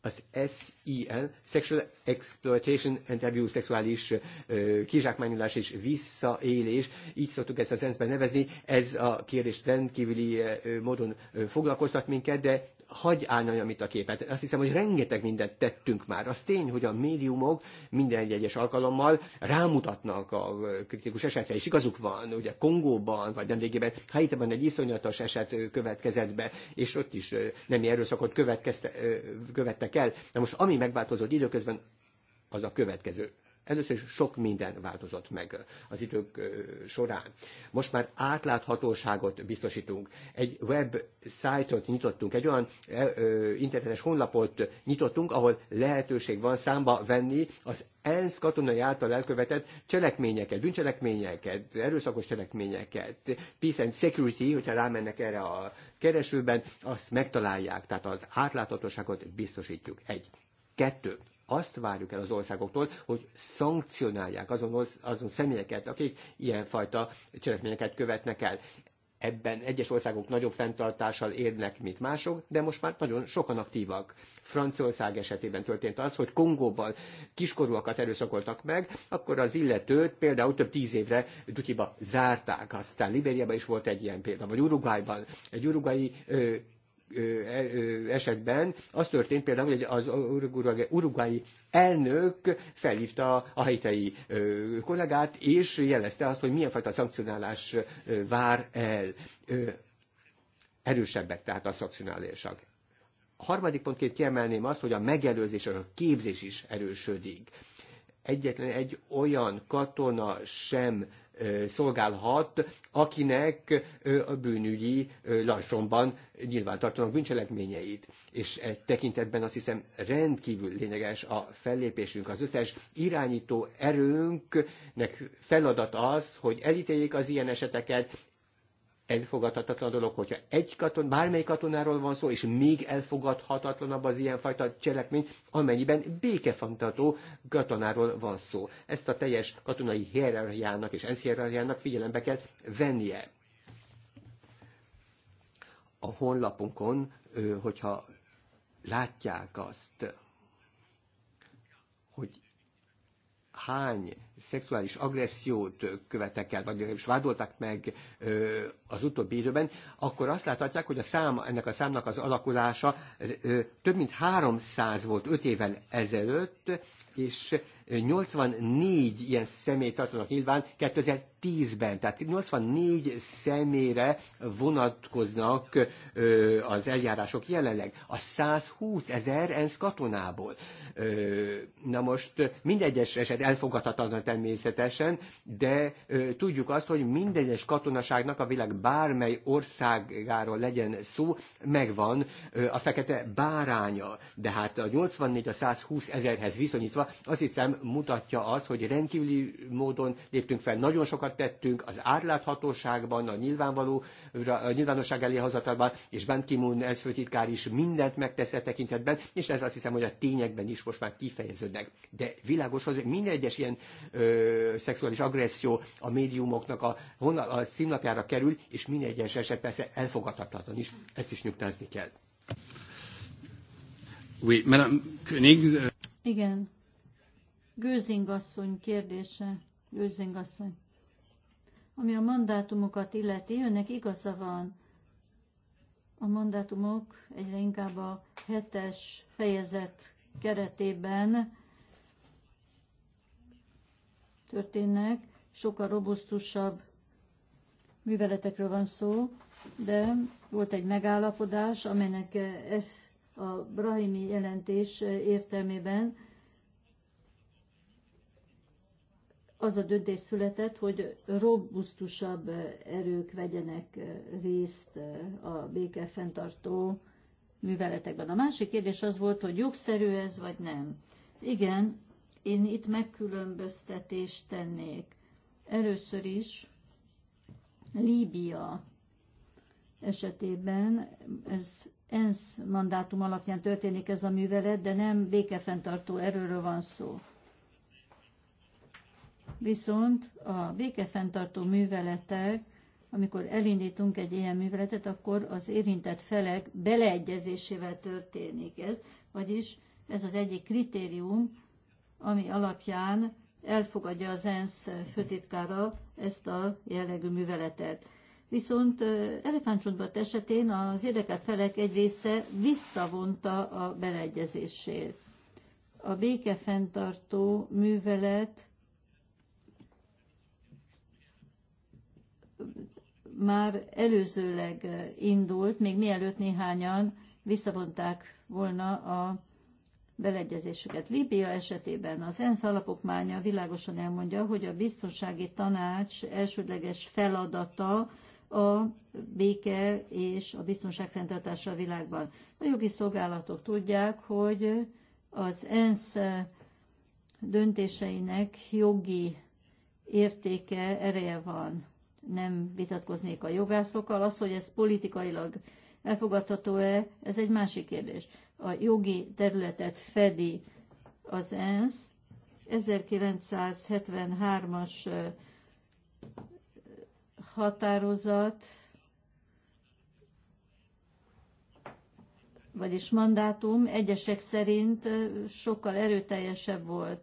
az SEL, Sexual Exploitation and Abuse, szexuális kizsákmányolás és visszaélés, így szoktuk ezt az ENSZ-ben nevezni, ez a kérdés rendkívüli módon foglalkoztat minket, de hagy álljon itt a képet. Azt hiszem, hogy rengeteg mindent tettünk már. Az tény, hogy a médiumok minden egyes alkalommal rámutatnak a kritikus esetre, és igazuk van, ugye Kongóban, vagy nemrégiben Haitiban hát egy iszonyatos eset következett be, és ott is nem erőszakot következte, követtek el. De most, ami megváltozott időközben, az a következő. Először is sok minden változott meg az idők során. Most már átláthatóságot biztosítunk. Egy web szájtot nyitottunk, egy olyan internetes honlapot nyitottunk, ahol lehetőség van számba venni az ENSZ katonai által elkövetett cselekményeket, bűncselekményeket, erőszakos cselekményeket, peace and security, hogyha rámennek erre a keresőben, azt megtalálják, tehát az átláthatóságot biztosítjuk. Egy. Kettő azt várjuk el az országoktól, hogy szankcionálják azon, azon személyeket, akik ilyenfajta cselekményeket követnek el. Ebben egyes országok nagyobb fenntartással érnek, mint mások, de most már nagyon sokan aktívak. Franciaország esetében történt az, hogy Kongóban kiskorúakat erőszakoltak meg, akkor az illetőt például több tíz évre dutyiba zárták. Aztán Libériában is volt egy ilyen példa, vagy Uruguayban. Egy urugai E, esetben az történt például, hogy az uruguayi elnök felhívta a helytei kollégát, és jelezte azt, hogy milyen fajta szankcionálás vár el. Erősebbek tehát a szankcionálások. A harmadik pontként kiemelném azt, hogy a megelőzés, a képzés is erősödik. Egyetlen egy olyan katona sem szolgálhat, akinek a bűnügyi lansomban tartanak bűncselekményeit. És egy tekintetben azt hiszem rendkívül lényeges a fellépésünk. Az összes irányító erőnknek feladat az, hogy elítéljék az ilyen eseteket, elfogadhatatlan dolog, hogyha egy katon, bármely katonáról van szó, és még elfogadhatatlanabb az ilyenfajta cselekmény, amennyiben békefantató katonáról van szó. Ezt a teljes katonai hierarchiának és ENSZ hierarchiának figyelembe kell vennie. A honlapunkon, hogyha látják azt, hány szexuális agressziót követek el, vagy is vádoltak meg ö, az utóbbi időben, akkor azt láthatják, hogy a szám, ennek a számnak az alakulása ö, több mint 300 volt 5 évvel ezelőtt, és 84 ilyen személy tartanak nyilván 2010-ben, tehát 84 személyre vonatkoznak az eljárások jelenleg, a 120 ezer ENSZ katonából. Na most mindegyes eset elfogadhatatlan természetesen, de tudjuk azt, hogy mindegyes katonaságnak a világ bármely országáról legyen szó, megvan a fekete báránya. De hát a 84 a 120 ezerhez viszonyítva azt hiszem mutatja az, hogy rendkívüli módon léptünk fel, nagyon sokat tettünk az átláthatóságban, a nyilvánvaló, a nyilvánosság elé hazatalban, és Ban Ki-moon elfőtitkár is mindent megtesz a e tekintetben, és ez azt hiszem, hogy a tényekben is most már kifejeződnek. De világos, hogy minden egyes ilyen ö, szexuális agresszió a médiumoknak a, honlap, a színlapjára kerül, és minden egyes eset persze elfogadhatatlan is, ezt is nyugtázni kell. Oui, Madame König. Igen, Gőzingasszony kérdése, Gőzingasszony. Ami a mandátumokat illeti, önnek igaza van. A mandátumok egyre inkább a hetes fejezet keretében történnek, sokkal robusztusabb műveletekről van szó, de volt egy megállapodás, amelynek ez a Brahimi jelentés értelmében az a döntés született, hogy robusztusabb erők vegyenek részt a béke fenntartó műveletekben. A másik kérdés az volt, hogy jogszerű ez, vagy nem. Igen, én itt megkülönböztetést tennék. Először is Líbia esetében ez ENSZ mandátum alapján történik ez a művelet, de nem békefenntartó erőről van szó. Viszont a békefenntartó műveletek, amikor elindítunk egy ilyen műveletet, akkor az érintett felek beleegyezésével történik ez, vagyis ez az egyik kritérium, ami alapján elfogadja az ENSZ főtitkára ezt a jellegű műveletet. Viszont elefántcsontbat esetén az érdekelt felek egy része visszavonta a beleegyezését. A békefenntartó művelet már előzőleg eh, indult, még mielőtt néhányan visszavonták volna a beleegyezésüket. Líbia esetében az ENSZ alapokmánya világosan elmondja, hogy a biztonsági tanács elsődleges feladata a béke és a biztonság fenntartása a világban. A jogi szolgálatok tudják, hogy az ENSZ eh, döntéseinek jogi értéke, ereje van nem vitatkoznék a jogászokkal. Az, hogy ez politikailag elfogadható-e, ez egy másik kérdés. A jogi területet fedi az ENSZ. 1973-as határozat, vagyis mandátum egyesek szerint sokkal erőteljesebb volt,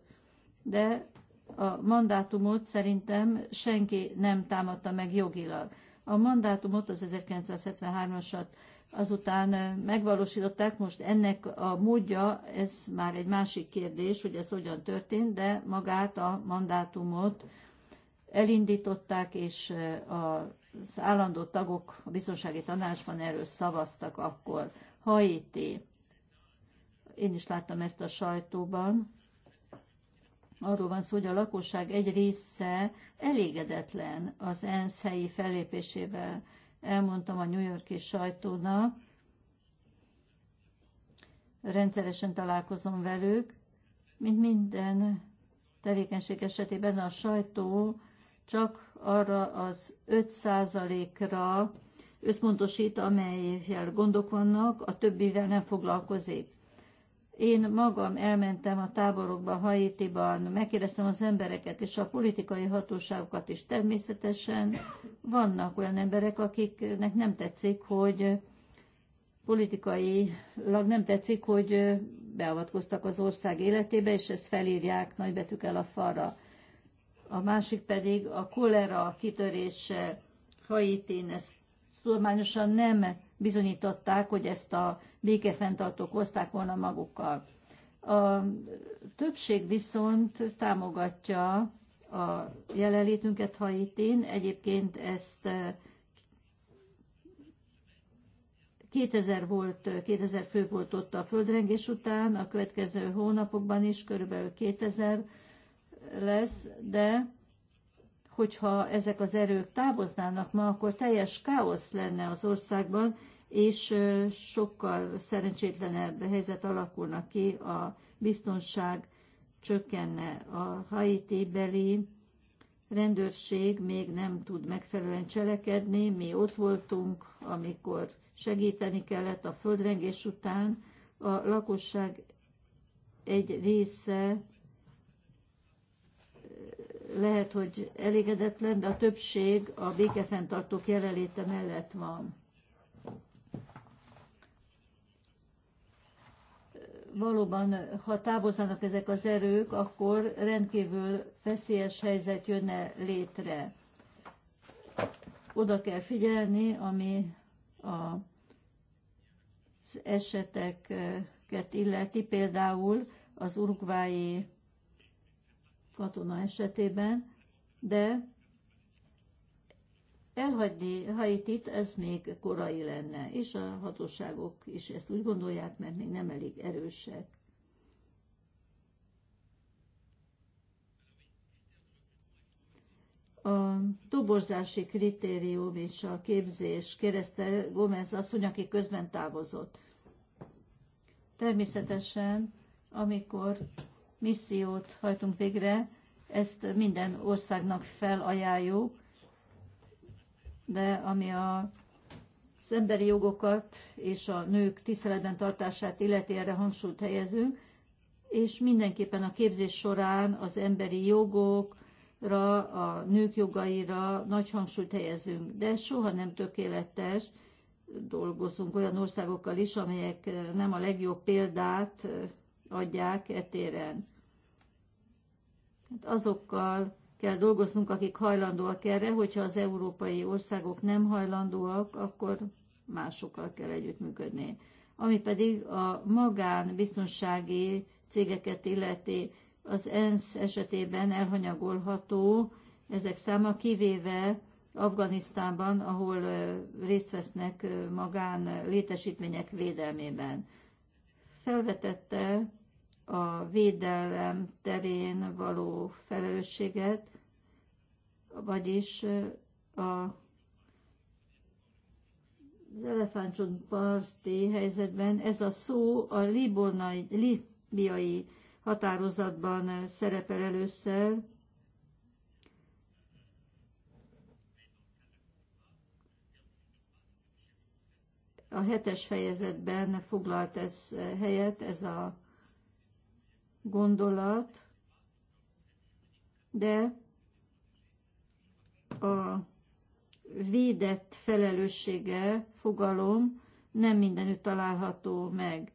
de a mandátumot szerintem senki nem támadta meg jogilag. A mandátumot, az 1973-asat azután megvalósították, most ennek a módja, ez már egy másik kérdés, hogy ez hogyan történt, de magát a mandátumot elindították, és az állandó tagok a biztonsági tanácsban erről szavaztak akkor. Haiti. Én is láttam ezt a sajtóban arról van szó, hogy a lakosság egy része elégedetlen az ENSZ helyi fellépésével. Elmondtam a New Yorki sajtónak, rendszeresen találkozom velük, mint minden tevékenység esetében a sajtó csak arra az 5%-ra összpontosít, amelyel gondok vannak, a többivel nem foglalkozik. Én magam elmentem a táborokba, Haitiban, megkérdeztem az embereket és a politikai hatóságokat is. Természetesen vannak olyan emberek, akiknek nem tetszik, hogy politikailag nem tetszik, hogy beavatkoztak az ország életébe, és ezt felírják nagybetűkkel a falra. A másik pedig a kolera kitörése Haitin, ezt tudományosan nem bizonyították, hogy ezt a békefenntartók hozták volna magukkal. A többség viszont támogatja a jelenlétünket Haitin. Egyébként ezt 2000, eh, volt, 2000 eh, fő volt ott a földrengés után, a következő hónapokban is körülbelül 2000 lesz, de hogyha ezek az erők távoznának ma, akkor teljes káosz lenne az országban, és sokkal szerencsétlenebb helyzet alakulna ki, a biztonság csökkenne. A Haiti beli rendőrség még nem tud megfelelően cselekedni, mi ott voltunk, amikor segíteni kellett a földrengés után, a lakosság egy része lehet, hogy elégedetlen, de a többség a békefenntartók jelenléte mellett van. Valóban, ha távozzanak ezek az erők, akkor rendkívül veszélyes helyzet jönne létre. Oda kell figyelni, ami a az eseteket illeti, például az urugvái katona esetében, de elhagyni Haitit, ez még korai lenne, és a hatóságok is ezt úgy gondolják, mert még nem elég erősek. a toborzási kritérium és a képzés kérdezte Gomez asszony, aki közben távozott. Természetesen, amikor missziót hajtunk végre, ezt minden országnak felajánljuk, de ami a, az emberi jogokat és a nők tiszteletben tartását illeti erre hangsúlyt helyezünk, és mindenképpen a képzés során az emberi jogokra, a nők jogaira nagy hangsúlyt helyezünk, de soha nem tökéletes, dolgozunk olyan országokkal is, amelyek nem a legjobb példát adják etéren. Hát azokkal kell dolgoznunk, akik hajlandóak erre, hogyha az európai országok nem hajlandóak, akkor másokkal kell együttműködni. Ami pedig a magánbiztonsági cégeket illeti, az ENSZ esetében elhanyagolható ezek száma, kivéve Afganisztánban, ahol részt vesznek magán létesítmények védelmében. Felvetette a védelem terén való felelősséget, vagyis a, az elefántcsontparti helyzetben ez a szó a libonai, libiai határozatban szerepel először, a hetes fejezetben foglalt ez helyet, ez a gondolat, de a védett felelőssége, fogalom nem mindenütt található meg.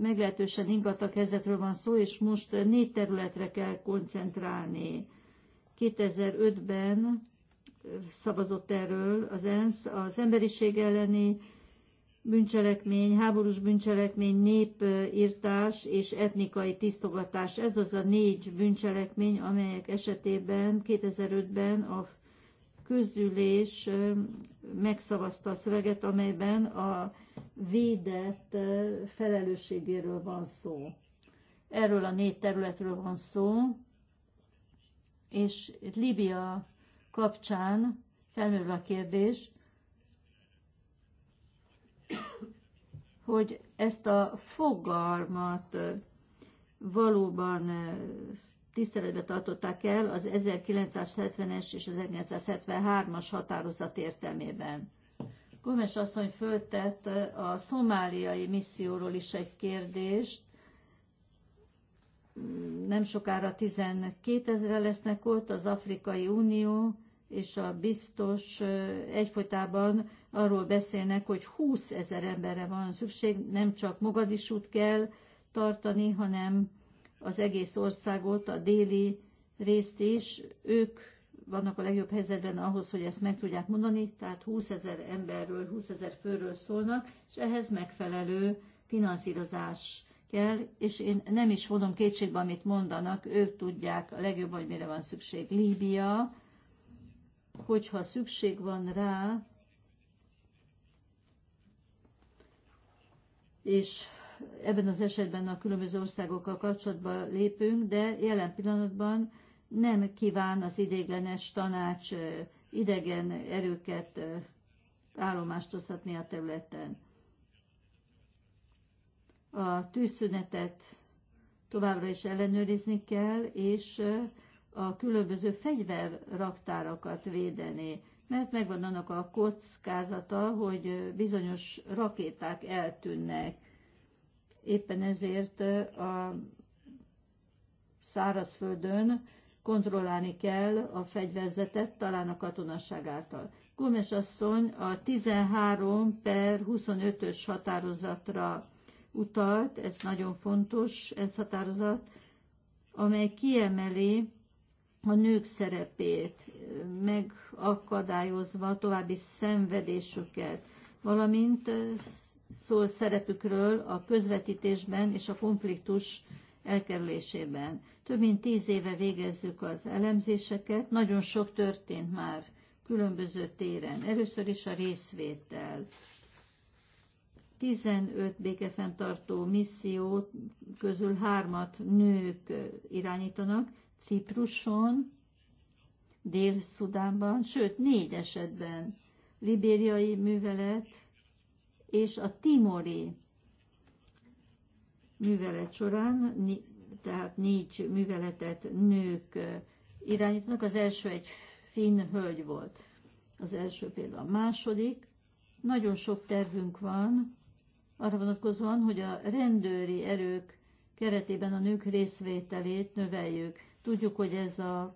Meglehetősen ingatag helyzetről van szó, és most négy területre kell koncentrálni. 2005-ben szavazott erről az ENSZ az emberiség elleni bűncselekmény, háborús bűncselekmény, népírtás és etnikai tisztogatás. Ez az a négy bűncselekmény, amelyek esetében 2005-ben a közülés megszavazta a szöveget, amelyben a védett felelősségéről van szó. Erről a négy területről van szó, és Libia kapcsán felmerül a kérdés, hogy ezt a fogalmat valóban tiszteletbe tartották el az 1970-es és 1973-as határozat értelmében. Gomes asszony föltett a szomáliai misszióról is egy kérdést. Nem sokára 12 ezre lesznek ott az Afrikai Unió, és a biztos egyfolytában arról beszélnek, hogy 20 ezer emberre van szükség, nem csak Mogadisút kell tartani, hanem az egész országot, a déli részt is. Ők vannak a legjobb helyzetben ahhoz, hogy ezt meg tudják mondani, tehát 20 ezer emberről, 20 ezer főről szólnak, és ehhez megfelelő finanszírozás kell, és én nem is vonom kétségbe, amit mondanak, ők tudják a legjobb, hogy mire van szükség. Líbia, hogyha szükség van rá, és ebben az esetben a különböző országokkal kapcsolatba lépünk, de jelen pillanatban nem kíván az idéglenes tanács idegen erőket állomástoztatni a területen. A tűzszünetet továbbra is ellenőrizni kell, és a különböző fegyverraktárakat védeni, mert megvan annak a kockázata, hogy bizonyos rakéták eltűnnek. Éppen ezért a szárazföldön kontrollálni kell a fegyverzetet, talán a katonasság által. Gómez asszony a 13 per 25-ös határozatra utalt, ez nagyon fontos, ez határozat, amely kiemeli a nők szerepét, megakadályozva a további szenvedésüket, valamint szól szerepükről a közvetítésben és a konfliktus elkerülésében. Több mint tíz éve végezzük az elemzéseket, nagyon sok történt már különböző téren. Először is a részvétel. 15 békefenntartó misszió közül hármat nők irányítanak, Cipruson, Dél-Szudánban, sőt négy esetben libériai művelet és a timori művelet során, tehát négy műveletet nők irányítanak. Az első egy finn hölgy volt, az első például A második, nagyon sok tervünk van arra vonatkozóan, hogy a rendőri erők keretében a nők részvételét növeljük. Tudjuk, hogy ez a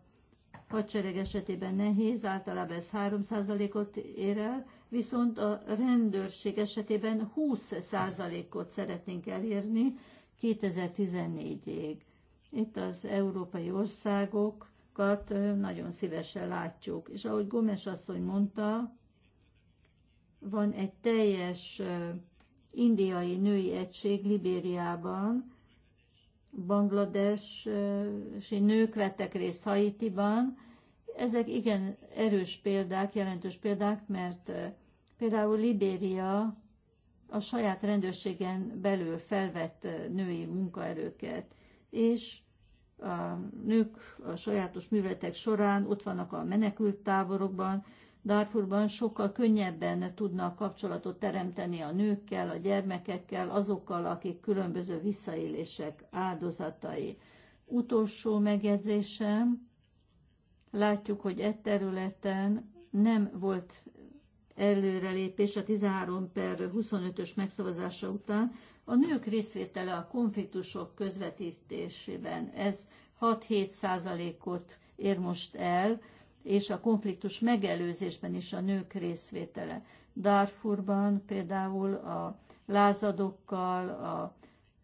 hadsereg esetében nehéz, általában ez 3%-ot ér el, viszont a rendőrség esetében 20%-ot szeretnénk elérni 2014-ig. Itt az európai országokat nagyon szívesen látjuk. És ahogy Gomes asszony mondta, van egy teljes indiai női egység Libériában, bangladesi nők vettek részt Haitiban. Ezek igen erős példák, jelentős példák, mert például Libéria a saját rendőrségen belül felvett női munkaerőket, és a nők a sajátos műveletek során ott vannak a menekült táborokban, Darfurban sokkal könnyebben tudnak kapcsolatot teremteni a nőkkel, a gyermekekkel, azokkal, akik különböző visszaélések áldozatai. Utolsó megjegyzésem, látjuk, hogy e területen nem volt előrelépés a 13 per 25-ös megszavazása után. A nők részvétele a konfliktusok közvetítésében, ez 6-7 százalékot ér most el, és a konfliktus megelőzésben is a nők részvétele. Darfurban például a lázadokkal, a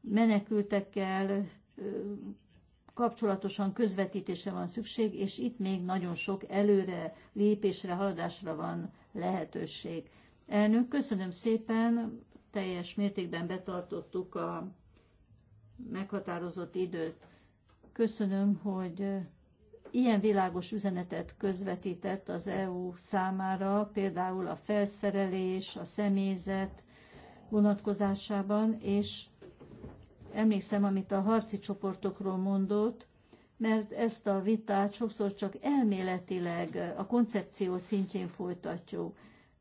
menekültekkel kapcsolatosan közvetítése van szükség, és itt még nagyon sok előre lépésre, haladásra van lehetőség. Elnök, köszönöm szépen, teljes mértékben betartottuk a meghatározott időt. Köszönöm, hogy ilyen világos üzenetet közvetített az EU számára, például a felszerelés, a személyzet vonatkozásában, és emlékszem, amit a harci csoportokról mondott, mert ezt a vitát sokszor csak elméletileg a koncepció szintjén folytatjuk.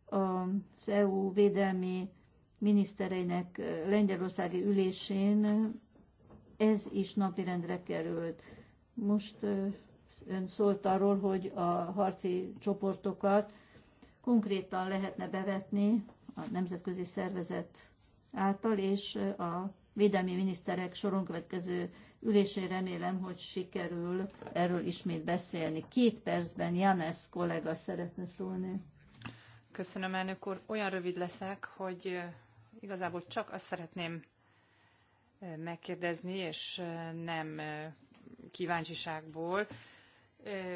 Az EU védelmi minisztereinek lengyelországi ülésén ez is napirendre került. Most Ön szólt arról, hogy a harci csoportokat konkrétan lehetne bevetni a nemzetközi szervezet által, és a védelmi miniszterek soron következő ülésén remélem, hogy sikerül erről ismét beszélni. Két percben Janesz kollega szeretne szólni. Köszönöm, elnök úr. Olyan rövid leszek, hogy igazából csak azt szeretném megkérdezni, és nem kíváncsiságból,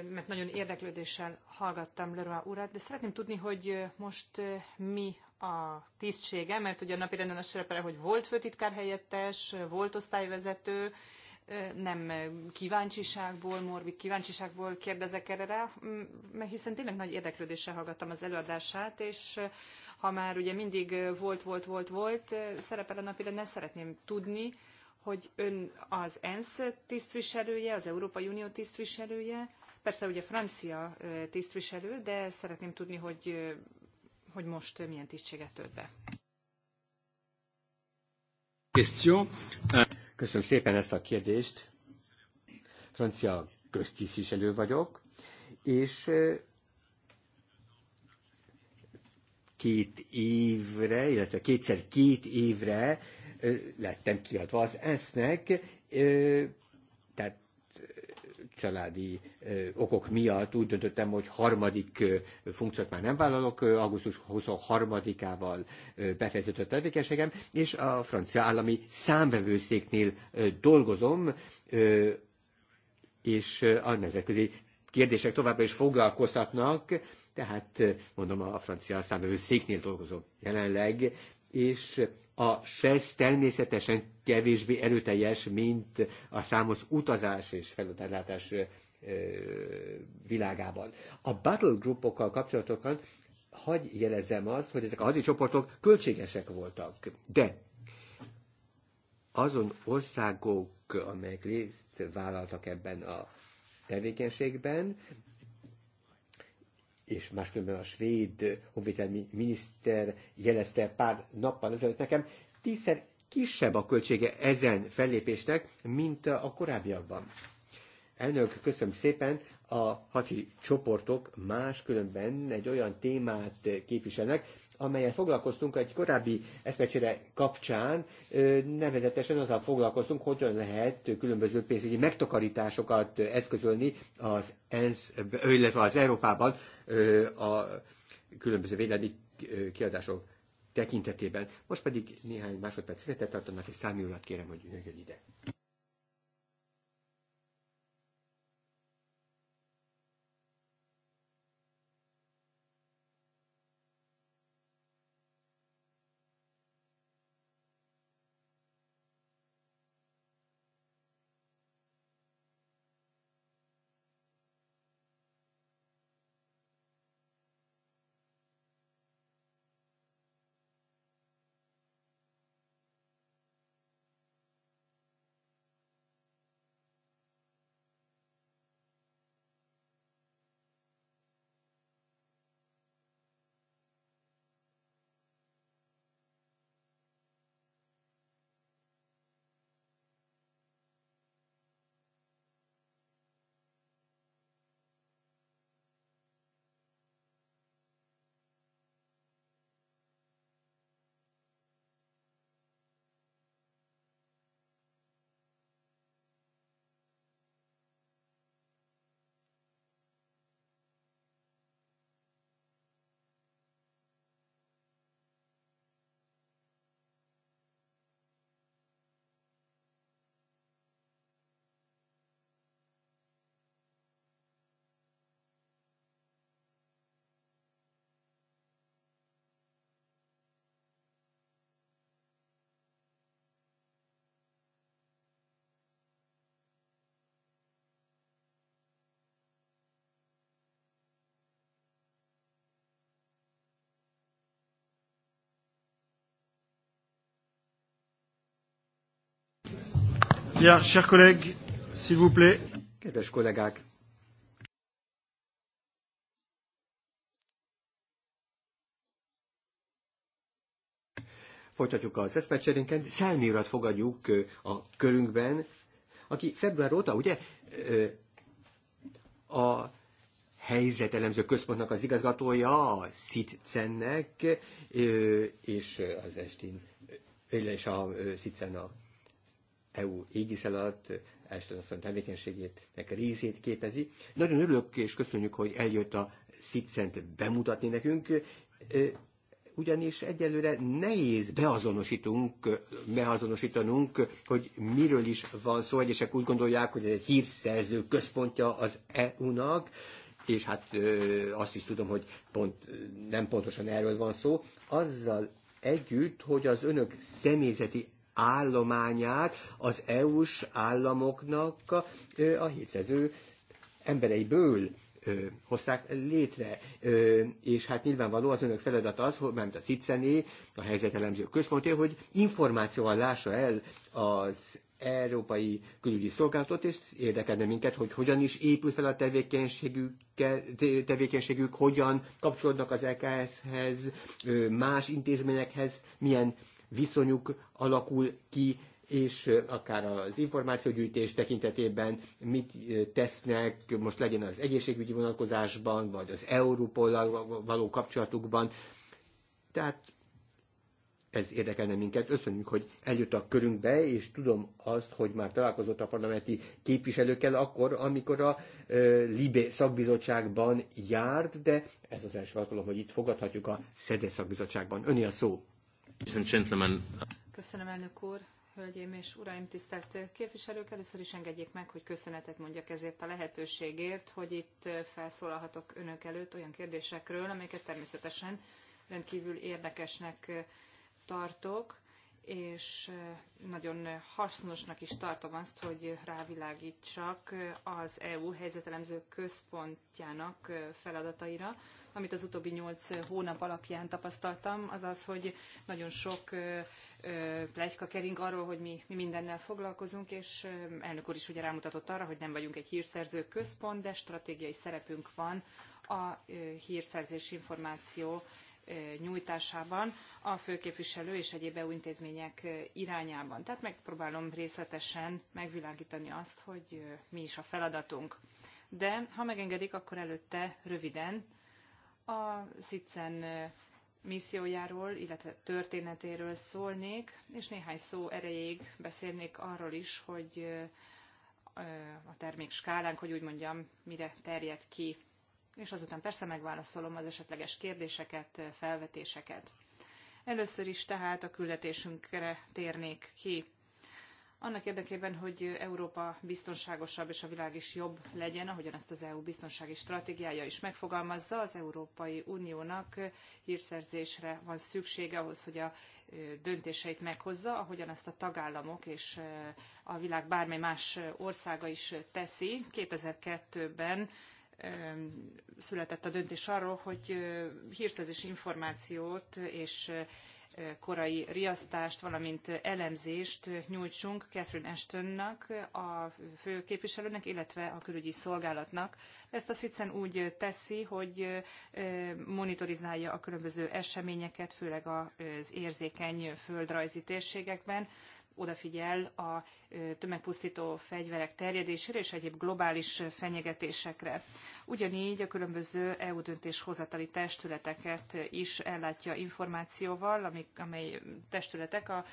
mert nagyon érdeklődéssel hallgattam Leroy urat, de szeretném tudni, hogy most mi a tisztsége, mert ugye a napi renden az szerepel, hogy volt főtitkár helyettes, volt osztályvezető, nem kíváncsiságból, morbid kíváncsiságból kérdezek erre rá, mert hiszen tényleg nagy érdeklődéssel hallgattam az előadását, és ha már ugye mindig volt, volt, volt, volt, szerepel a napirenden, szeretném tudni, hogy ön az ENSZ tisztviselője, az Európai Unió tisztviselője, persze ugye francia tisztviselő, de szeretném tudni, hogy, hogy most milyen tisztséget tölt be. Köszönöm szépen ezt a kérdést. Francia köztisztviselő vagyok, és két évre, illetve kétszer két évre lettem kiadva az esznek, tehát családi okok miatt úgy döntöttem, hogy harmadik funkciót már nem vállalok, augusztus 23-ával befejeződött tevékenységem, és a francia állami számbevőszéknél dolgozom, és a nemzetközi kérdések továbbra is foglalkoztatnak, tehát mondom, a francia számbevőszéknél dolgozom jelenleg, és a stressz természetesen kevésbé erőteljes, mint a számos utazás és feladatlátás világában. A battle groupokkal kapcsolatokon hagy jelezzem azt, hogy ezek a hadi csoportok költségesek voltak, de azon országok, amelyek részt vállaltak ebben a tevékenységben, és máskülönben a svéd honvédelmi miniszter jelezte pár nappal ezelőtt nekem, tízszer kisebb a költsége ezen fellépésnek, mint a korábbiakban. Elnök, köszönöm szépen, a hati csoportok máskülönben egy olyan témát képviselnek, amelyen foglalkoztunk egy korábbi eszmecsére kapcsán, nevezetesen azzal foglalkoztunk, hogyan lehet különböző pénzügyi megtakarításokat eszközölni az ENSZ, illetve az Európában a különböző védelmi kiadások tekintetében. Most pedig néhány másodperc szünetet tartanak, és számjulat kérem, hogy jöjjön ide. s'il vous plaît. Kedves kollégák, folytatjuk az eszmecserénket, Szelmi urat fogadjuk a körünkben, aki február óta, ugye, a helyzetelemző központnak az igazgatója, a Szitcennek, és az Estin, és a Szitcen a EU égisz alatt Ashton asszony tevékenységének részét képezi. Nagyon örülök és köszönjük, hogy eljött a Szitszent bemutatni nekünk, ugyanis egyelőre nehéz beazonosítunk, beazonosítanunk, hogy miről is van szó. Egyesek úgy gondolják, hogy ez egy hírszerző központja az EU-nak, és hát azt is tudom, hogy pont, nem pontosan erről van szó, azzal együtt, hogy az önök személyzeti állományát az EU-s államoknak a hiszező embereiből hozták létre. És hát nyilvánvaló az önök feladat az, hogy ment a CICENÉ, a helyzetelemző központja, hogy információval lássa el az Európai Külügyi Szolgálatot, és érdekelne minket, hogy hogyan is épül fel a tevékenységük, tevékenységük hogyan kapcsolódnak az EKS-hez, más intézményekhez, milyen viszonyuk alakul ki, és akár az információgyűjtés tekintetében mit tesznek, most legyen az egészségügyi vonatkozásban, vagy az Európol való kapcsolatukban. Tehát ez érdekelne minket. Összönjük, hogy eljött a körünkbe, és tudom azt, hogy már találkozott a parlamenti képviselőkkel akkor, amikor a e, Libé szakbizottságban járt, de ez az első alkalom, hogy itt fogadhatjuk a SZEDE szakbizottságban. Öni a szó. Köszönöm, elnök úr, hölgyeim és uraim, tisztelt képviselők! Először is engedjék meg, hogy köszönetet mondjak ezért a lehetőségért, hogy itt felszólalhatok önök előtt olyan kérdésekről, amelyeket természetesen rendkívül érdekesnek tartok és nagyon hasznosnak is tartom azt, hogy rávilágítsak az EU helyzetelemző központjának feladataira. Amit az utóbbi nyolc hónap alapján tapasztaltam, az az, hogy nagyon sok plegyka kering arról, hogy mi, mi mindennel foglalkozunk, és elnök úr is ugye rámutatott arra, hogy nem vagyunk egy hírszerző központ, de stratégiai szerepünk van a hírszerzés információ nyújtásában a főképviselő és egyéb EU intézmények irányában. Tehát megpróbálom részletesen megvilágítani azt, hogy mi is a feladatunk. De ha megengedik, akkor előtte röviden a SZICEN missziójáról, illetve történetéről szólnék, és néhány szó erejéig beszélnék arról is, hogy a termék skálánk, hogy úgy mondjam, mire terjed ki és azután persze megválaszolom az esetleges kérdéseket, felvetéseket. Először is tehát a küldetésünkre térnék ki. Annak érdekében, hogy Európa biztonságosabb és a világ is jobb legyen, ahogyan ezt az EU biztonsági stratégiája is megfogalmazza, az Európai Uniónak hírszerzésre van szüksége ahhoz, hogy a döntéseit meghozza, ahogyan azt a tagállamok és a világ bármely más országa is teszi. 2002-ben született a döntés arról, hogy hírszerzési információt és korai riasztást, valamint elemzést nyújtsunk Catherine Ashtonnak, a főképviselőnek, illetve a külügyi szolgálatnak. Ezt a SZICEN úgy teszi, hogy monitorizálja a különböző eseményeket, főleg az érzékeny földrajzi térségekben, odafigyel a tömegpusztító fegyverek terjedésére és egyéb globális fenyegetésekre. Ugyanígy a különböző EU döntéshozatali testületeket is ellátja információval, amik, amely testületek a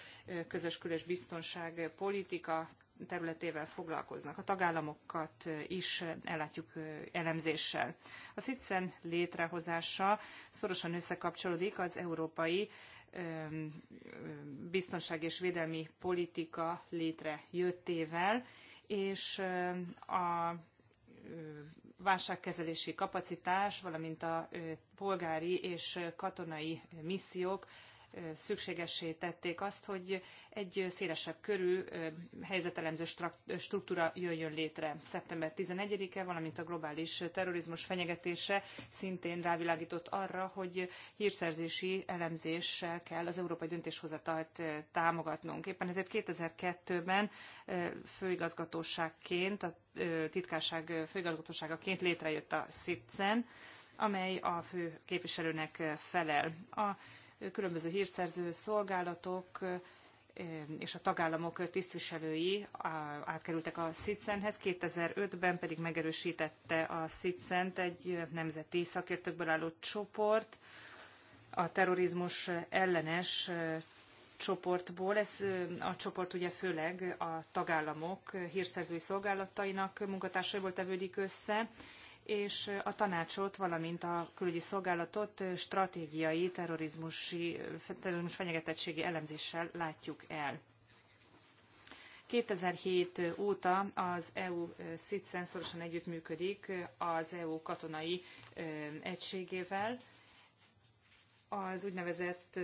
közös külös biztonság politika területével foglalkoznak. A tagállamokat is ellátjuk elemzéssel. A SZICEN létrehozása szorosan összekapcsolódik az európai biztonság és védelmi politika létrejöttével, és a válságkezelési kapacitás, valamint a polgári és katonai missziók szükségessé tették azt, hogy egy szélesebb körű helyzetelemző struktúra jöjjön létre. Szeptember 11-e, valamint a globális terrorizmus fenyegetése szintén rávilágított arra, hogy hírszerzési elemzéssel kell az európai döntéshozatalt támogatnunk. Éppen ezért 2002-ben főigazgatóságként, a titkárság főigazgatóságaként létrejött a SZITCEN, amely a fő képviselőnek felel. A különböző hírszerző szolgálatok és a tagállamok tisztviselői átkerültek a SZICEN-hez, 2005-ben pedig megerősítette a SZICEN-t egy nemzeti szakértőkből álló csoport, a terrorizmus ellenes csoportból. Ez a csoport ugye főleg a tagállamok hírszerzői szolgálatainak munkatársaiból tevődik össze, és a tanácsot, valamint a külügyi szolgálatot stratégiai terrorizmusi, terrorizmus fenyegetettségi elemzéssel látjuk el. 2007 óta az EU SZITSZEN eh, szorosan együttműködik eh, az EU katonai eh, egységével, az úgynevezett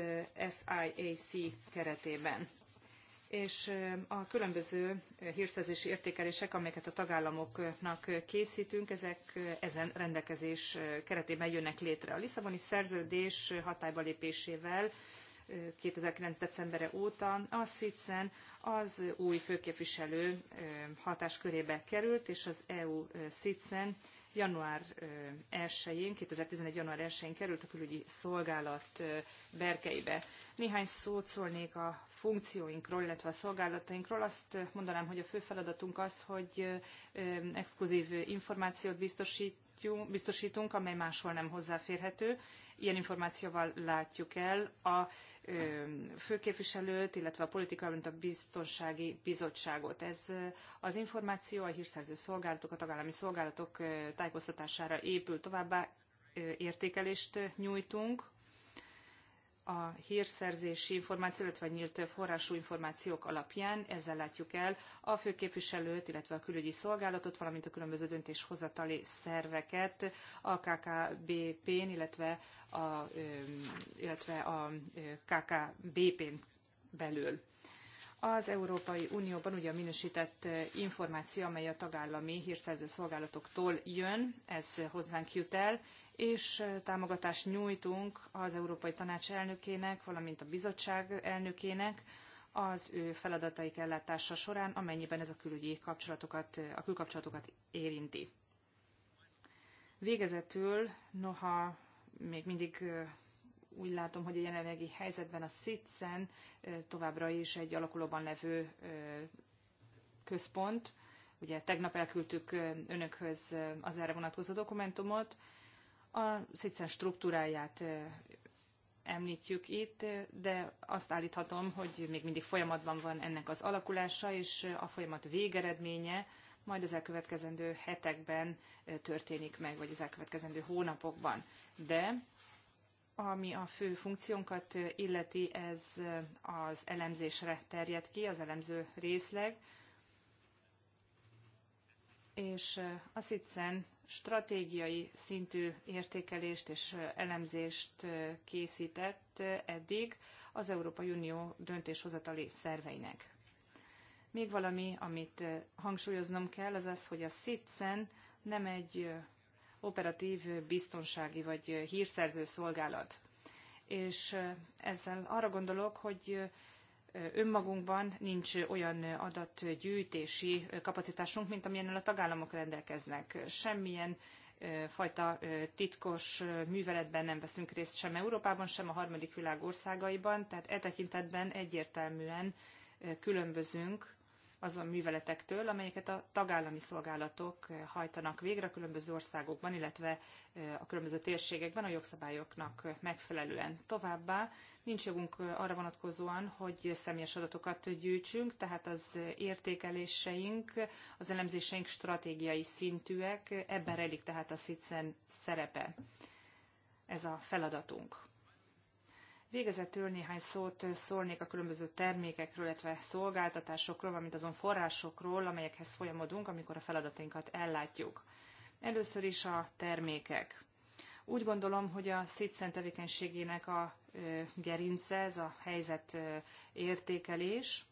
SIAC keretében és a különböző hírszerzési értékelések, amelyeket a tagállamoknak készítünk, ezek ezen rendelkezés keretében jönnek létre. A Lisszaboni szerződés hatályba lépésével 2009. decemberre óta a SZICEN az új főképviselő hatáskörébe került, és az EU SZICEN január 1-én, 2011. január 1-én került a külügyi szolgálat berkeibe. Néhány szót szólnék a funkcióinkról, illetve a szolgálatainkról. Azt mondanám, hogy a fő feladatunk az, hogy exkluzív információt biztosít, biztosítunk, amely máshol nem hozzáférhető. Ilyen információval látjuk el a főképviselőt, illetve a politikai, mint a biztonsági bizottságot. Ez az információ a hírszerző szolgálatok, a tagállami szolgálatok tájékoztatására épül. Továbbá értékelést nyújtunk a hírszerzési információ, illetve nyílt forrású információk alapján ezzel látjuk el a főképviselőt, illetve a külügyi szolgálatot, valamint a különböző döntéshozatali szerveket a KKBP-n, illetve a, illetve a KKBP-n belül. Az Európai Unióban ugye a minősített eh, információ, amely a tagállami hírszerző szolgálatoktól jön, ez hozzánk jut el, és eh, támogatást nyújtunk az Európai Tanács elnökének, valamint a bizottság elnökének az ő feladataik ellátása során, amennyiben ez a külügyi kapcsolatokat, eh, a külkapcsolatokat érinti. Végezetül, noha még mindig úgy látom, hogy a jelenlegi helyzetben a SZICEN továbbra is egy alakulóban levő központ. Ugye tegnap elküldtük önökhöz az erre vonatkozó dokumentumot. A SZICEN struktúráját említjük itt, de azt állíthatom, hogy még mindig folyamatban van ennek az alakulása, és a folyamat végeredménye majd az elkövetkezendő hetekben történik meg, vagy az elkövetkezendő hónapokban. De ami a fő funkciónkat illeti, ez az elemzésre terjed ki, az elemző részleg, és a hiszem, stratégiai szintű értékelést és elemzést készített eddig az Európai Unió döntéshozatali szerveinek. Még valami, amit hangsúlyoznom kell, az az, hogy a SZICEN nem egy operatív biztonsági vagy hírszerző szolgálat. És ezzel arra gondolok, hogy önmagunkban nincs olyan adatgyűjtési kapacitásunk, mint amilyennel a tagállamok rendelkeznek. Semmilyen fajta titkos műveletben nem veszünk részt sem Európában, sem a harmadik világ országaiban, tehát e tekintetben egyértelműen különbözünk azon műveletektől, amelyeket a tagállami szolgálatok eh, hajtanak végre a különböző országokban, illetve eh, a különböző térségekben a jogszabályoknak eh, megfelelően. Továbbá nincs jogunk arra vonatkozóan, hogy személyes adatokat gyűjtsünk, tehát az értékeléseink, az elemzéseink stratégiai szintűek, ebben rejlik tehát a SZICEN szerepe. Ez a feladatunk. Végezetül néhány szót szólnék a különböző termékekről, illetve szolgáltatásokról, valamint azon forrásokról, amelyekhez folyamodunk, amikor a feladatainkat ellátjuk. Először is a termékek. Úgy gondolom, hogy a szétszent tevékenységének a gerince, ez a helyzet értékelés,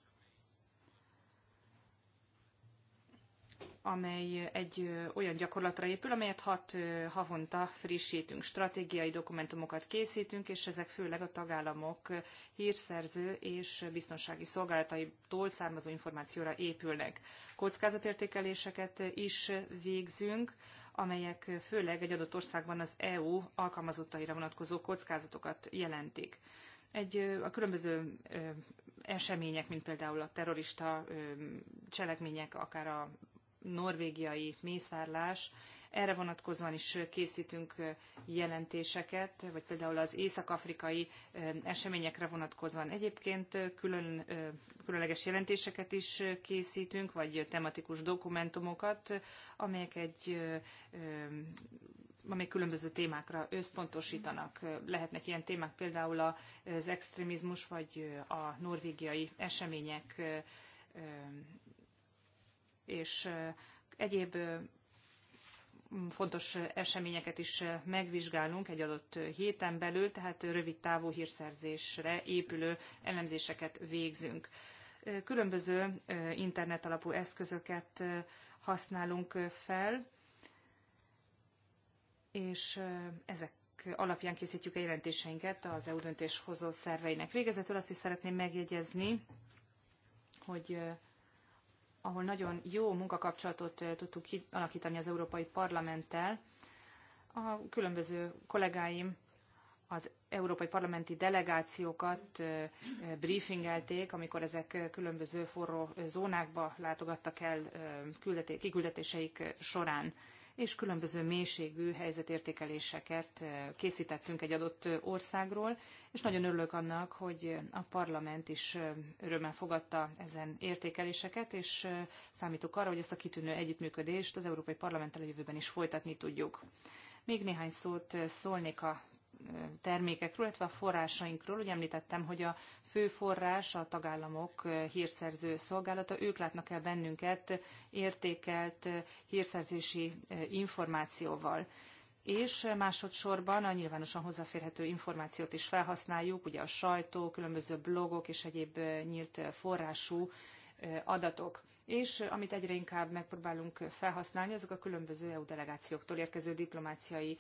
amely egy olyan gyakorlatra épül, amelyet hat havonta frissítünk. Stratégiai dokumentumokat készítünk, és ezek főleg a tagállamok hírszerző és biztonsági szolgálataitól származó információra épülnek. Kockázatértékeléseket is végzünk, amelyek főleg egy adott országban az EU alkalmazottaira vonatkozó kockázatokat jelentik. Egy, a különböző események, mint például a terrorista cselekmények, akár a norvégiai mészárlás. Erre vonatkozóan is készítünk jelentéseket, vagy például az észak-afrikai eseményekre vonatkozóan egyébként külön, különleges jelentéseket is készítünk, vagy tematikus dokumentumokat, amelyek egy amely különböző témákra összpontosítanak. Lehetnek ilyen témák például az extrémizmus, vagy a norvégiai események és egyéb fontos eseményeket is megvizsgálunk egy adott héten belül, tehát rövid távú hírszerzésre épülő elemzéseket végzünk. Különböző internet alapú eszközöket használunk fel, és ezek alapján készítjük a jelentéseinket az EU döntéshozó szerveinek. Végezetül azt is szeretném megjegyezni, hogy ahol nagyon jó munkakapcsolatot tudtuk alakítani az Európai Parlamenttel. A különböző kollégáim az európai parlamenti delegációkat briefingelték, amikor ezek különböző forró zónákba látogattak el kiküldetéseik során és különböző mélységű helyzetértékeléseket eh, készítettünk egy adott eh, országról, és nagyon örülök annak, hogy eh, a parlament is örömmel fogadta ezen értékeléseket, és számítok arra, hogy ezt a kitűnő együttműködést az Európai Parlamenttel a jövőben is folytatni tudjuk. Még néhány szót szólnék a termékekről, illetve a forrásainkról. Ugye említettem, hogy a fő forrás a tagállamok eh, hírszerző szolgálata. Ők látnak el bennünket értékelt eh, hírszerzési eh, információval és másodszorban a nyilvánosan hozzáférhető információt is felhasználjuk, ugye a sajtó, különböző blogok és egyéb nyílt forrású adatok és amit egyre inkább megpróbálunk felhasználni, azok a különböző EU delegációktól érkező diplomáciai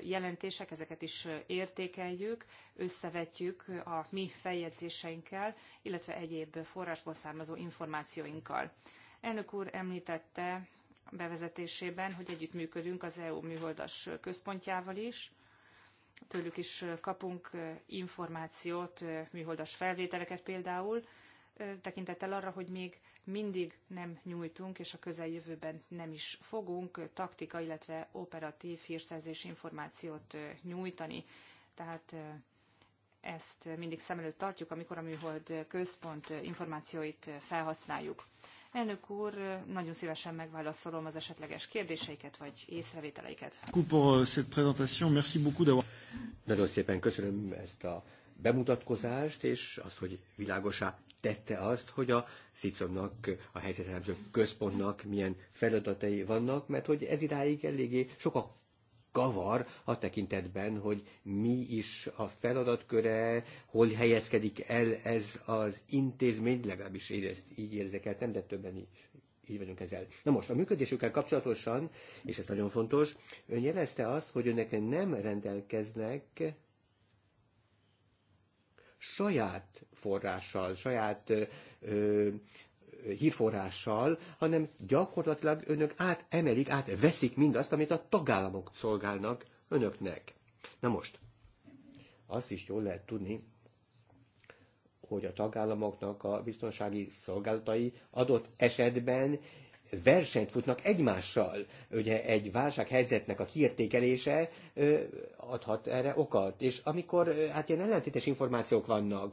jelentések, ezeket is értékeljük, összevetjük a mi feljegyzéseinkkel, illetve egyéb forrásból származó információinkkal. Elnök úr említette bevezetésében, hogy együttműködünk az EU műholdas központjával is, tőlük is kapunk információt, műholdas felvételeket például, tekintettel arra, hogy még mindig nem nyújtunk, és a közeljövőben nem is fogunk taktika, illetve operatív hírszerzés információt nyújtani. Tehát ezt mindig szem előtt tartjuk, amikor a műhold központ információit felhasználjuk. Elnök úr, nagyon szívesen megválaszolom az esetleges kérdéseiket vagy észrevételeiket. Euh, nagyon szépen köszönöm ezt a bemutatkozást, és az, hogy világosá tette azt, hogy a Szicomnak, a helyzetelemző központnak milyen feladatai vannak, mert hogy ez idáig eléggé sok a kavar a tekintetben, hogy mi is a feladatköre, hol helyezkedik el ez az intézmény, legalábbis én ezt így érzékeltem, de többen is így vagyunk ezzel. Na most, a működésükkel kapcsolatosan, és ez nagyon fontos, ön jelezte azt, hogy önnek nem rendelkeznek saját forrással, saját ö, hírforrással, hanem gyakorlatilag önök átemelik, átveszik mindazt, amit a tagállamok szolgálnak önöknek. Na most, azt is jól lehet tudni, hogy a tagállamoknak a biztonsági szolgálatai adott esetben versenyt futnak egymással. Ugye egy válsághelyzetnek a kiértékelése adhat erre okat. És amikor hát ilyen ellentétes információk vannak,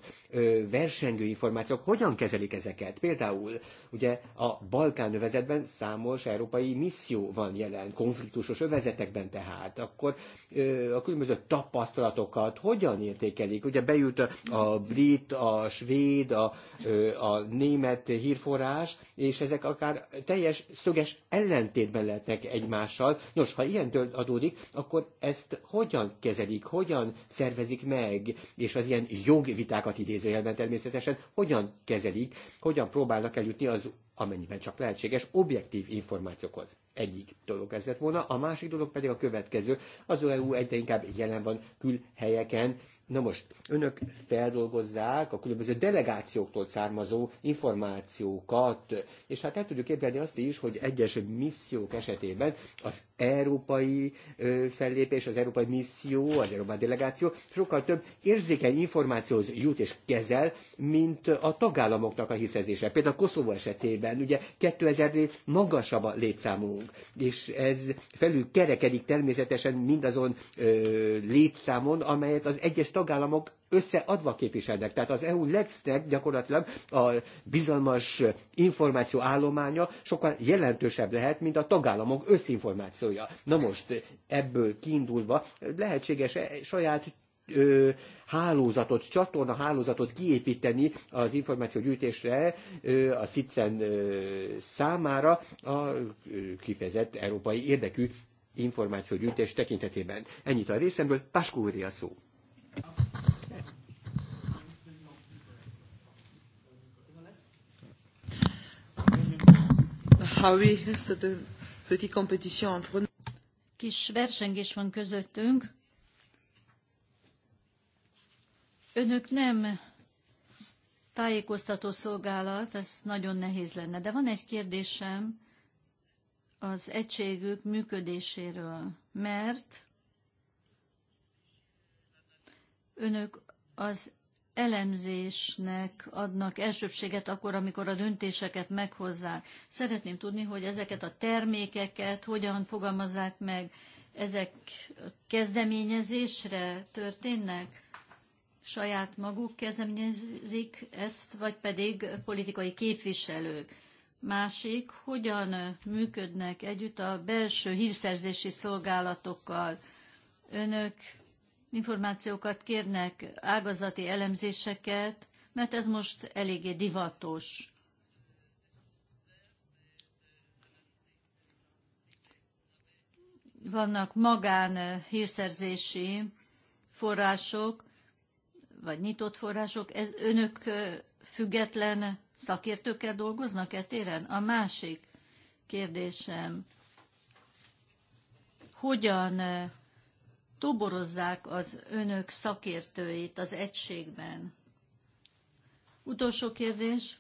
versengő információk, hogyan kezelik ezeket? Például ugye a Balkán övezetben számos európai misszió van jelen, konfliktusos övezetekben tehát, akkor a különböző tapasztalatokat hogyan értékelik? Ugye bejut a brit, a svéd, a, a német hírforrás, és ezek akár teljes szöges ellentétben lehetnek egymással. Nos, ha ilyen adódik, akkor ez ezt hogyan kezelik, hogyan szervezik meg, és az ilyen jogvitákat idézőjelben természetesen hogyan kezelik, hogyan próbálnak eljutni az amennyiben csak lehetséges, objektív információkhoz. Egyik dolog ez lett volna, a másik dolog pedig a következő. Az EU egyre inkább jelen van külhelyeken, Na most, önök feldolgozzák a különböző delegációktól származó információkat, és hát el tudjuk képzelni azt is, hogy egyes missziók esetében az európai fellépés, az európai misszió, az európai delegáció sokkal több érzékeny információhoz jut és kezel, mint a tagállamoknak a hiszezése. Például Koszovó esetében ugye 2000-nél magasabb a létszámunk, és ez felül kerekedik természetesen mindazon létszámon, amelyet az egyes tag tagállamok összeadva képviselnek. Tehát az EU legsznek gyakorlatilag a bizalmas információ állománya sokkal jelentősebb lehet, mint a tagállamok összinformációja. Na most ebből kiindulva lehetséges -e saját ö, hálózatot, csatorna hálózatot kiépíteni az információgyűjtésre ö, a SZICEN számára a kifejezett európai érdekű információgyűjtés tekintetében. Ennyit a részemről, Páskó a szó. Ah oui, compétition entre nous. Kis versengés van közöttünk. Önök nem tájékoztató szolgálat, ez nagyon nehéz lenne. De van egy kérdésem az egységük működéséről, mert önök az elemzésnek adnak elsőbséget akkor, amikor a döntéseket meghozzák. Szeretném tudni, hogy ezeket a termékeket hogyan fogalmazzák meg, ezek kezdeményezésre történnek? Saját maguk kezdeményezik ezt, vagy pedig politikai képviselők? Másik, hogyan működnek együtt a belső hírszerzési szolgálatokkal? Önök információkat kérnek, ágazati elemzéseket, mert ez most eléggé divatos. Vannak magán eh, hírszerzési források, vagy nyitott források. Ez, önök eh, független szakértőkkel dolgoznak e téren? A másik kérdésem, hogyan eh, toborozzák az önök szakértőit az egységben. Utolsó kérdés,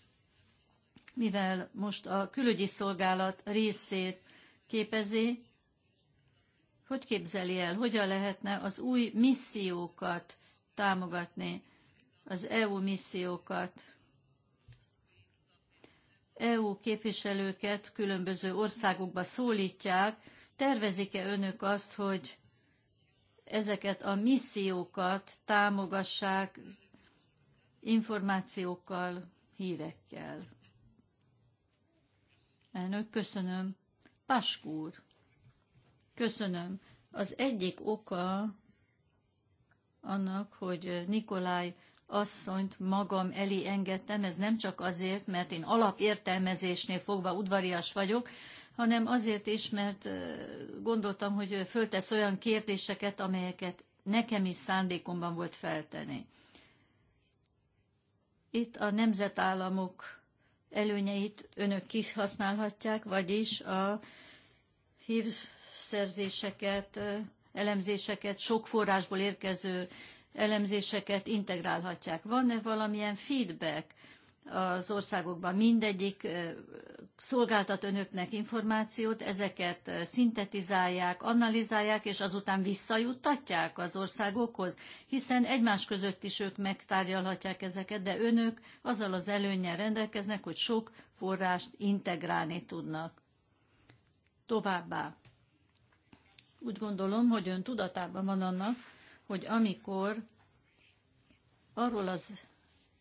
mivel most a külügyi szolgálat részét képezi, hogy képzeli el, hogyan lehetne az új missziókat támogatni, az EU missziókat? EU képviselőket különböző országokba szólítják, tervezik-e önök azt, hogy ezeket a missziókat támogassák információkkal, hírekkel. Elnök, köszönöm. Paskúr, köszönöm. Az egyik oka annak, hogy Nikolaj asszonyt magam elé engedtem, ez nem csak azért, mert én alapértelmezésnél fogva udvarias vagyok, hanem azért is, mert gondoltam, hogy föltesz olyan kérdéseket, amelyeket nekem is szándékomban volt feltenni. Itt a nemzetállamok előnyeit önök kihasználhatják, vagyis a hírszerzéseket, elemzéseket, sok forrásból érkező elemzéseket integrálhatják. Van-e valamilyen feedback az országokban mindegyik szolgáltat önöknek információt, ezeket szintetizálják, analizálják, és azután visszajuttatják az országokhoz, hiszen egymás között is ők megtárgyalhatják ezeket, de önök azzal az előnyel rendelkeznek, hogy sok forrást integrálni tudnak. Továbbá. Úgy gondolom, hogy ön tudatában van annak, hogy amikor arról az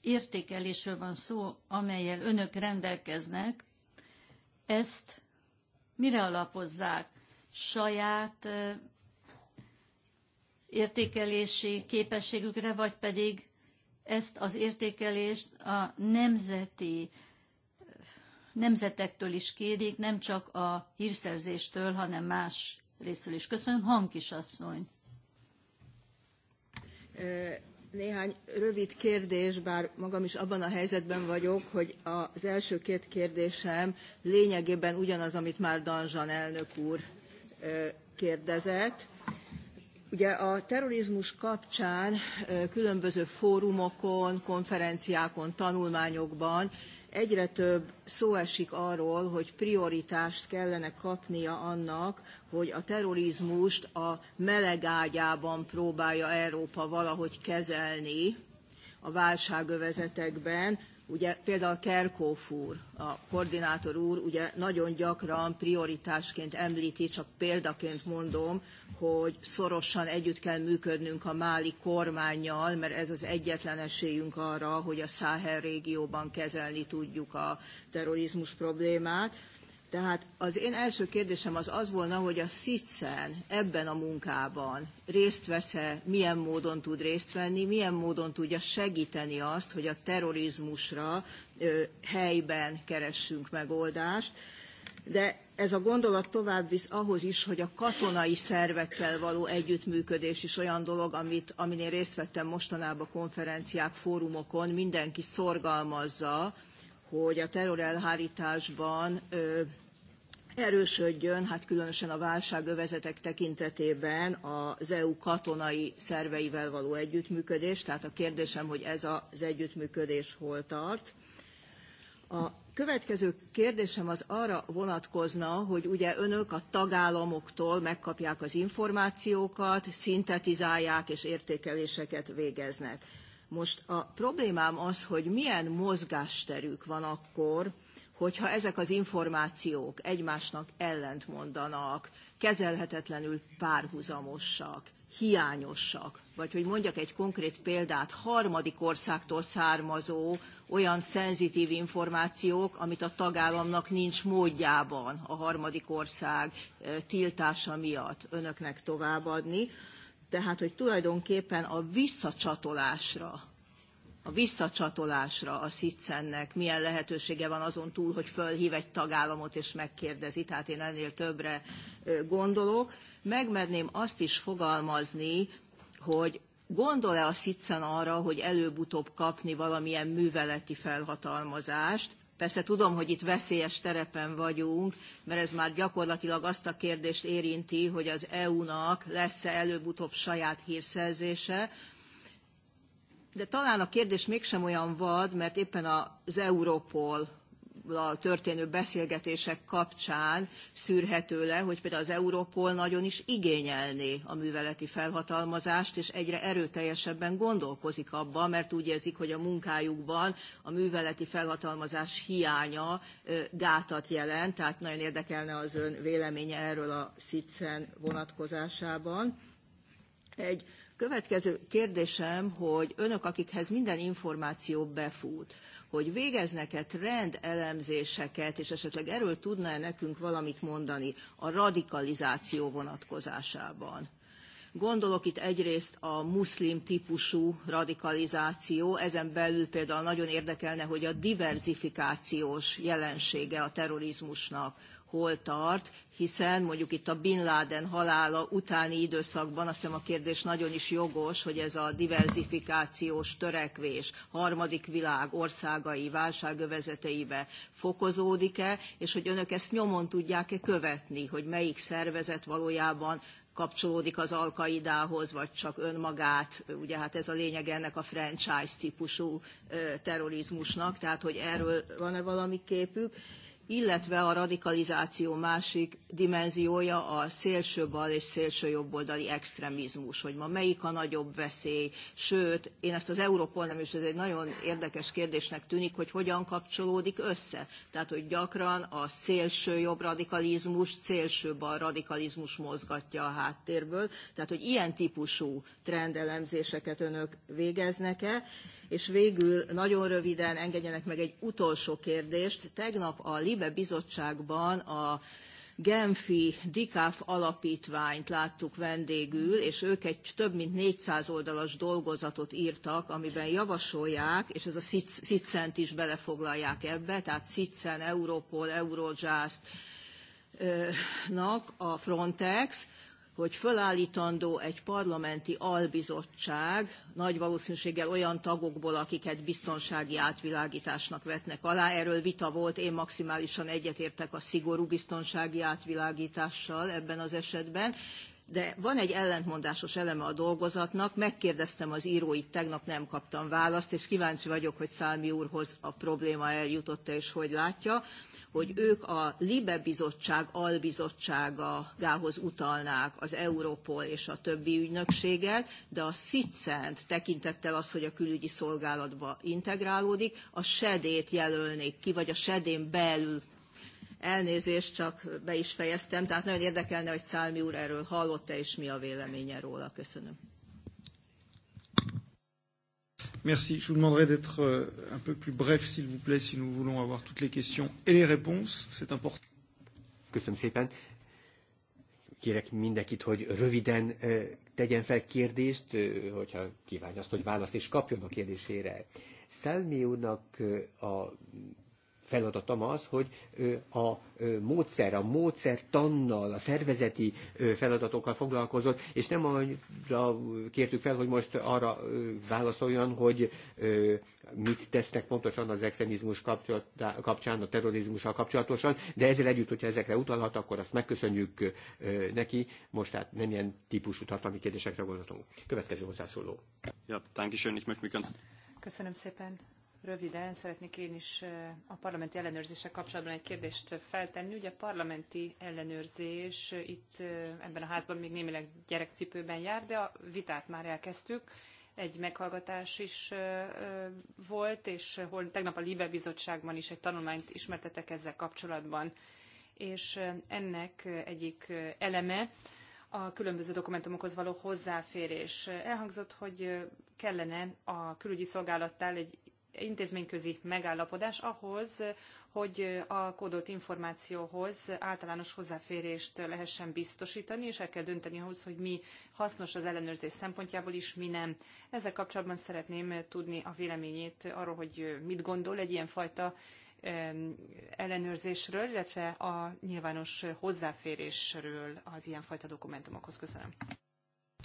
értékelésről van szó, amelyel önök rendelkeznek, ezt mire alapozzák? Saját értékelési képességükre, vagy pedig ezt az értékelést a nemzeti nemzetektől is kérik, nem csak a hírszerzéstől, hanem más részről is. Köszönöm, asszony. Néhány rövid kérdés, bár magam is abban a helyzetben vagyok, hogy az első két kérdésem lényegében ugyanaz, amit már Danzsan elnök úr kérdezett. Ugye a terrorizmus kapcsán különböző fórumokon, konferenciákon, tanulmányokban egyre több szó esik arról, hogy prioritást kellene kapnia annak, hogy a terrorizmust a melegágyában próbálja Európa valahogy kezelni a válságövezetekben, ugye például Kerkóf úr, a koordinátor úr ugye nagyon gyakran prioritásként említi, csak példaként mondom, hogy szorosan együtt kell működnünk a máli kormányjal, mert ez az egyetlen esélyünk arra, hogy a Száhel régióban kezelni tudjuk a terrorizmus problémát. Tehát az én első kérdésem az az volna, hogy a SZICEN ebben a munkában részt vesz-e, milyen módon tud részt venni, milyen módon tudja segíteni azt, hogy a terrorizmusra ö, helyben keressünk megoldást. De ez a gondolat tovább visz ahhoz is, hogy a katonai szervekkel való együttműködés is olyan dolog, amit, amin én részt vettem mostanában konferenciák, fórumokon, mindenki szorgalmazza, hogy a terrorelhárításban ö, erősödjön, hát különösen a válságövezetek tekintetében az EU katonai szerveivel való együttműködés. Tehát a kérdésem, hogy ez az együttműködés hol tart. A következő kérdésem az arra vonatkozna, hogy ugye önök a tagállamoktól megkapják az információkat, szintetizálják és értékeléseket végeznek. Most a problémám az, hogy milyen mozgásterük van akkor, hogyha ezek az információk egymásnak ellentmondanak, kezelhetetlenül párhuzamosak, hiányosak, vagy hogy mondjak egy konkrét példát, harmadik országtól származó olyan szenzitív információk, amit a tagállamnak nincs módjában a harmadik ország tiltása miatt önöknek továbbadni. Tehát, hogy tulajdonképpen a visszacsatolásra a visszacsatolásra a SZICEN-nek milyen lehetősége van azon túl, hogy fölhív egy tagállamot és megkérdezi, tehát én ennél többre gondolok. Megmerném azt is fogalmazni, hogy gondol-e a Szicen arra, hogy előbb-utóbb kapni valamilyen műveleti felhatalmazást, Persze tudom, hogy itt veszélyes terepen vagyunk, mert ez már gyakorlatilag azt a kérdést érinti, hogy az EU-nak lesz-e előbb-utóbb saját hírszerzése, de talán a kérdés mégsem olyan vad, mert éppen az Europol történő beszélgetések kapcsán szűrhető le, hogy például az Európol nagyon is igényelné a műveleti felhatalmazást, és egyre erőteljesebben gondolkozik abban, mert úgy érzik, hogy a munkájukban a műveleti felhatalmazás hiánya gátat jelent, tehát nagyon érdekelne az ön véleménye erről a SZICEN vonatkozásában. Egy következő kérdésem, hogy önök, akikhez minden információ befut, hogy végeznek-e trendelemzéseket, és esetleg erről tudná e nekünk valamit mondani a radikalizáció vonatkozásában. Gondolok itt egyrészt a muszlim típusú radikalizáció, ezen belül például nagyon érdekelne, hogy a diverzifikációs jelensége a terrorizmusnak hol tart, hiszen mondjuk itt a Bin Laden halála utáni időszakban azt hiszem a kérdés nagyon is jogos, hogy ez a diverzifikációs törekvés harmadik világ országai válságövezeteibe fokozódik-e, és hogy önök ezt nyomon tudják-e követni, hogy melyik szervezet valójában kapcsolódik az Alkaidához, vagy csak önmagát, ugye hát ez a lényeg ennek a franchise típusú terrorizmusnak, tehát hogy erről van-e valami képük illetve a radikalizáció másik dimenziója a szélső bal és szélső jobboldali extremizmus, hogy ma melyik a nagyobb veszély, sőt, én ezt az Európol nem is, ez egy nagyon érdekes kérdésnek tűnik, hogy hogyan kapcsolódik össze. Tehát, hogy gyakran a szélső jobb radikalizmus, szélső bal radikalizmus mozgatja a háttérből, tehát, hogy ilyen típusú trendelemzéseket önök végeznek-e, és végül nagyon röviden engedjenek meg egy utolsó kérdést. Tegnap a Libe bizottságban a Genfi Dikáf alapítványt láttuk vendégül, és ők egy több mint 400 oldalas dolgozatot írtak, amiben javasolják, és ez a SZICENT is belefoglalják ebbe, tehát SZICEN, Europol, Eurojust, nak a Frontex, hogy fölállítandó egy parlamenti albizottság, nagy valószínűséggel olyan tagokból, akiket biztonsági átvilágításnak vetnek alá. Erről vita volt, én maximálisan egyetértek a szigorú biztonsági átvilágítással ebben az esetben, de van egy ellentmondásos eleme a dolgozatnak, megkérdeztem az íróit, tegnap nem kaptam választ, és kíváncsi vagyok, hogy Szálmi úrhoz a probléma eljutott -e, és hogy látja hogy ők a LIBE bizottság albizottságához utalnák az Europol és a többi ügynökséget, de a SZICENT tekintettel az, hogy a külügyi szolgálatba integrálódik, a SEDét jelölnék ki, vagy a SEDén belül Elnézést, csak be is fejeztem, tehát nagyon érdekelne, hogy Szálmi úr erről hallott-e, és mi a véleménye róla. Köszönöm. Merci. Je vous demanderai d'être euh, un peu plus bref, s'il vous plaît, si nous voulons avoir toutes les questions et les réponses. C'est important. Köszönöm szépen. Kérek mindenkit, hogy röviden tegyen fel kérdést, hogyha kívánja azt, hogy választ is kapjon a kérdésére. Szelmi úrnak a feladatom az, hogy a módszer, a módszer tannal, a szervezeti feladatokkal foglalkozott, és nem arra kértük fel, hogy most arra válaszoljon, hogy mit tesznek pontosan az extremizmus kapcsán, a terrorizmussal kapcsolatosan, de ezzel együtt, hogyha ezekre utalhat, akkor azt megköszönjük neki. Most hát nem ilyen típusú tartalmi kérdésekre gondolatunk. Következő hozzászóló. Ja, Köszönöm szépen. Röviden szeretnék én is eh, a parlamenti ellenőrzéssel kapcsolatban egy kérdést feltenni. Ugye a parlamenti ellenőrzés eh, itt eh, ebben a házban még némileg gyerekcipőben jár, de a vitát már elkezdtük. Egy meghallgatás is volt, és hol, tegnap a Libe Bizottságban is egy tanulmányt ismertetek ezzel kapcsolatban. És ennek egyik eleme, a különböző dokumentumokhoz való hozzáférés. Elhangzott, hogy kellene a külügyi szolgálattal egy intézményközi megállapodás ahhoz, hogy a kódolt információhoz általános hozzáférést lehessen biztosítani, és el kell dönteni ahhoz, hogy mi hasznos az ellenőrzés szempontjából is, mi nem. Ezzel kapcsolatban szeretném tudni a véleményét arról, hogy mit gondol egy ilyen fajta ellenőrzésről, illetve a nyilvános hozzáférésről az ilyenfajta dokumentumokhoz. Köszönöm.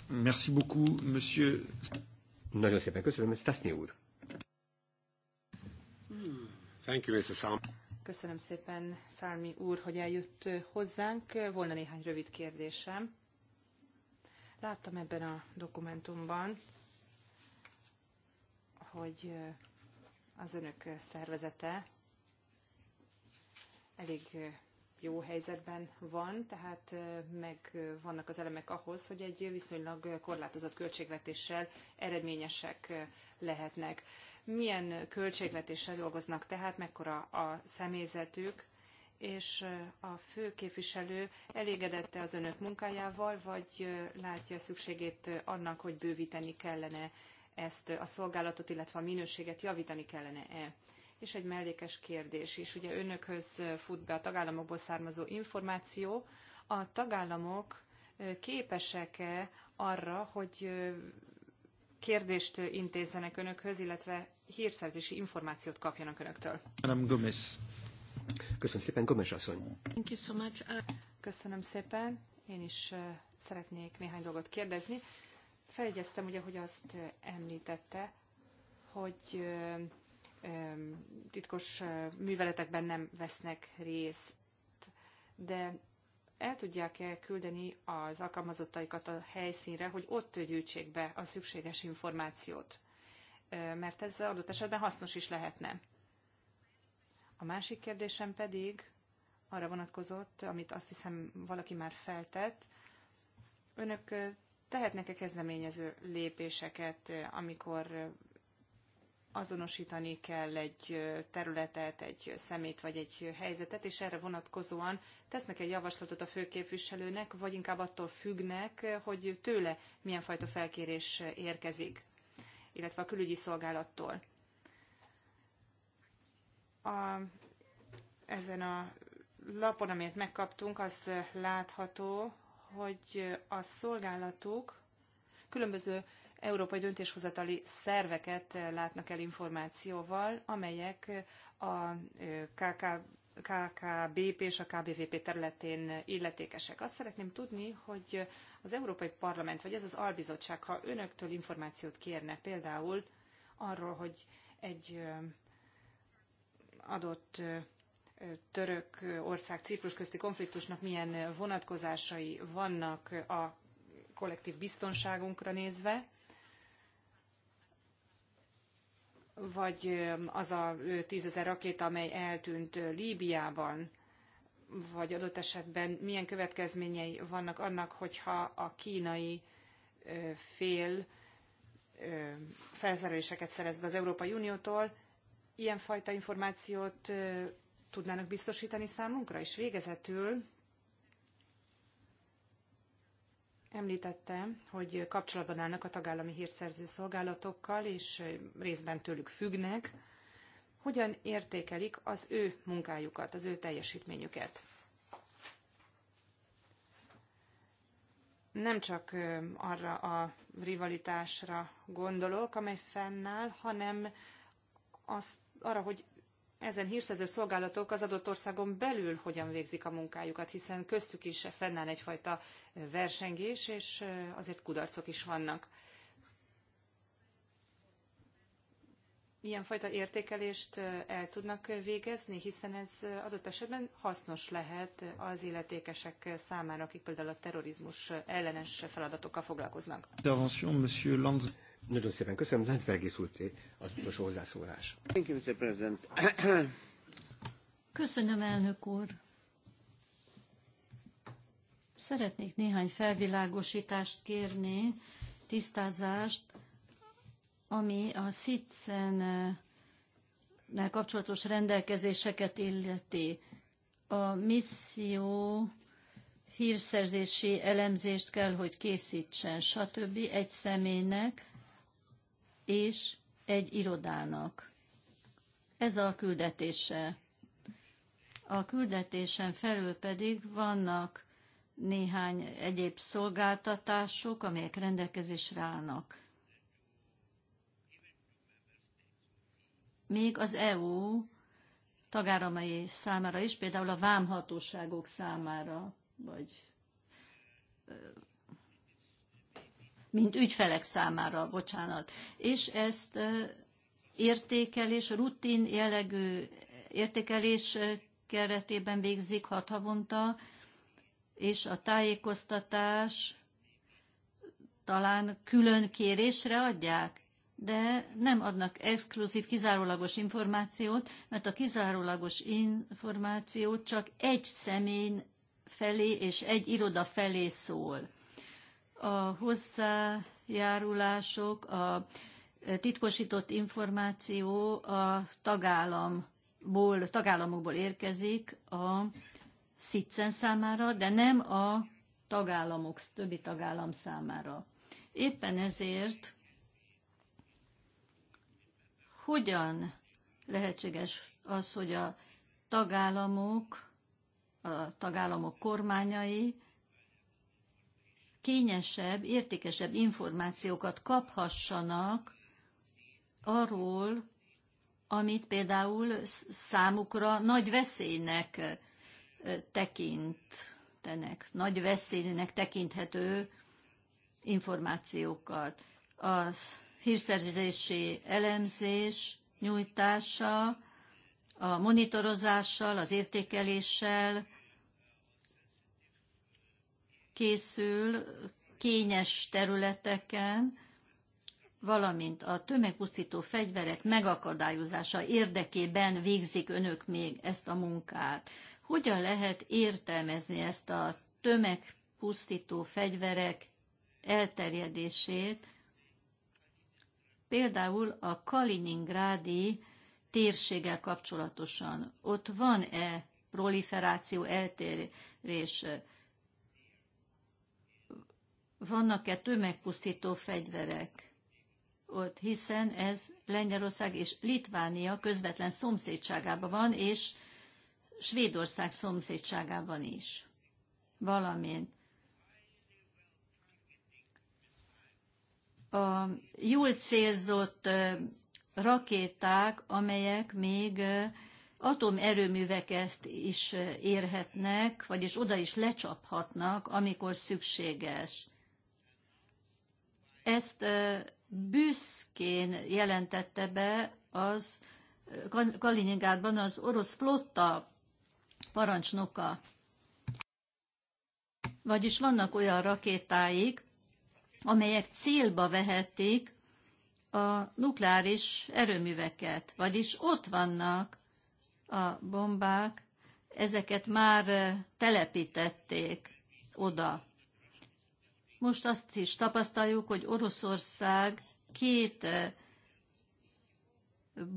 Merci beaucoup, monsieur. Nagyon szépen köszönöm, úr. Thank you, Mr. Sam. Köszönöm szépen, Szármi úr, hogy eljött hozzánk. Volna néhány rövid kérdésem. Láttam ebben a dokumentumban, hogy eh, az önök szervezete elég eh, jó helyzetben van, tehát eh, meg vannak az elemek ahhoz, hogy egy viszonylag korlátozott költségvetéssel eredményesek lehetnek milyen költségvetéssel dolgoznak tehát, mekkora a személyzetük, és a főképviselő elégedette az önök munkájával, vagy látja szükségét annak, hogy bővíteni kellene ezt a szolgálatot, illetve a minőséget javítani kellene-e? És egy mellékes kérdés is. Ugye önökhöz fut be a tagállamokból származó információ. A tagállamok képesek-e arra, hogy kérdést intézzenek önökhöz, illetve hírszerzési információt kapjanak önöktől. Gomez. Köszönöm szépen, Gomes asszony. Thank you so much. Uh, Köszönöm szépen. Én is uh, szeretnék néhány dolgot kérdezni. Felegyeztem, ugye, hogy azt uh, említette, hogy um, titkos műveletekben nem vesznek részt, de el tudják-e küldeni az alkalmazottaikat a helyszínre, hogy ott gyűjtsék be a szükséges információt? mert ez adott esetben hasznos is lehetne. A másik kérdésem pedig arra vonatkozott, amit azt hiszem valaki már feltett. Önök tehetnek-e kezdeményező lépéseket, amikor azonosítani kell egy területet, egy szemét vagy egy helyzetet, és erre vonatkozóan tesznek egy javaslatot a főképviselőnek, vagy inkább attól függnek, hogy tőle milyen fajta felkérés érkezik illetve a külügyi szolgálattól. A, ezen a lapon, amit megkaptunk, az látható, hogy a szolgálatuk különböző európai döntéshozatali szerveket látnak el információval, amelyek a KK KKBP és a KBVP területén illetékesek. Azt szeretném tudni, hogy az Európai Parlament, vagy ez az albizottság, ha önöktől információt kérne például arról, hogy egy adott török ország Ciprus közti konfliktusnak milyen vonatkozásai vannak a kollektív biztonságunkra nézve, vagy az a tízezer rakéta, amely eltűnt Líbiában, vagy adott esetben milyen következményei vannak annak, hogyha a kínai fél felszereléseket szerez be az Európai Uniótól, ilyenfajta információt tudnának biztosítani számunkra, és végezetül Említette, hogy kapcsolatban állnak a tagállami hírszerző szolgálatokkal, és részben tőlük függnek. Hogyan értékelik az ő munkájukat, az ő teljesítményüket? nem csak arra a rivalitásra gondolok, amely fennáll, hanem azt arra, hogy ezen hírszerző szolgálatok az adott országon belül hogyan végzik a munkájukat, hiszen köztük is fennáll egyfajta versengés, és azért kudarcok is vannak. Ilyenfajta értékelést el tudnak végezni, hiszen ez adott esetben hasznos lehet az illetékesek számára, akik például a terrorizmus ellenes feladatokkal foglalkoznak. Intervention, Monsieur Lanz. Nagyon szépen köszönöm. Lenzbergis az utolsó hozzászólás. Köszönöm, elnök úr. Szeretnék néhány felvilágosítást kérni, tisztázást, ami a nel kapcsolatos rendelkezéseket illeti. A misszió hírszerzési elemzést kell, hogy készítsen, stb. egy személynek, és egy irodának. Ez a küldetése. A küldetésen felül pedig vannak néhány egyéb szolgáltatások, amelyek rendelkezésre állnak. Még az EU tagállamai számára is, például a vámhatóságok számára, vagy mint ügyfelek számára, bocsánat. És ezt értékelés, rutin jellegű értékelés keretében végzik hat havonta, és a tájékoztatás talán külön kérésre adják, de nem adnak exkluzív, kizárólagos információt, mert a kizárólagos információ csak egy személy felé és egy iroda felé szól a hozzájárulások, a e, titkosított információ a tagállamból, tagállamokból érkezik a SZICEN számára, de nem a tagállamok, többi tagállam számára. Éppen ezért hogyan lehetséges az, hogy a tagállamok, a tagállamok kormányai kényesebb, értékesebb információkat kaphassanak arról, amit például számukra nagy veszélynek tekintenek, nagy veszélynek tekinthető információkat. Az hírszerzési elemzés nyújtása, a monitorozással, az értékeléssel, készül kényes területeken, valamint a tömegpusztító fegyverek megakadályozása érdekében végzik önök még ezt a munkát. Hogyan lehet értelmezni ezt a tömegpusztító fegyverek elterjedését, például a Kaliningrádi térséggel kapcsolatosan? Ott van-e proliferáció eltérés? vannak-e tömegpusztító fegyverek ott, hiszen ez Lengyelország és Litvánia közvetlen szomszédságában van, és Svédország szomszédságában is. Valamint a jól célzott rakéták, amelyek még atomerőműveket is érhetnek, vagyis oda is lecsaphatnak, amikor szükséges. Ezt büszkén jelentette be az Kaliningrádban az orosz flotta parancsnoka. Vagyis vannak olyan rakétáik, amelyek célba vehetik a nukleáris erőműveket, vagyis ott vannak a bombák, ezeket már telepítették oda. Most azt is tapasztaljuk, hogy Oroszország két eh,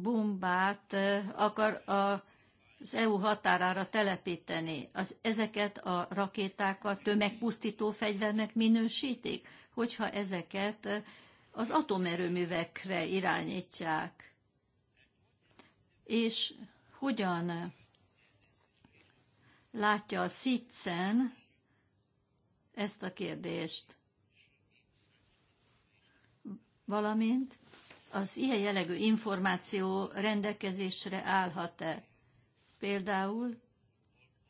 bombát eh, akar az EU határára telepíteni. Az, ezeket a rakétákat tömegpusztító fegyvernek minősítik, hogyha ezeket eh, az atomerőművekre irányítják. És hogyan látja a Szicen ezt a kérdést? valamint az ilyen jellegű információ rendelkezésre állhat-e? Például,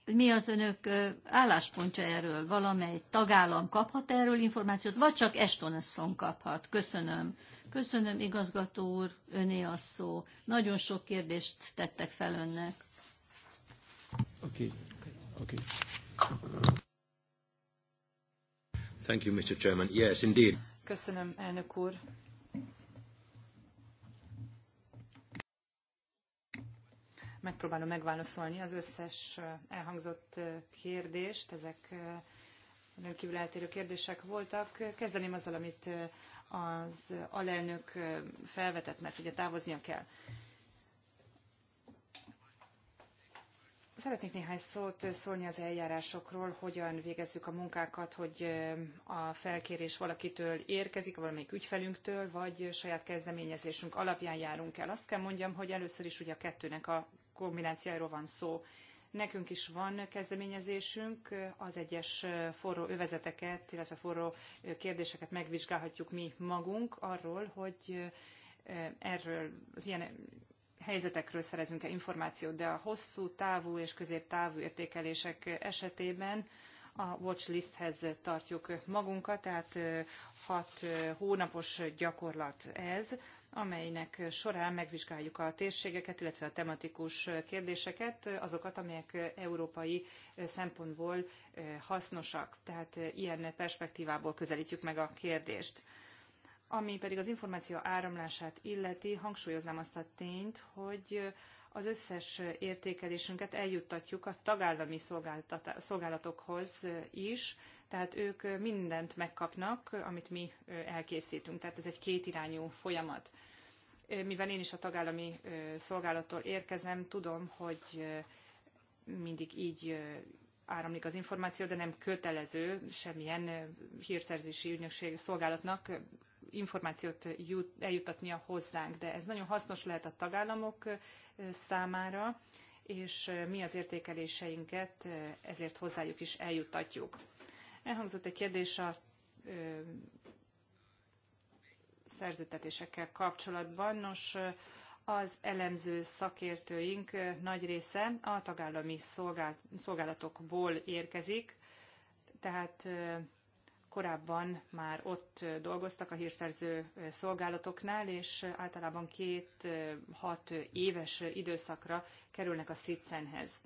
mi az önök álláspontja erről? Valamely tagállam kaphat erről információt, vagy csak Estonesszon kaphat? Köszönöm. Köszönöm, igazgató úr, öné a szó. Nagyon sok kérdést tettek fel önnek. Oké. Okay. Okay. Thank you, Mr. Chairman. Yes, indeed. Köszönöm, elnök úr. megpróbálom megválaszolni az összes elhangzott kérdést. Ezek rendkívül eltérő kérdések voltak. Kezdeném azzal, amit az alelnök felvetett, mert ugye távoznia kell. Szeretnék néhány szót szólni az eljárásokról, hogyan végezzük a munkákat, hogy a felkérés valakitől érkezik, valamelyik ügyfelünktől, vagy saját kezdeményezésünk alapján járunk el. Azt kell mondjam, hogy először is ugye a kettőnek a kombinációjáról van szó. Nekünk is van kezdeményezésünk, az egyes forró övezeteket, illetve forró kérdéseket megvizsgálhatjuk mi magunk arról, hogy erről az ilyen helyzetekről szerezünk-e információt, de a hosszú távú és középtávú értékelések esetében a watchlisthez tartjuk magunkat, tehát hat hónapos gyakorlat ez, amelynek során megvizsgáljuk a térségeket, illetve a tematikus kérdéseket, azokat, amelyek európai szempontból eh, hasznosak. Tehát eh, ilyen perspektívából közelítjük meg a kérdést. Ami pedig az információ áramlását illeti, hangsúlyoznám azt a tényt, hogy eh, az összes értékelésünket eljuttatjuk a tagállami szolgálatokhoz is, tehát ők mindent megkapnak, amit mi elkészítünk. Tehát ez egy kétirányú folyamat. Mivel én is a tagállami szolgálattól érkezem, tudom, hogy mindig így áramlik az információ, de nem kötelező semmilyen hírszerzési ügynökség szolgálatnak információt eljutatnia hozzánk, de ez nagyon hasznos lehet a tagállamok számára, és mi az értékeléseinket ezért hozzájuk is eljutatjuk. Elhangzott egy kérdés a ö, szerződtetésekkel kapcsolatban. Nos, az elemző szakértőink nagy része a tagállami szolgálatokból érkezik, tehát korábban már ott dolgoztak a hírszerző szolgálatoknál, és általában két-hat éves időszakra kerülnek a szitzenhez.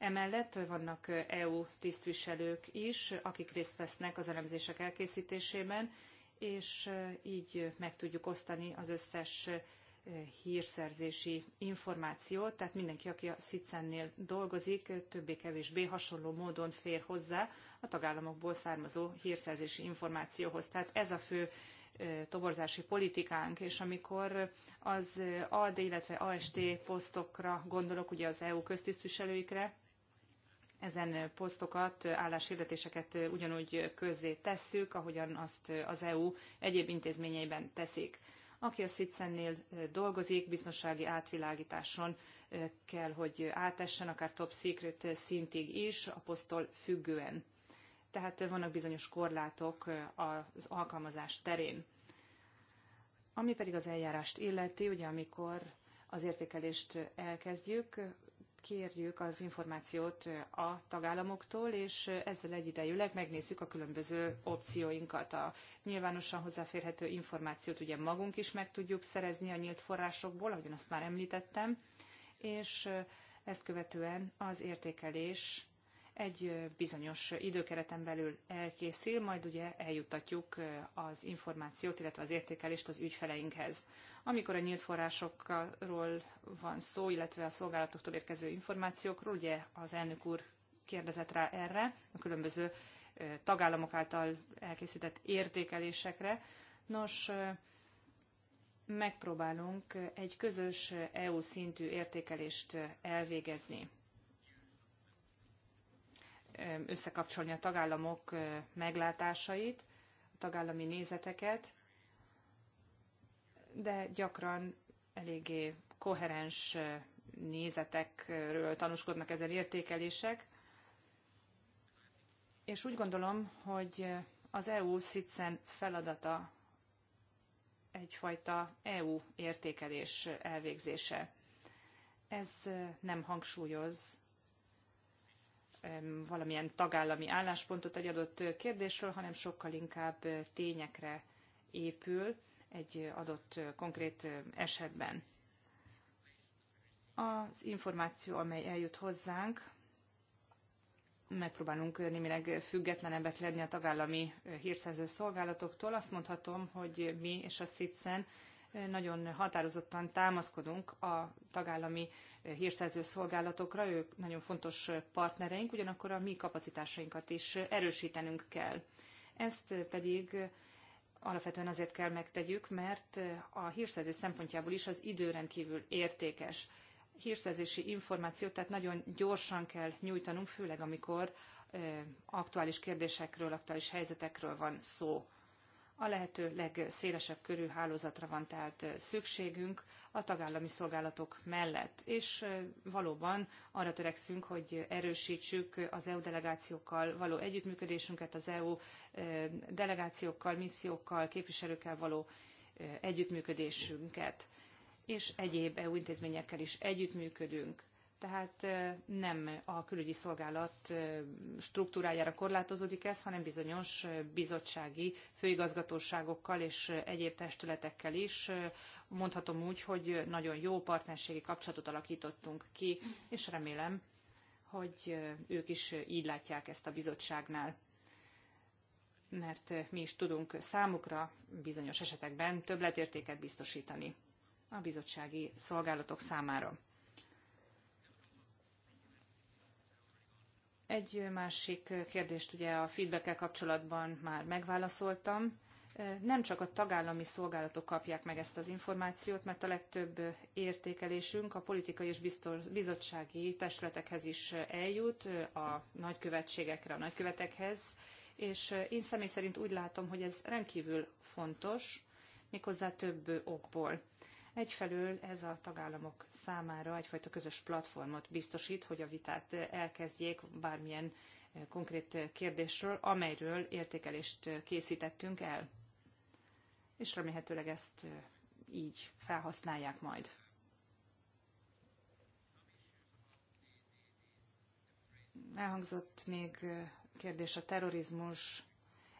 Emellett vannak EU tisztviselők is, akik részt vesznek az elemzések elkészítésében, és így meg tudjuk osztani az összes hírszerzési információt, tehát mindenki, aki a SZICEN-nél dolgozik, többé-kevésbé hasonló módon fér hozzá a tagállamokból származó hírszerzési információhoz. Tehát ez a fő toborzási politikánk, és amikor az AD, illetve AST posztokra gondolok, ugye az EU köztisztviselőikre, ezen posztokat, álláshirdetéseket ugyanúgy közzé tesszük, ahogyan azt az EU egyéb intézményeiben teszik. Aki a SZICEN-nél dolgozik, biztonsági átvilágításon kell, hogy átessen, akár top secret szintig is, a poszttól függően. Tehát vannak bizonyos korlátok az alkalmazás terén. Ami pedig az eljárást illeti, ugye amikor az értékelést elkezdjük, kérjük az információt a tagállamoktól, és ezzel egyidejűleg megnézzük a különböző opcióinkat. A nyilvánosan hozzáférhető információt ugye magunk is meg tudjuk szerezni a nyílt forrásokból, ahogyan azt már említettem, és ezt követően az értékelés egy bizonyos időkereten belül elkészül, majd ugye eljuttatjuk az információt, illetve az értékelést az ügyfeleinkhez. Amikor a nyílt forrásokról van szó, illetve a szolgálatoktól érkező információkról, ugye az elnök úr kérdezett rá erre, a különböző tagállamok által elkészített értékelésekre. Nos, megpróbálunk egy közös EU szintű értékelést elvégezni összekapcsolni a tagállamok meglátásait, a tagállami nézeteket, de gyakran eléggé koherens nézetekről tanúskodnak ezen értékelések. És úgy gondolom, hogy az EU szitzen feladata egyfajta EU értékelés elvégzése. Ez nem hangsúlyoz valamilyen tagállami álláspontot egy adott kérdésről, hanem sokkal inkább tényekre épül egy adott konkrét esetben. Az információ, amely eljut hozzánk, megpróbálunk némileg függetlenebbek lenni a tagállami hírszerző szolgálatoktól. Azt mondhatom, hogy mi és a SZICEN nagyon határozottan támaszkodunk a tagállami hírszerző szolgálatokra, ők nagyon fontos partnereink, ugyanakkor a mi kapacitásainkat is erősítenünk kell. Ezt pedig alapvetően azért kell megtegyük, mert a hírszerzés szempontjából is az idő rendkívül értékes. Hírszerzési információt tehát nagyon gyorsan kell nyújtanunk, főleg amikor eh, aktuális kérdésekről, aktuális helyzetekről van szó. A lehető legszélesebb körű hálózatra van tehát szükségünk a tagállami szolgálatok mellett, és valóban arra törekszünk, hogy erősítsük az EU delegációkkal való együttműködésünket, az EU delegációkkal, missziókkal, képviselőkkel való együttműködésünket, és egyéb EU intézményekkel is együttműködünk tehát nem a külügyi szolgálat struktúrájára korlátozódik ez, hanem bizonyos bizottsági főigazgatóságokkal és egyéb testületekkel is. Mondhatom úgy, hogy nagyon jó partnerségi kapcsolatot alakítottunk ki, és remélem, hogy ők is így látják ezt a bizottságnál mert mi is tudunk számukra bizonyos esetekben többletértéket biztosítani a bizottsági szolgálatok számára. Egy másik kérdést ugye a feedback kapcsolatban már megválaszoltam. Nem csak a tagállami szolgálatok kapják meg ezt az információt, mert a legtöbb értékelésünk a politikai és bizottsági testületekhez is eljut, a nagykövetségekre, a nagykövetekhez, és én személy szerint úgy látom, hogy ez rendkívül fontos, méghozzá több okból. Egyfelől ez a tagállamok számára egyfajta közös platformot biztosít, hogy a vitát elkezdjék bármilyen eh, konkrét kérdésről, amelyről értékelést eh, készítettünk el. És remélhetőleg ezt eh, így felhasználják majd. Elhangzott még kérdés a terrorizmus,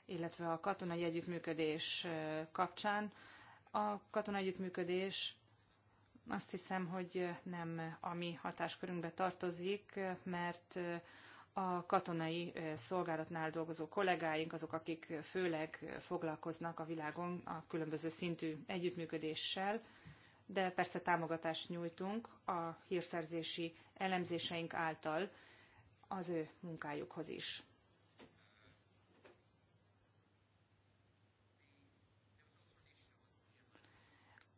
illetve a katonai együttműködés kapcsán. A katonai együttműködés azt hiszem, hogy nem a mi hatáskörünkbe tartozik, mert a katonai szolgálatnál dolgozó kollégáink, azok, akik főleg foglalkoznak a világon a különböző szintű együttműködéssel, de persze támogatást nyújtunk a hírszerzési elemzéseink által az ő munkájukhoz is.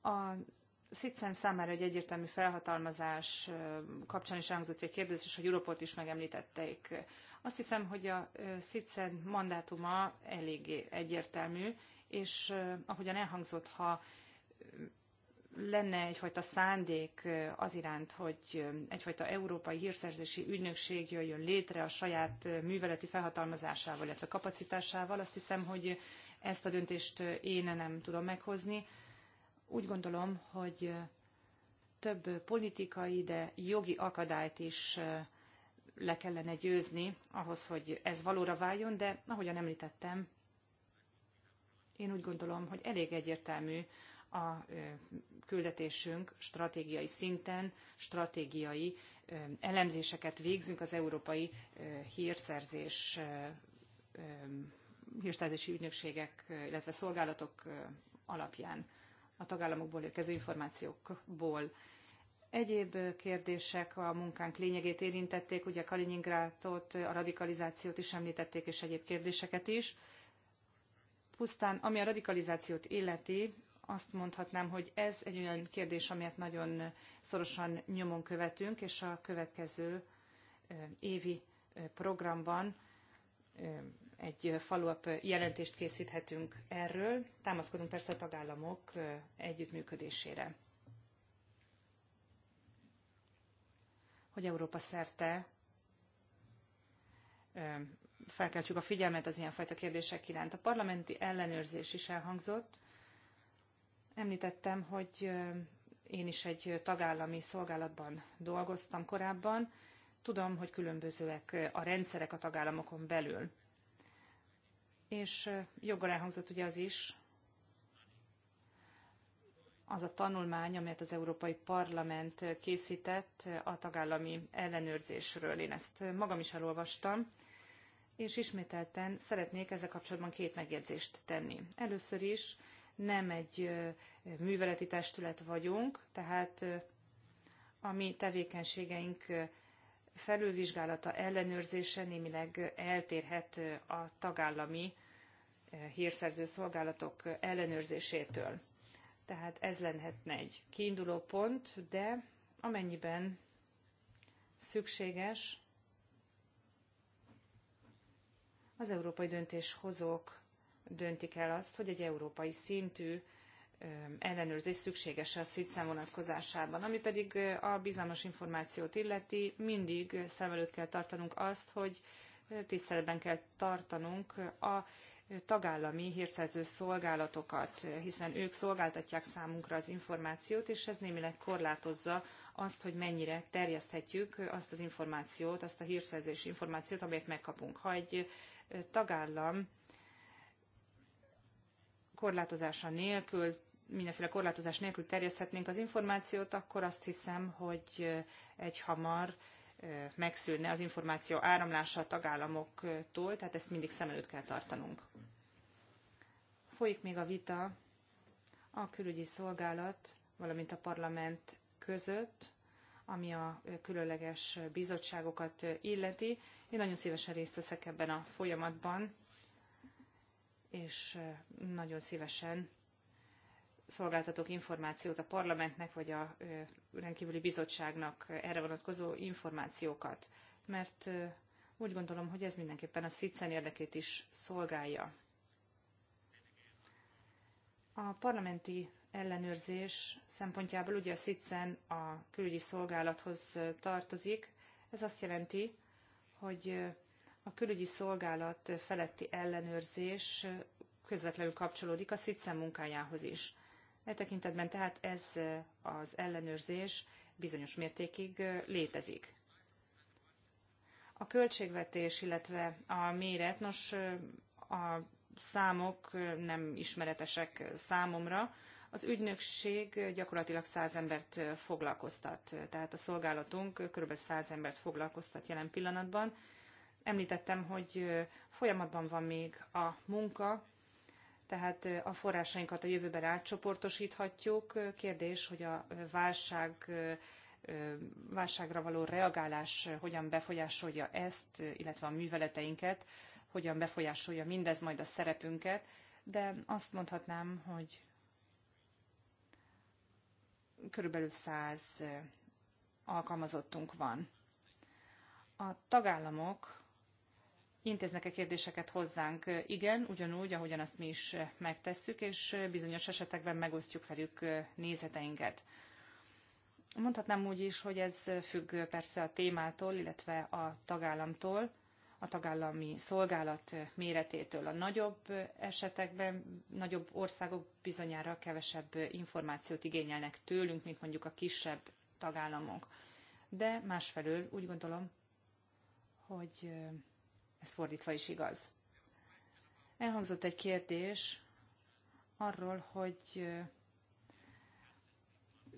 A Szicen számára egy egyértelmű felhatalmazás kapcsán is elhangzott egy kérdés, és a Europot is megemlítették. Azt hiszem, hogy a Szicen mandátuma eléggé egyértelmű, és ahogyan elhangzott, ha lenne egyfajta szándék az iránt, hogy egyfajta európai hírszerzési ügynökség jöjjön létre a saját műveleti felhatalmazásával, illetve kapacitásával, azt hiszem, hogy ezt a döntést én nem tudom meghozni, úgy gondolom, hogy több politikai, de jogi akadályt is le kellene győzni ahhoz, hogy ez valóra váljon, de ahogyan említettem, én úgy gondolom, hogy elég egyértelmű a küldetésünk stratégiai szinten, stratégiai elemzéseket végzünk az európai hírszerzés hírszerzési ügynökségek, illetve szolgálatok alapján a tagállamokból érkező információkból. Egyéb kérdések a munkánk lényegét érintették, ugye Kaliningrátot, a radikalizációt is említették, és egyéb kérdéseket is. Pusztán, ami a radikalizációt illeti, azt mondhatnám, hogy ez egy olyan kérdés, amelyet nagyon szorosan nyomon követünk, és a következő évi programban egy follow-up jelentést készíthetünk erről. Támaszkodunk persze a tagállamok együttműködésére. Hogy Európa szerte felkeltsük a figyelmet az ilyenfajta kérdések iránt. A parlamenti ellenőrzés is elhangzott. Említettem, hogy én is egy tagállami szolgálatban dolgoztam korábban. Tudom, hogy különbözőek a rendszerek a tagállamokon belül és joggal elhangzott ugye az is, az a tanulmány, amelyet az Európai Parlament készített a tagállami ellenőrzésről. Én ezt magam is elolvastam, és ismételten szeretnék ezzel kapcsolatban két megjegyzést tenni. Először is nem egy műveleti testület vagyunk, tehát a mi tevékenységeink felülvizsgálata, ellenőrzése némileg eltérhet a tagállami eh, hírszerző szolgálatok ellenőrzésétől. Tehát ez lehetne egy kiinduló pont, de amennyiben szükséges, az európai döntéshozók döntik el azt, hogy egy európai szintű ellenőrzés szükséges a szétszám vonatkozásában. Ami pedig a bizalmas információt illeti, mindig szem előtt kell tartanunk azt, hogy tiszteletben kell tartanunk a tagállami hírszerző szolgálatokat, hiszen ők szolgáltatják számunkra az információt, és ez némileg korlátozza azt, hogy mennyire terjeszthetjük azt az információt, azt a hírszerzési információt, amelyet megkapunk. Ha egy tagállam korlátozása nélkül mindenféle korlátozás nélkül terjeszthetnénk az információt, akkor azt hiszem, hogy egy hamar megszűnne az információ áramlása a tagállamoktól, tehát ezt mindig szem előtt kell tartanunk. Folyik még a vita a külügyi szolgálat, valamint a parlament között, ami a különleges bizottságokat illeti. Én nagyon szívesen részt veszek ebben a folyamatban, és nagyon szívesen szolgáltatok információt a parlamentnek vagy a rendkívüli bizottságnak erre vonatkozó információkat, mert úgy gondolom, hogy ez mindenképpen a SZICEN érdekét is szolgálja. A parlamenti ellenőrzés szempontjából ugye a SZICEN a külügyi szolgálathoz tartozik. Ez azt jelenti, hogy a külügyi szolgálat feletti ellenőrzés közvetlenül kapcsolódik a SZICEN munkájához is. E tekintetben tehát ez az ellenőrzés bizonyos mértékig létezik. A költségvetés, illetve a méret, nos, a számok nem ismeretesek számomra. Az ügynökség gyakorlatilag 100 embert foglalkoztat, tehát a szolgálatunk kb. 100 embert foglalkoztat jelen pillanatban. Említettem, hogy folyamatban van még a munka, tehát a forrásainkat a jövőben átcsoportosíthatjuk. Kérdés, hogy a válság válságra való reagálás hogyan befolyásolja ezt, illetve a műveleteinket, hogyan befolyásolja mindez majd a szerepünket, de azt mondhatnám, hogy körülbelül száz alkalmazottunk van. A tagállamok intéznek-e kérdéseket hozzánk. Igen, ugyanúgy, ahogyan azt mi is megtesszük, és bizonyos esetekben megosztjuk velük nézeteinket. Mondhatnám úgy is, hogy ez függ persze a témától, illetve a tagállamtól, a tagállami szolgálat méretétől. A nagyobb esetekben, nagyobb országok bizonyára kevesebb információt igényelnek tőlünk, mint mondjuk a kisebb tagállamok. De másfelől úgy gondolom, hogy ez fordítva is igaz. Elhangzott egy kérdés arról, hogy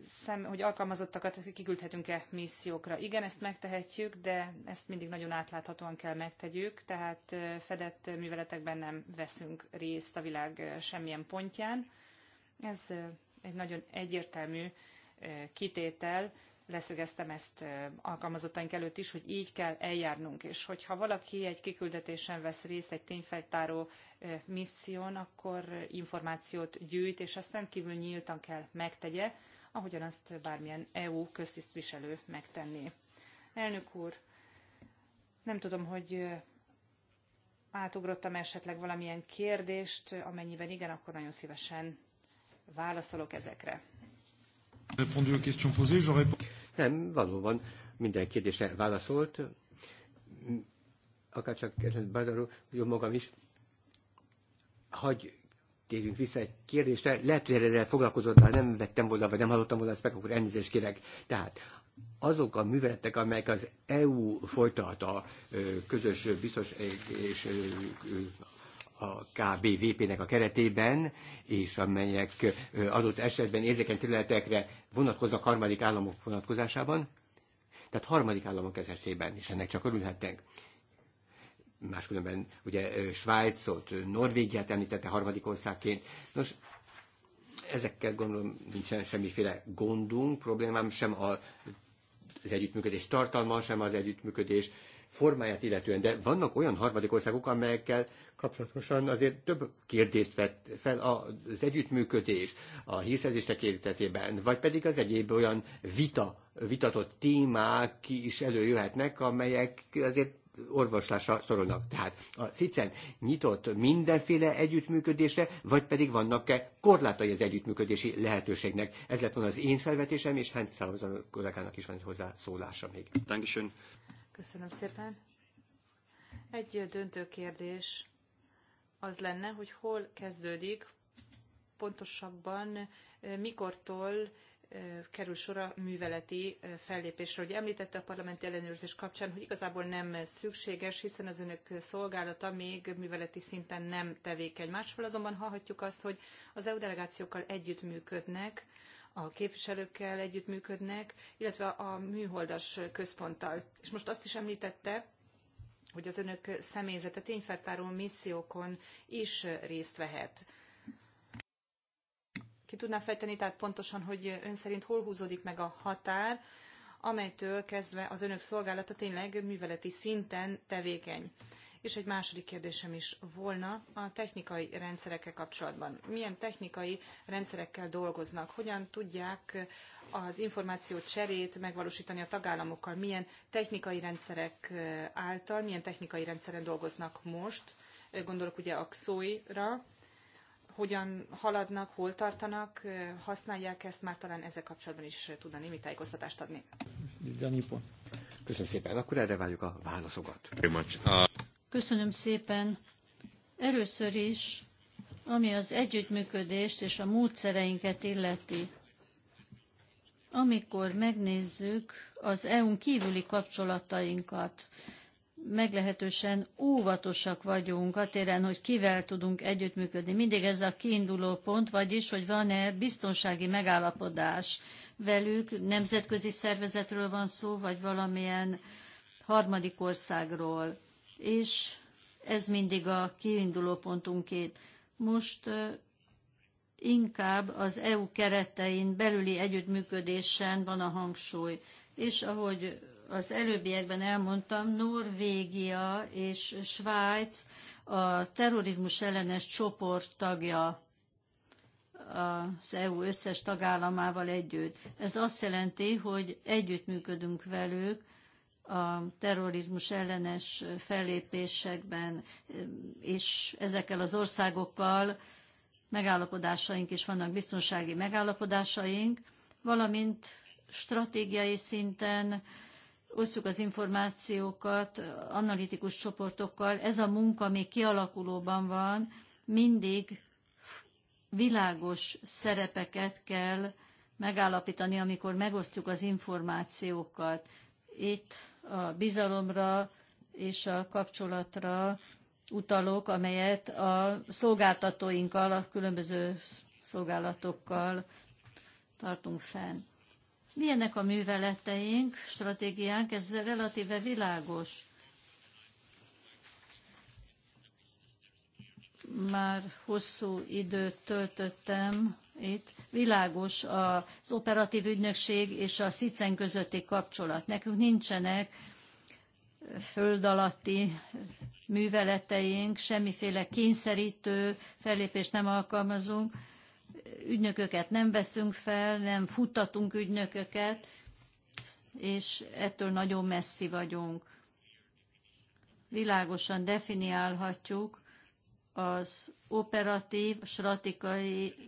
szem, hogy alkalmazottakat kiküldhetünk-e missziókra. Igen, ezt megtehetjük, de ezt mindig nagyon átláthatóan kell megtegyük, tehát fedett műveletekben nem veszünk részt a világ semmilyen pontján. Ez egy nagyon egyértelmű kitétel, leszögeztem ezt alkalmazottaink előtt is, hogy így kell eljárnunk, és hogyha valaki egy kiküldetésen vesz részt, egy tényfeltáró misszión, akkor információt gyűjt, és ezt rendkívül nyíltan kell megtegye, ahogyan azt bármilyen EU köztisztviselő megtenné. Elnök úr, nem tudom, hogy átugrottam esetleg valamilyen kérdést, amennyiben igen, akkor nagyon szívesen válaszolok ezekre. Nem, valóban minden kérdésre válaszolt. csak Bazaró, jó magam is, hagy térjünk vissza egy kérdésre, lehet, hogy erre foglalkozott, már nem vettem volna, vagy nem hallottam volna ezt meg, akkor elnézést kérek. Tehát azok a műveletek, amelyek az EU folytat a közös biztos és a KBVP-nek a keretében, és amelyek adott esetben érzékeny területekre vonatkoznak harmadik államok vonatkozásában, tehát harmadik államok esetében, és ennek csak örülhetnek. Máskülönben ugye Svájcot, Norvégiát említette harmadik országként. Nos, ezekkel gondolom nincsen semmiféle gondunk, problémám sem a az együttműködés tartalma, sem az együttműködés formáját illetően, de vannak olyan harmadik országok, amelyekkel kapcsolatosan azért több kérdést vett fel az együttműködés a hírszerzés tekintetében, vagy pedig az egyéb olyan vita, vitatott témák is előjöhetnek, amelyek azért orvoslásra szorulnak. Tehát a Szicen nyitott mindenféle együttműködésre, vagy pedig vannak-e korlátai az együttműködési lehetőségnek? Ez lett volna az én felvetésem, és hát szállózó kollégának is van egy hozzászólása még. Dankeschön. Köszönöm szépen. Egy döntő kérdés az lenne, hogy hol kezdődik, pontosabban mikortól kerül sor a műveleti fellépésre. Ugye említette a parlamenti ellenőrzés kapcsán, hogy igazából nem szükséges, hiszen az önök szolgálata még műveleti szinten nem tevékeny. Másfél azonban hallhatjuk azt, hogy az EU delegációkkal együttműködnek a képviselőkkel együttműködnek, illetve a műholdas központtal. És most azt is említette, hogy az önök személyzete tényfeltáró missziókon is részt vehet. Ki tudná fejteni, tehát pontosan, hogy ön szerint hol húzódik meg a határ, amelytől kezdve az önök szolgálata tényleg műveleti szinten tevékeny. És egy második kérdésem is volna a technikai rendszerekkel kapcsolatban. Milyen technikai rendszerekkel dolgoznak? Hogyan tudják az információ cserét megvalósítani a tagállamokkal? Milyen technikai rendszerek eh, által, milyen technikai rendszeren dolgoznak most? Eh, gondolok ugye a XOI-ra, hogyan haladnak, hol tartanak, eh, használják ezt, már talán ezzel kapcsolatban is tudna némi tájékoztatást adni. Köszönöm szépen, akkor erre várjuk a válaszokat. Köszönöm szépen. Először is, ami az együttműködést és a módszereinket illeti. Amikor megnézzük az EU-n kívüli kapcsolatainkat, meglehetősen óvatosak vagyunk a téren, hogy kivel tudunk együttműködni. Mindig ez a kiinduló pont, vagyis, hogy van-e biztonsági megállapodás velük, nemzetközi szervezetről van szó, vagy valamilyen harmadik országról és ez mindig a kiinduló pontunkét. Most inkább az EU keretein belüli együttműködésen van a hangsúly. És ahogy az előbbiekben elmondtam, Norvégia és Svájc a terrorizmus ellenes csoport tagja az EU összes tagállamával együtt. Ez azt jelenti, hogy együttműködünk velük, a terrorizmus ellenes fellépésekben, és ezekkel az országokkal megállapodásaink is vannak, biztonsági megállapodásaink, valamint stratégiai szinten osztjuk az információkat analitikus csoportokkal. Ez a munka még kialakulóban van, mindig világos szerepeket kell megállapítani, amikor megosztjuk az információkat. Itt a bizalomra és a kapcsolatra utalok, amelyet a szolgáltatóinkkal, a különböző szolgálatokkal tartunk fenn. Milyenek a műveleteink, stratégiánk? Ez relatíve világos. Már hosszú időt töltöttem itt világos az operatív ügynökség és a SZICEN közötti kapcsolat. Nekünk nincsenek föld alatti műveleteink, semmiféle kényszerítő fellépést nem alkalmazunk, ügynököket nem veszünk fel, nem futtatunk ügynököket, és ettől nagyon messzi vagyunk. Világosan definiálhatjuk az operatív,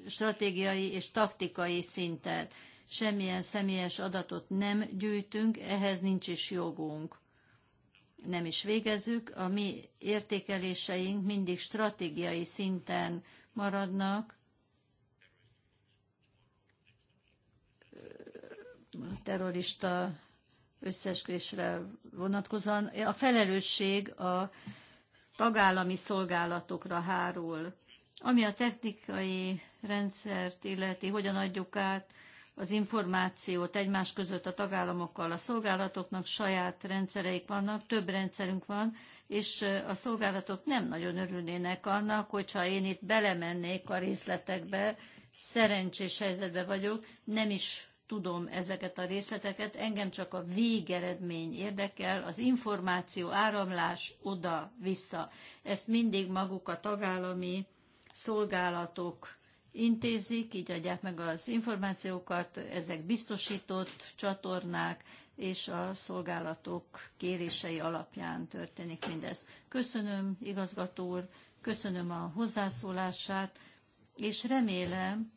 stratégiai, és taktikai szintet. Semmilyen személyes adatot nem gyűjtünk, ehhez nincs is jogunk. Nem is végezzük, a mi értékeléseink mindig stratégiai szinten maradnak, terrorista összesküvésre vonatkozóan. A felelősség a tagállami szolgálatokra hárul. Ami a technikai rendszert illeti, hogyan adjuk át az információt egymás között a tagállamokkal. A szolgálatoknak saját rendszereik vannak, több rendszerünk van, és a szolgálatok nem nagyon örülnének annak, hogyha én itt belemennék a részletekbe, szerencsés helyzetbe vagyok, nem is tudom ezeket a részleteket, engem csak a végeredmény érdekel, az információ áramlás oda-vissza. Ezt mindig maguk a tagállami szolgálatok intézik, így adják meg az információkat, ezek biztosított csatornák, és a szolgálatok kérései alapján történik mindez. Köszönöm, igazgató úr, köszönöm a hozzászólását, és remélem,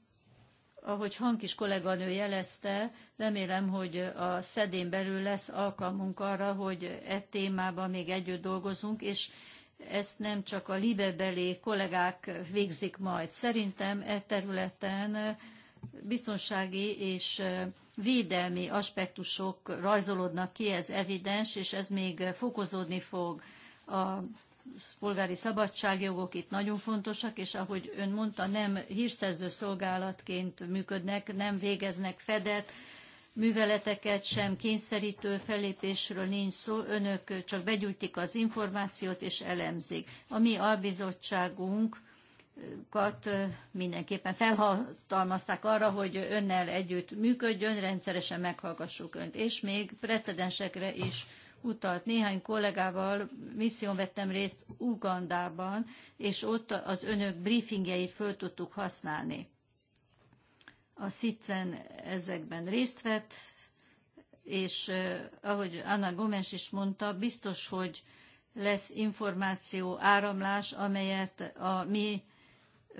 ahogy Hankis kolléganő jelezte, remélem, hogy a szedén belül lesz alkalmunk arra, hogy e témában még együtt dolgozunk, és ezt nem csak a libebeli kollégák végzik majd. Szerintem e területen biztonsági és e, védelmi aspektusok rajzolódnak ki, ez evidens, és ez még fokozódni fog a polgári szabadságjogok itt nagyon fontosak, és ahogy ön mondta, nem hírszerző szolgálatként működnek, nem végeznek fedett műveleteket, sem kényszerítő fellépésről nincs szó, önök csak begyűjtik az információt és elemzik. A mi albizottságunk mindenképpen felhatalmazták arra, hogy önnel együtt működjön, rendszeresen meghallgassuk önt, és még precedensekre is utalt. Néhány kollégával misszión vettem részt Ugandában, és ott az önök briefingjeit föl tudtuk használni. A SZICEN ezekben részt vett, és ahogy Anna Gomes is mondta, biztos, hogy lesz információ áramlás, amelyet a mi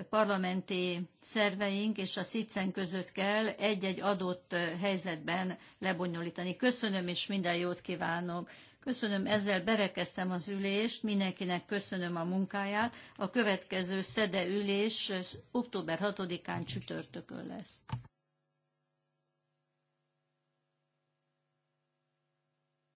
parlamenti szerveink és a SZICEN között kell egy-egy adott helyzetben lebonyolítani. Köszönöm, és minden jót kívánok. Köszönöm, ezzel berekeztem az ülést, mindenkinek köszönöm a munkáját. A következő SZEDE ülés október 6-án csütörtökön lesz.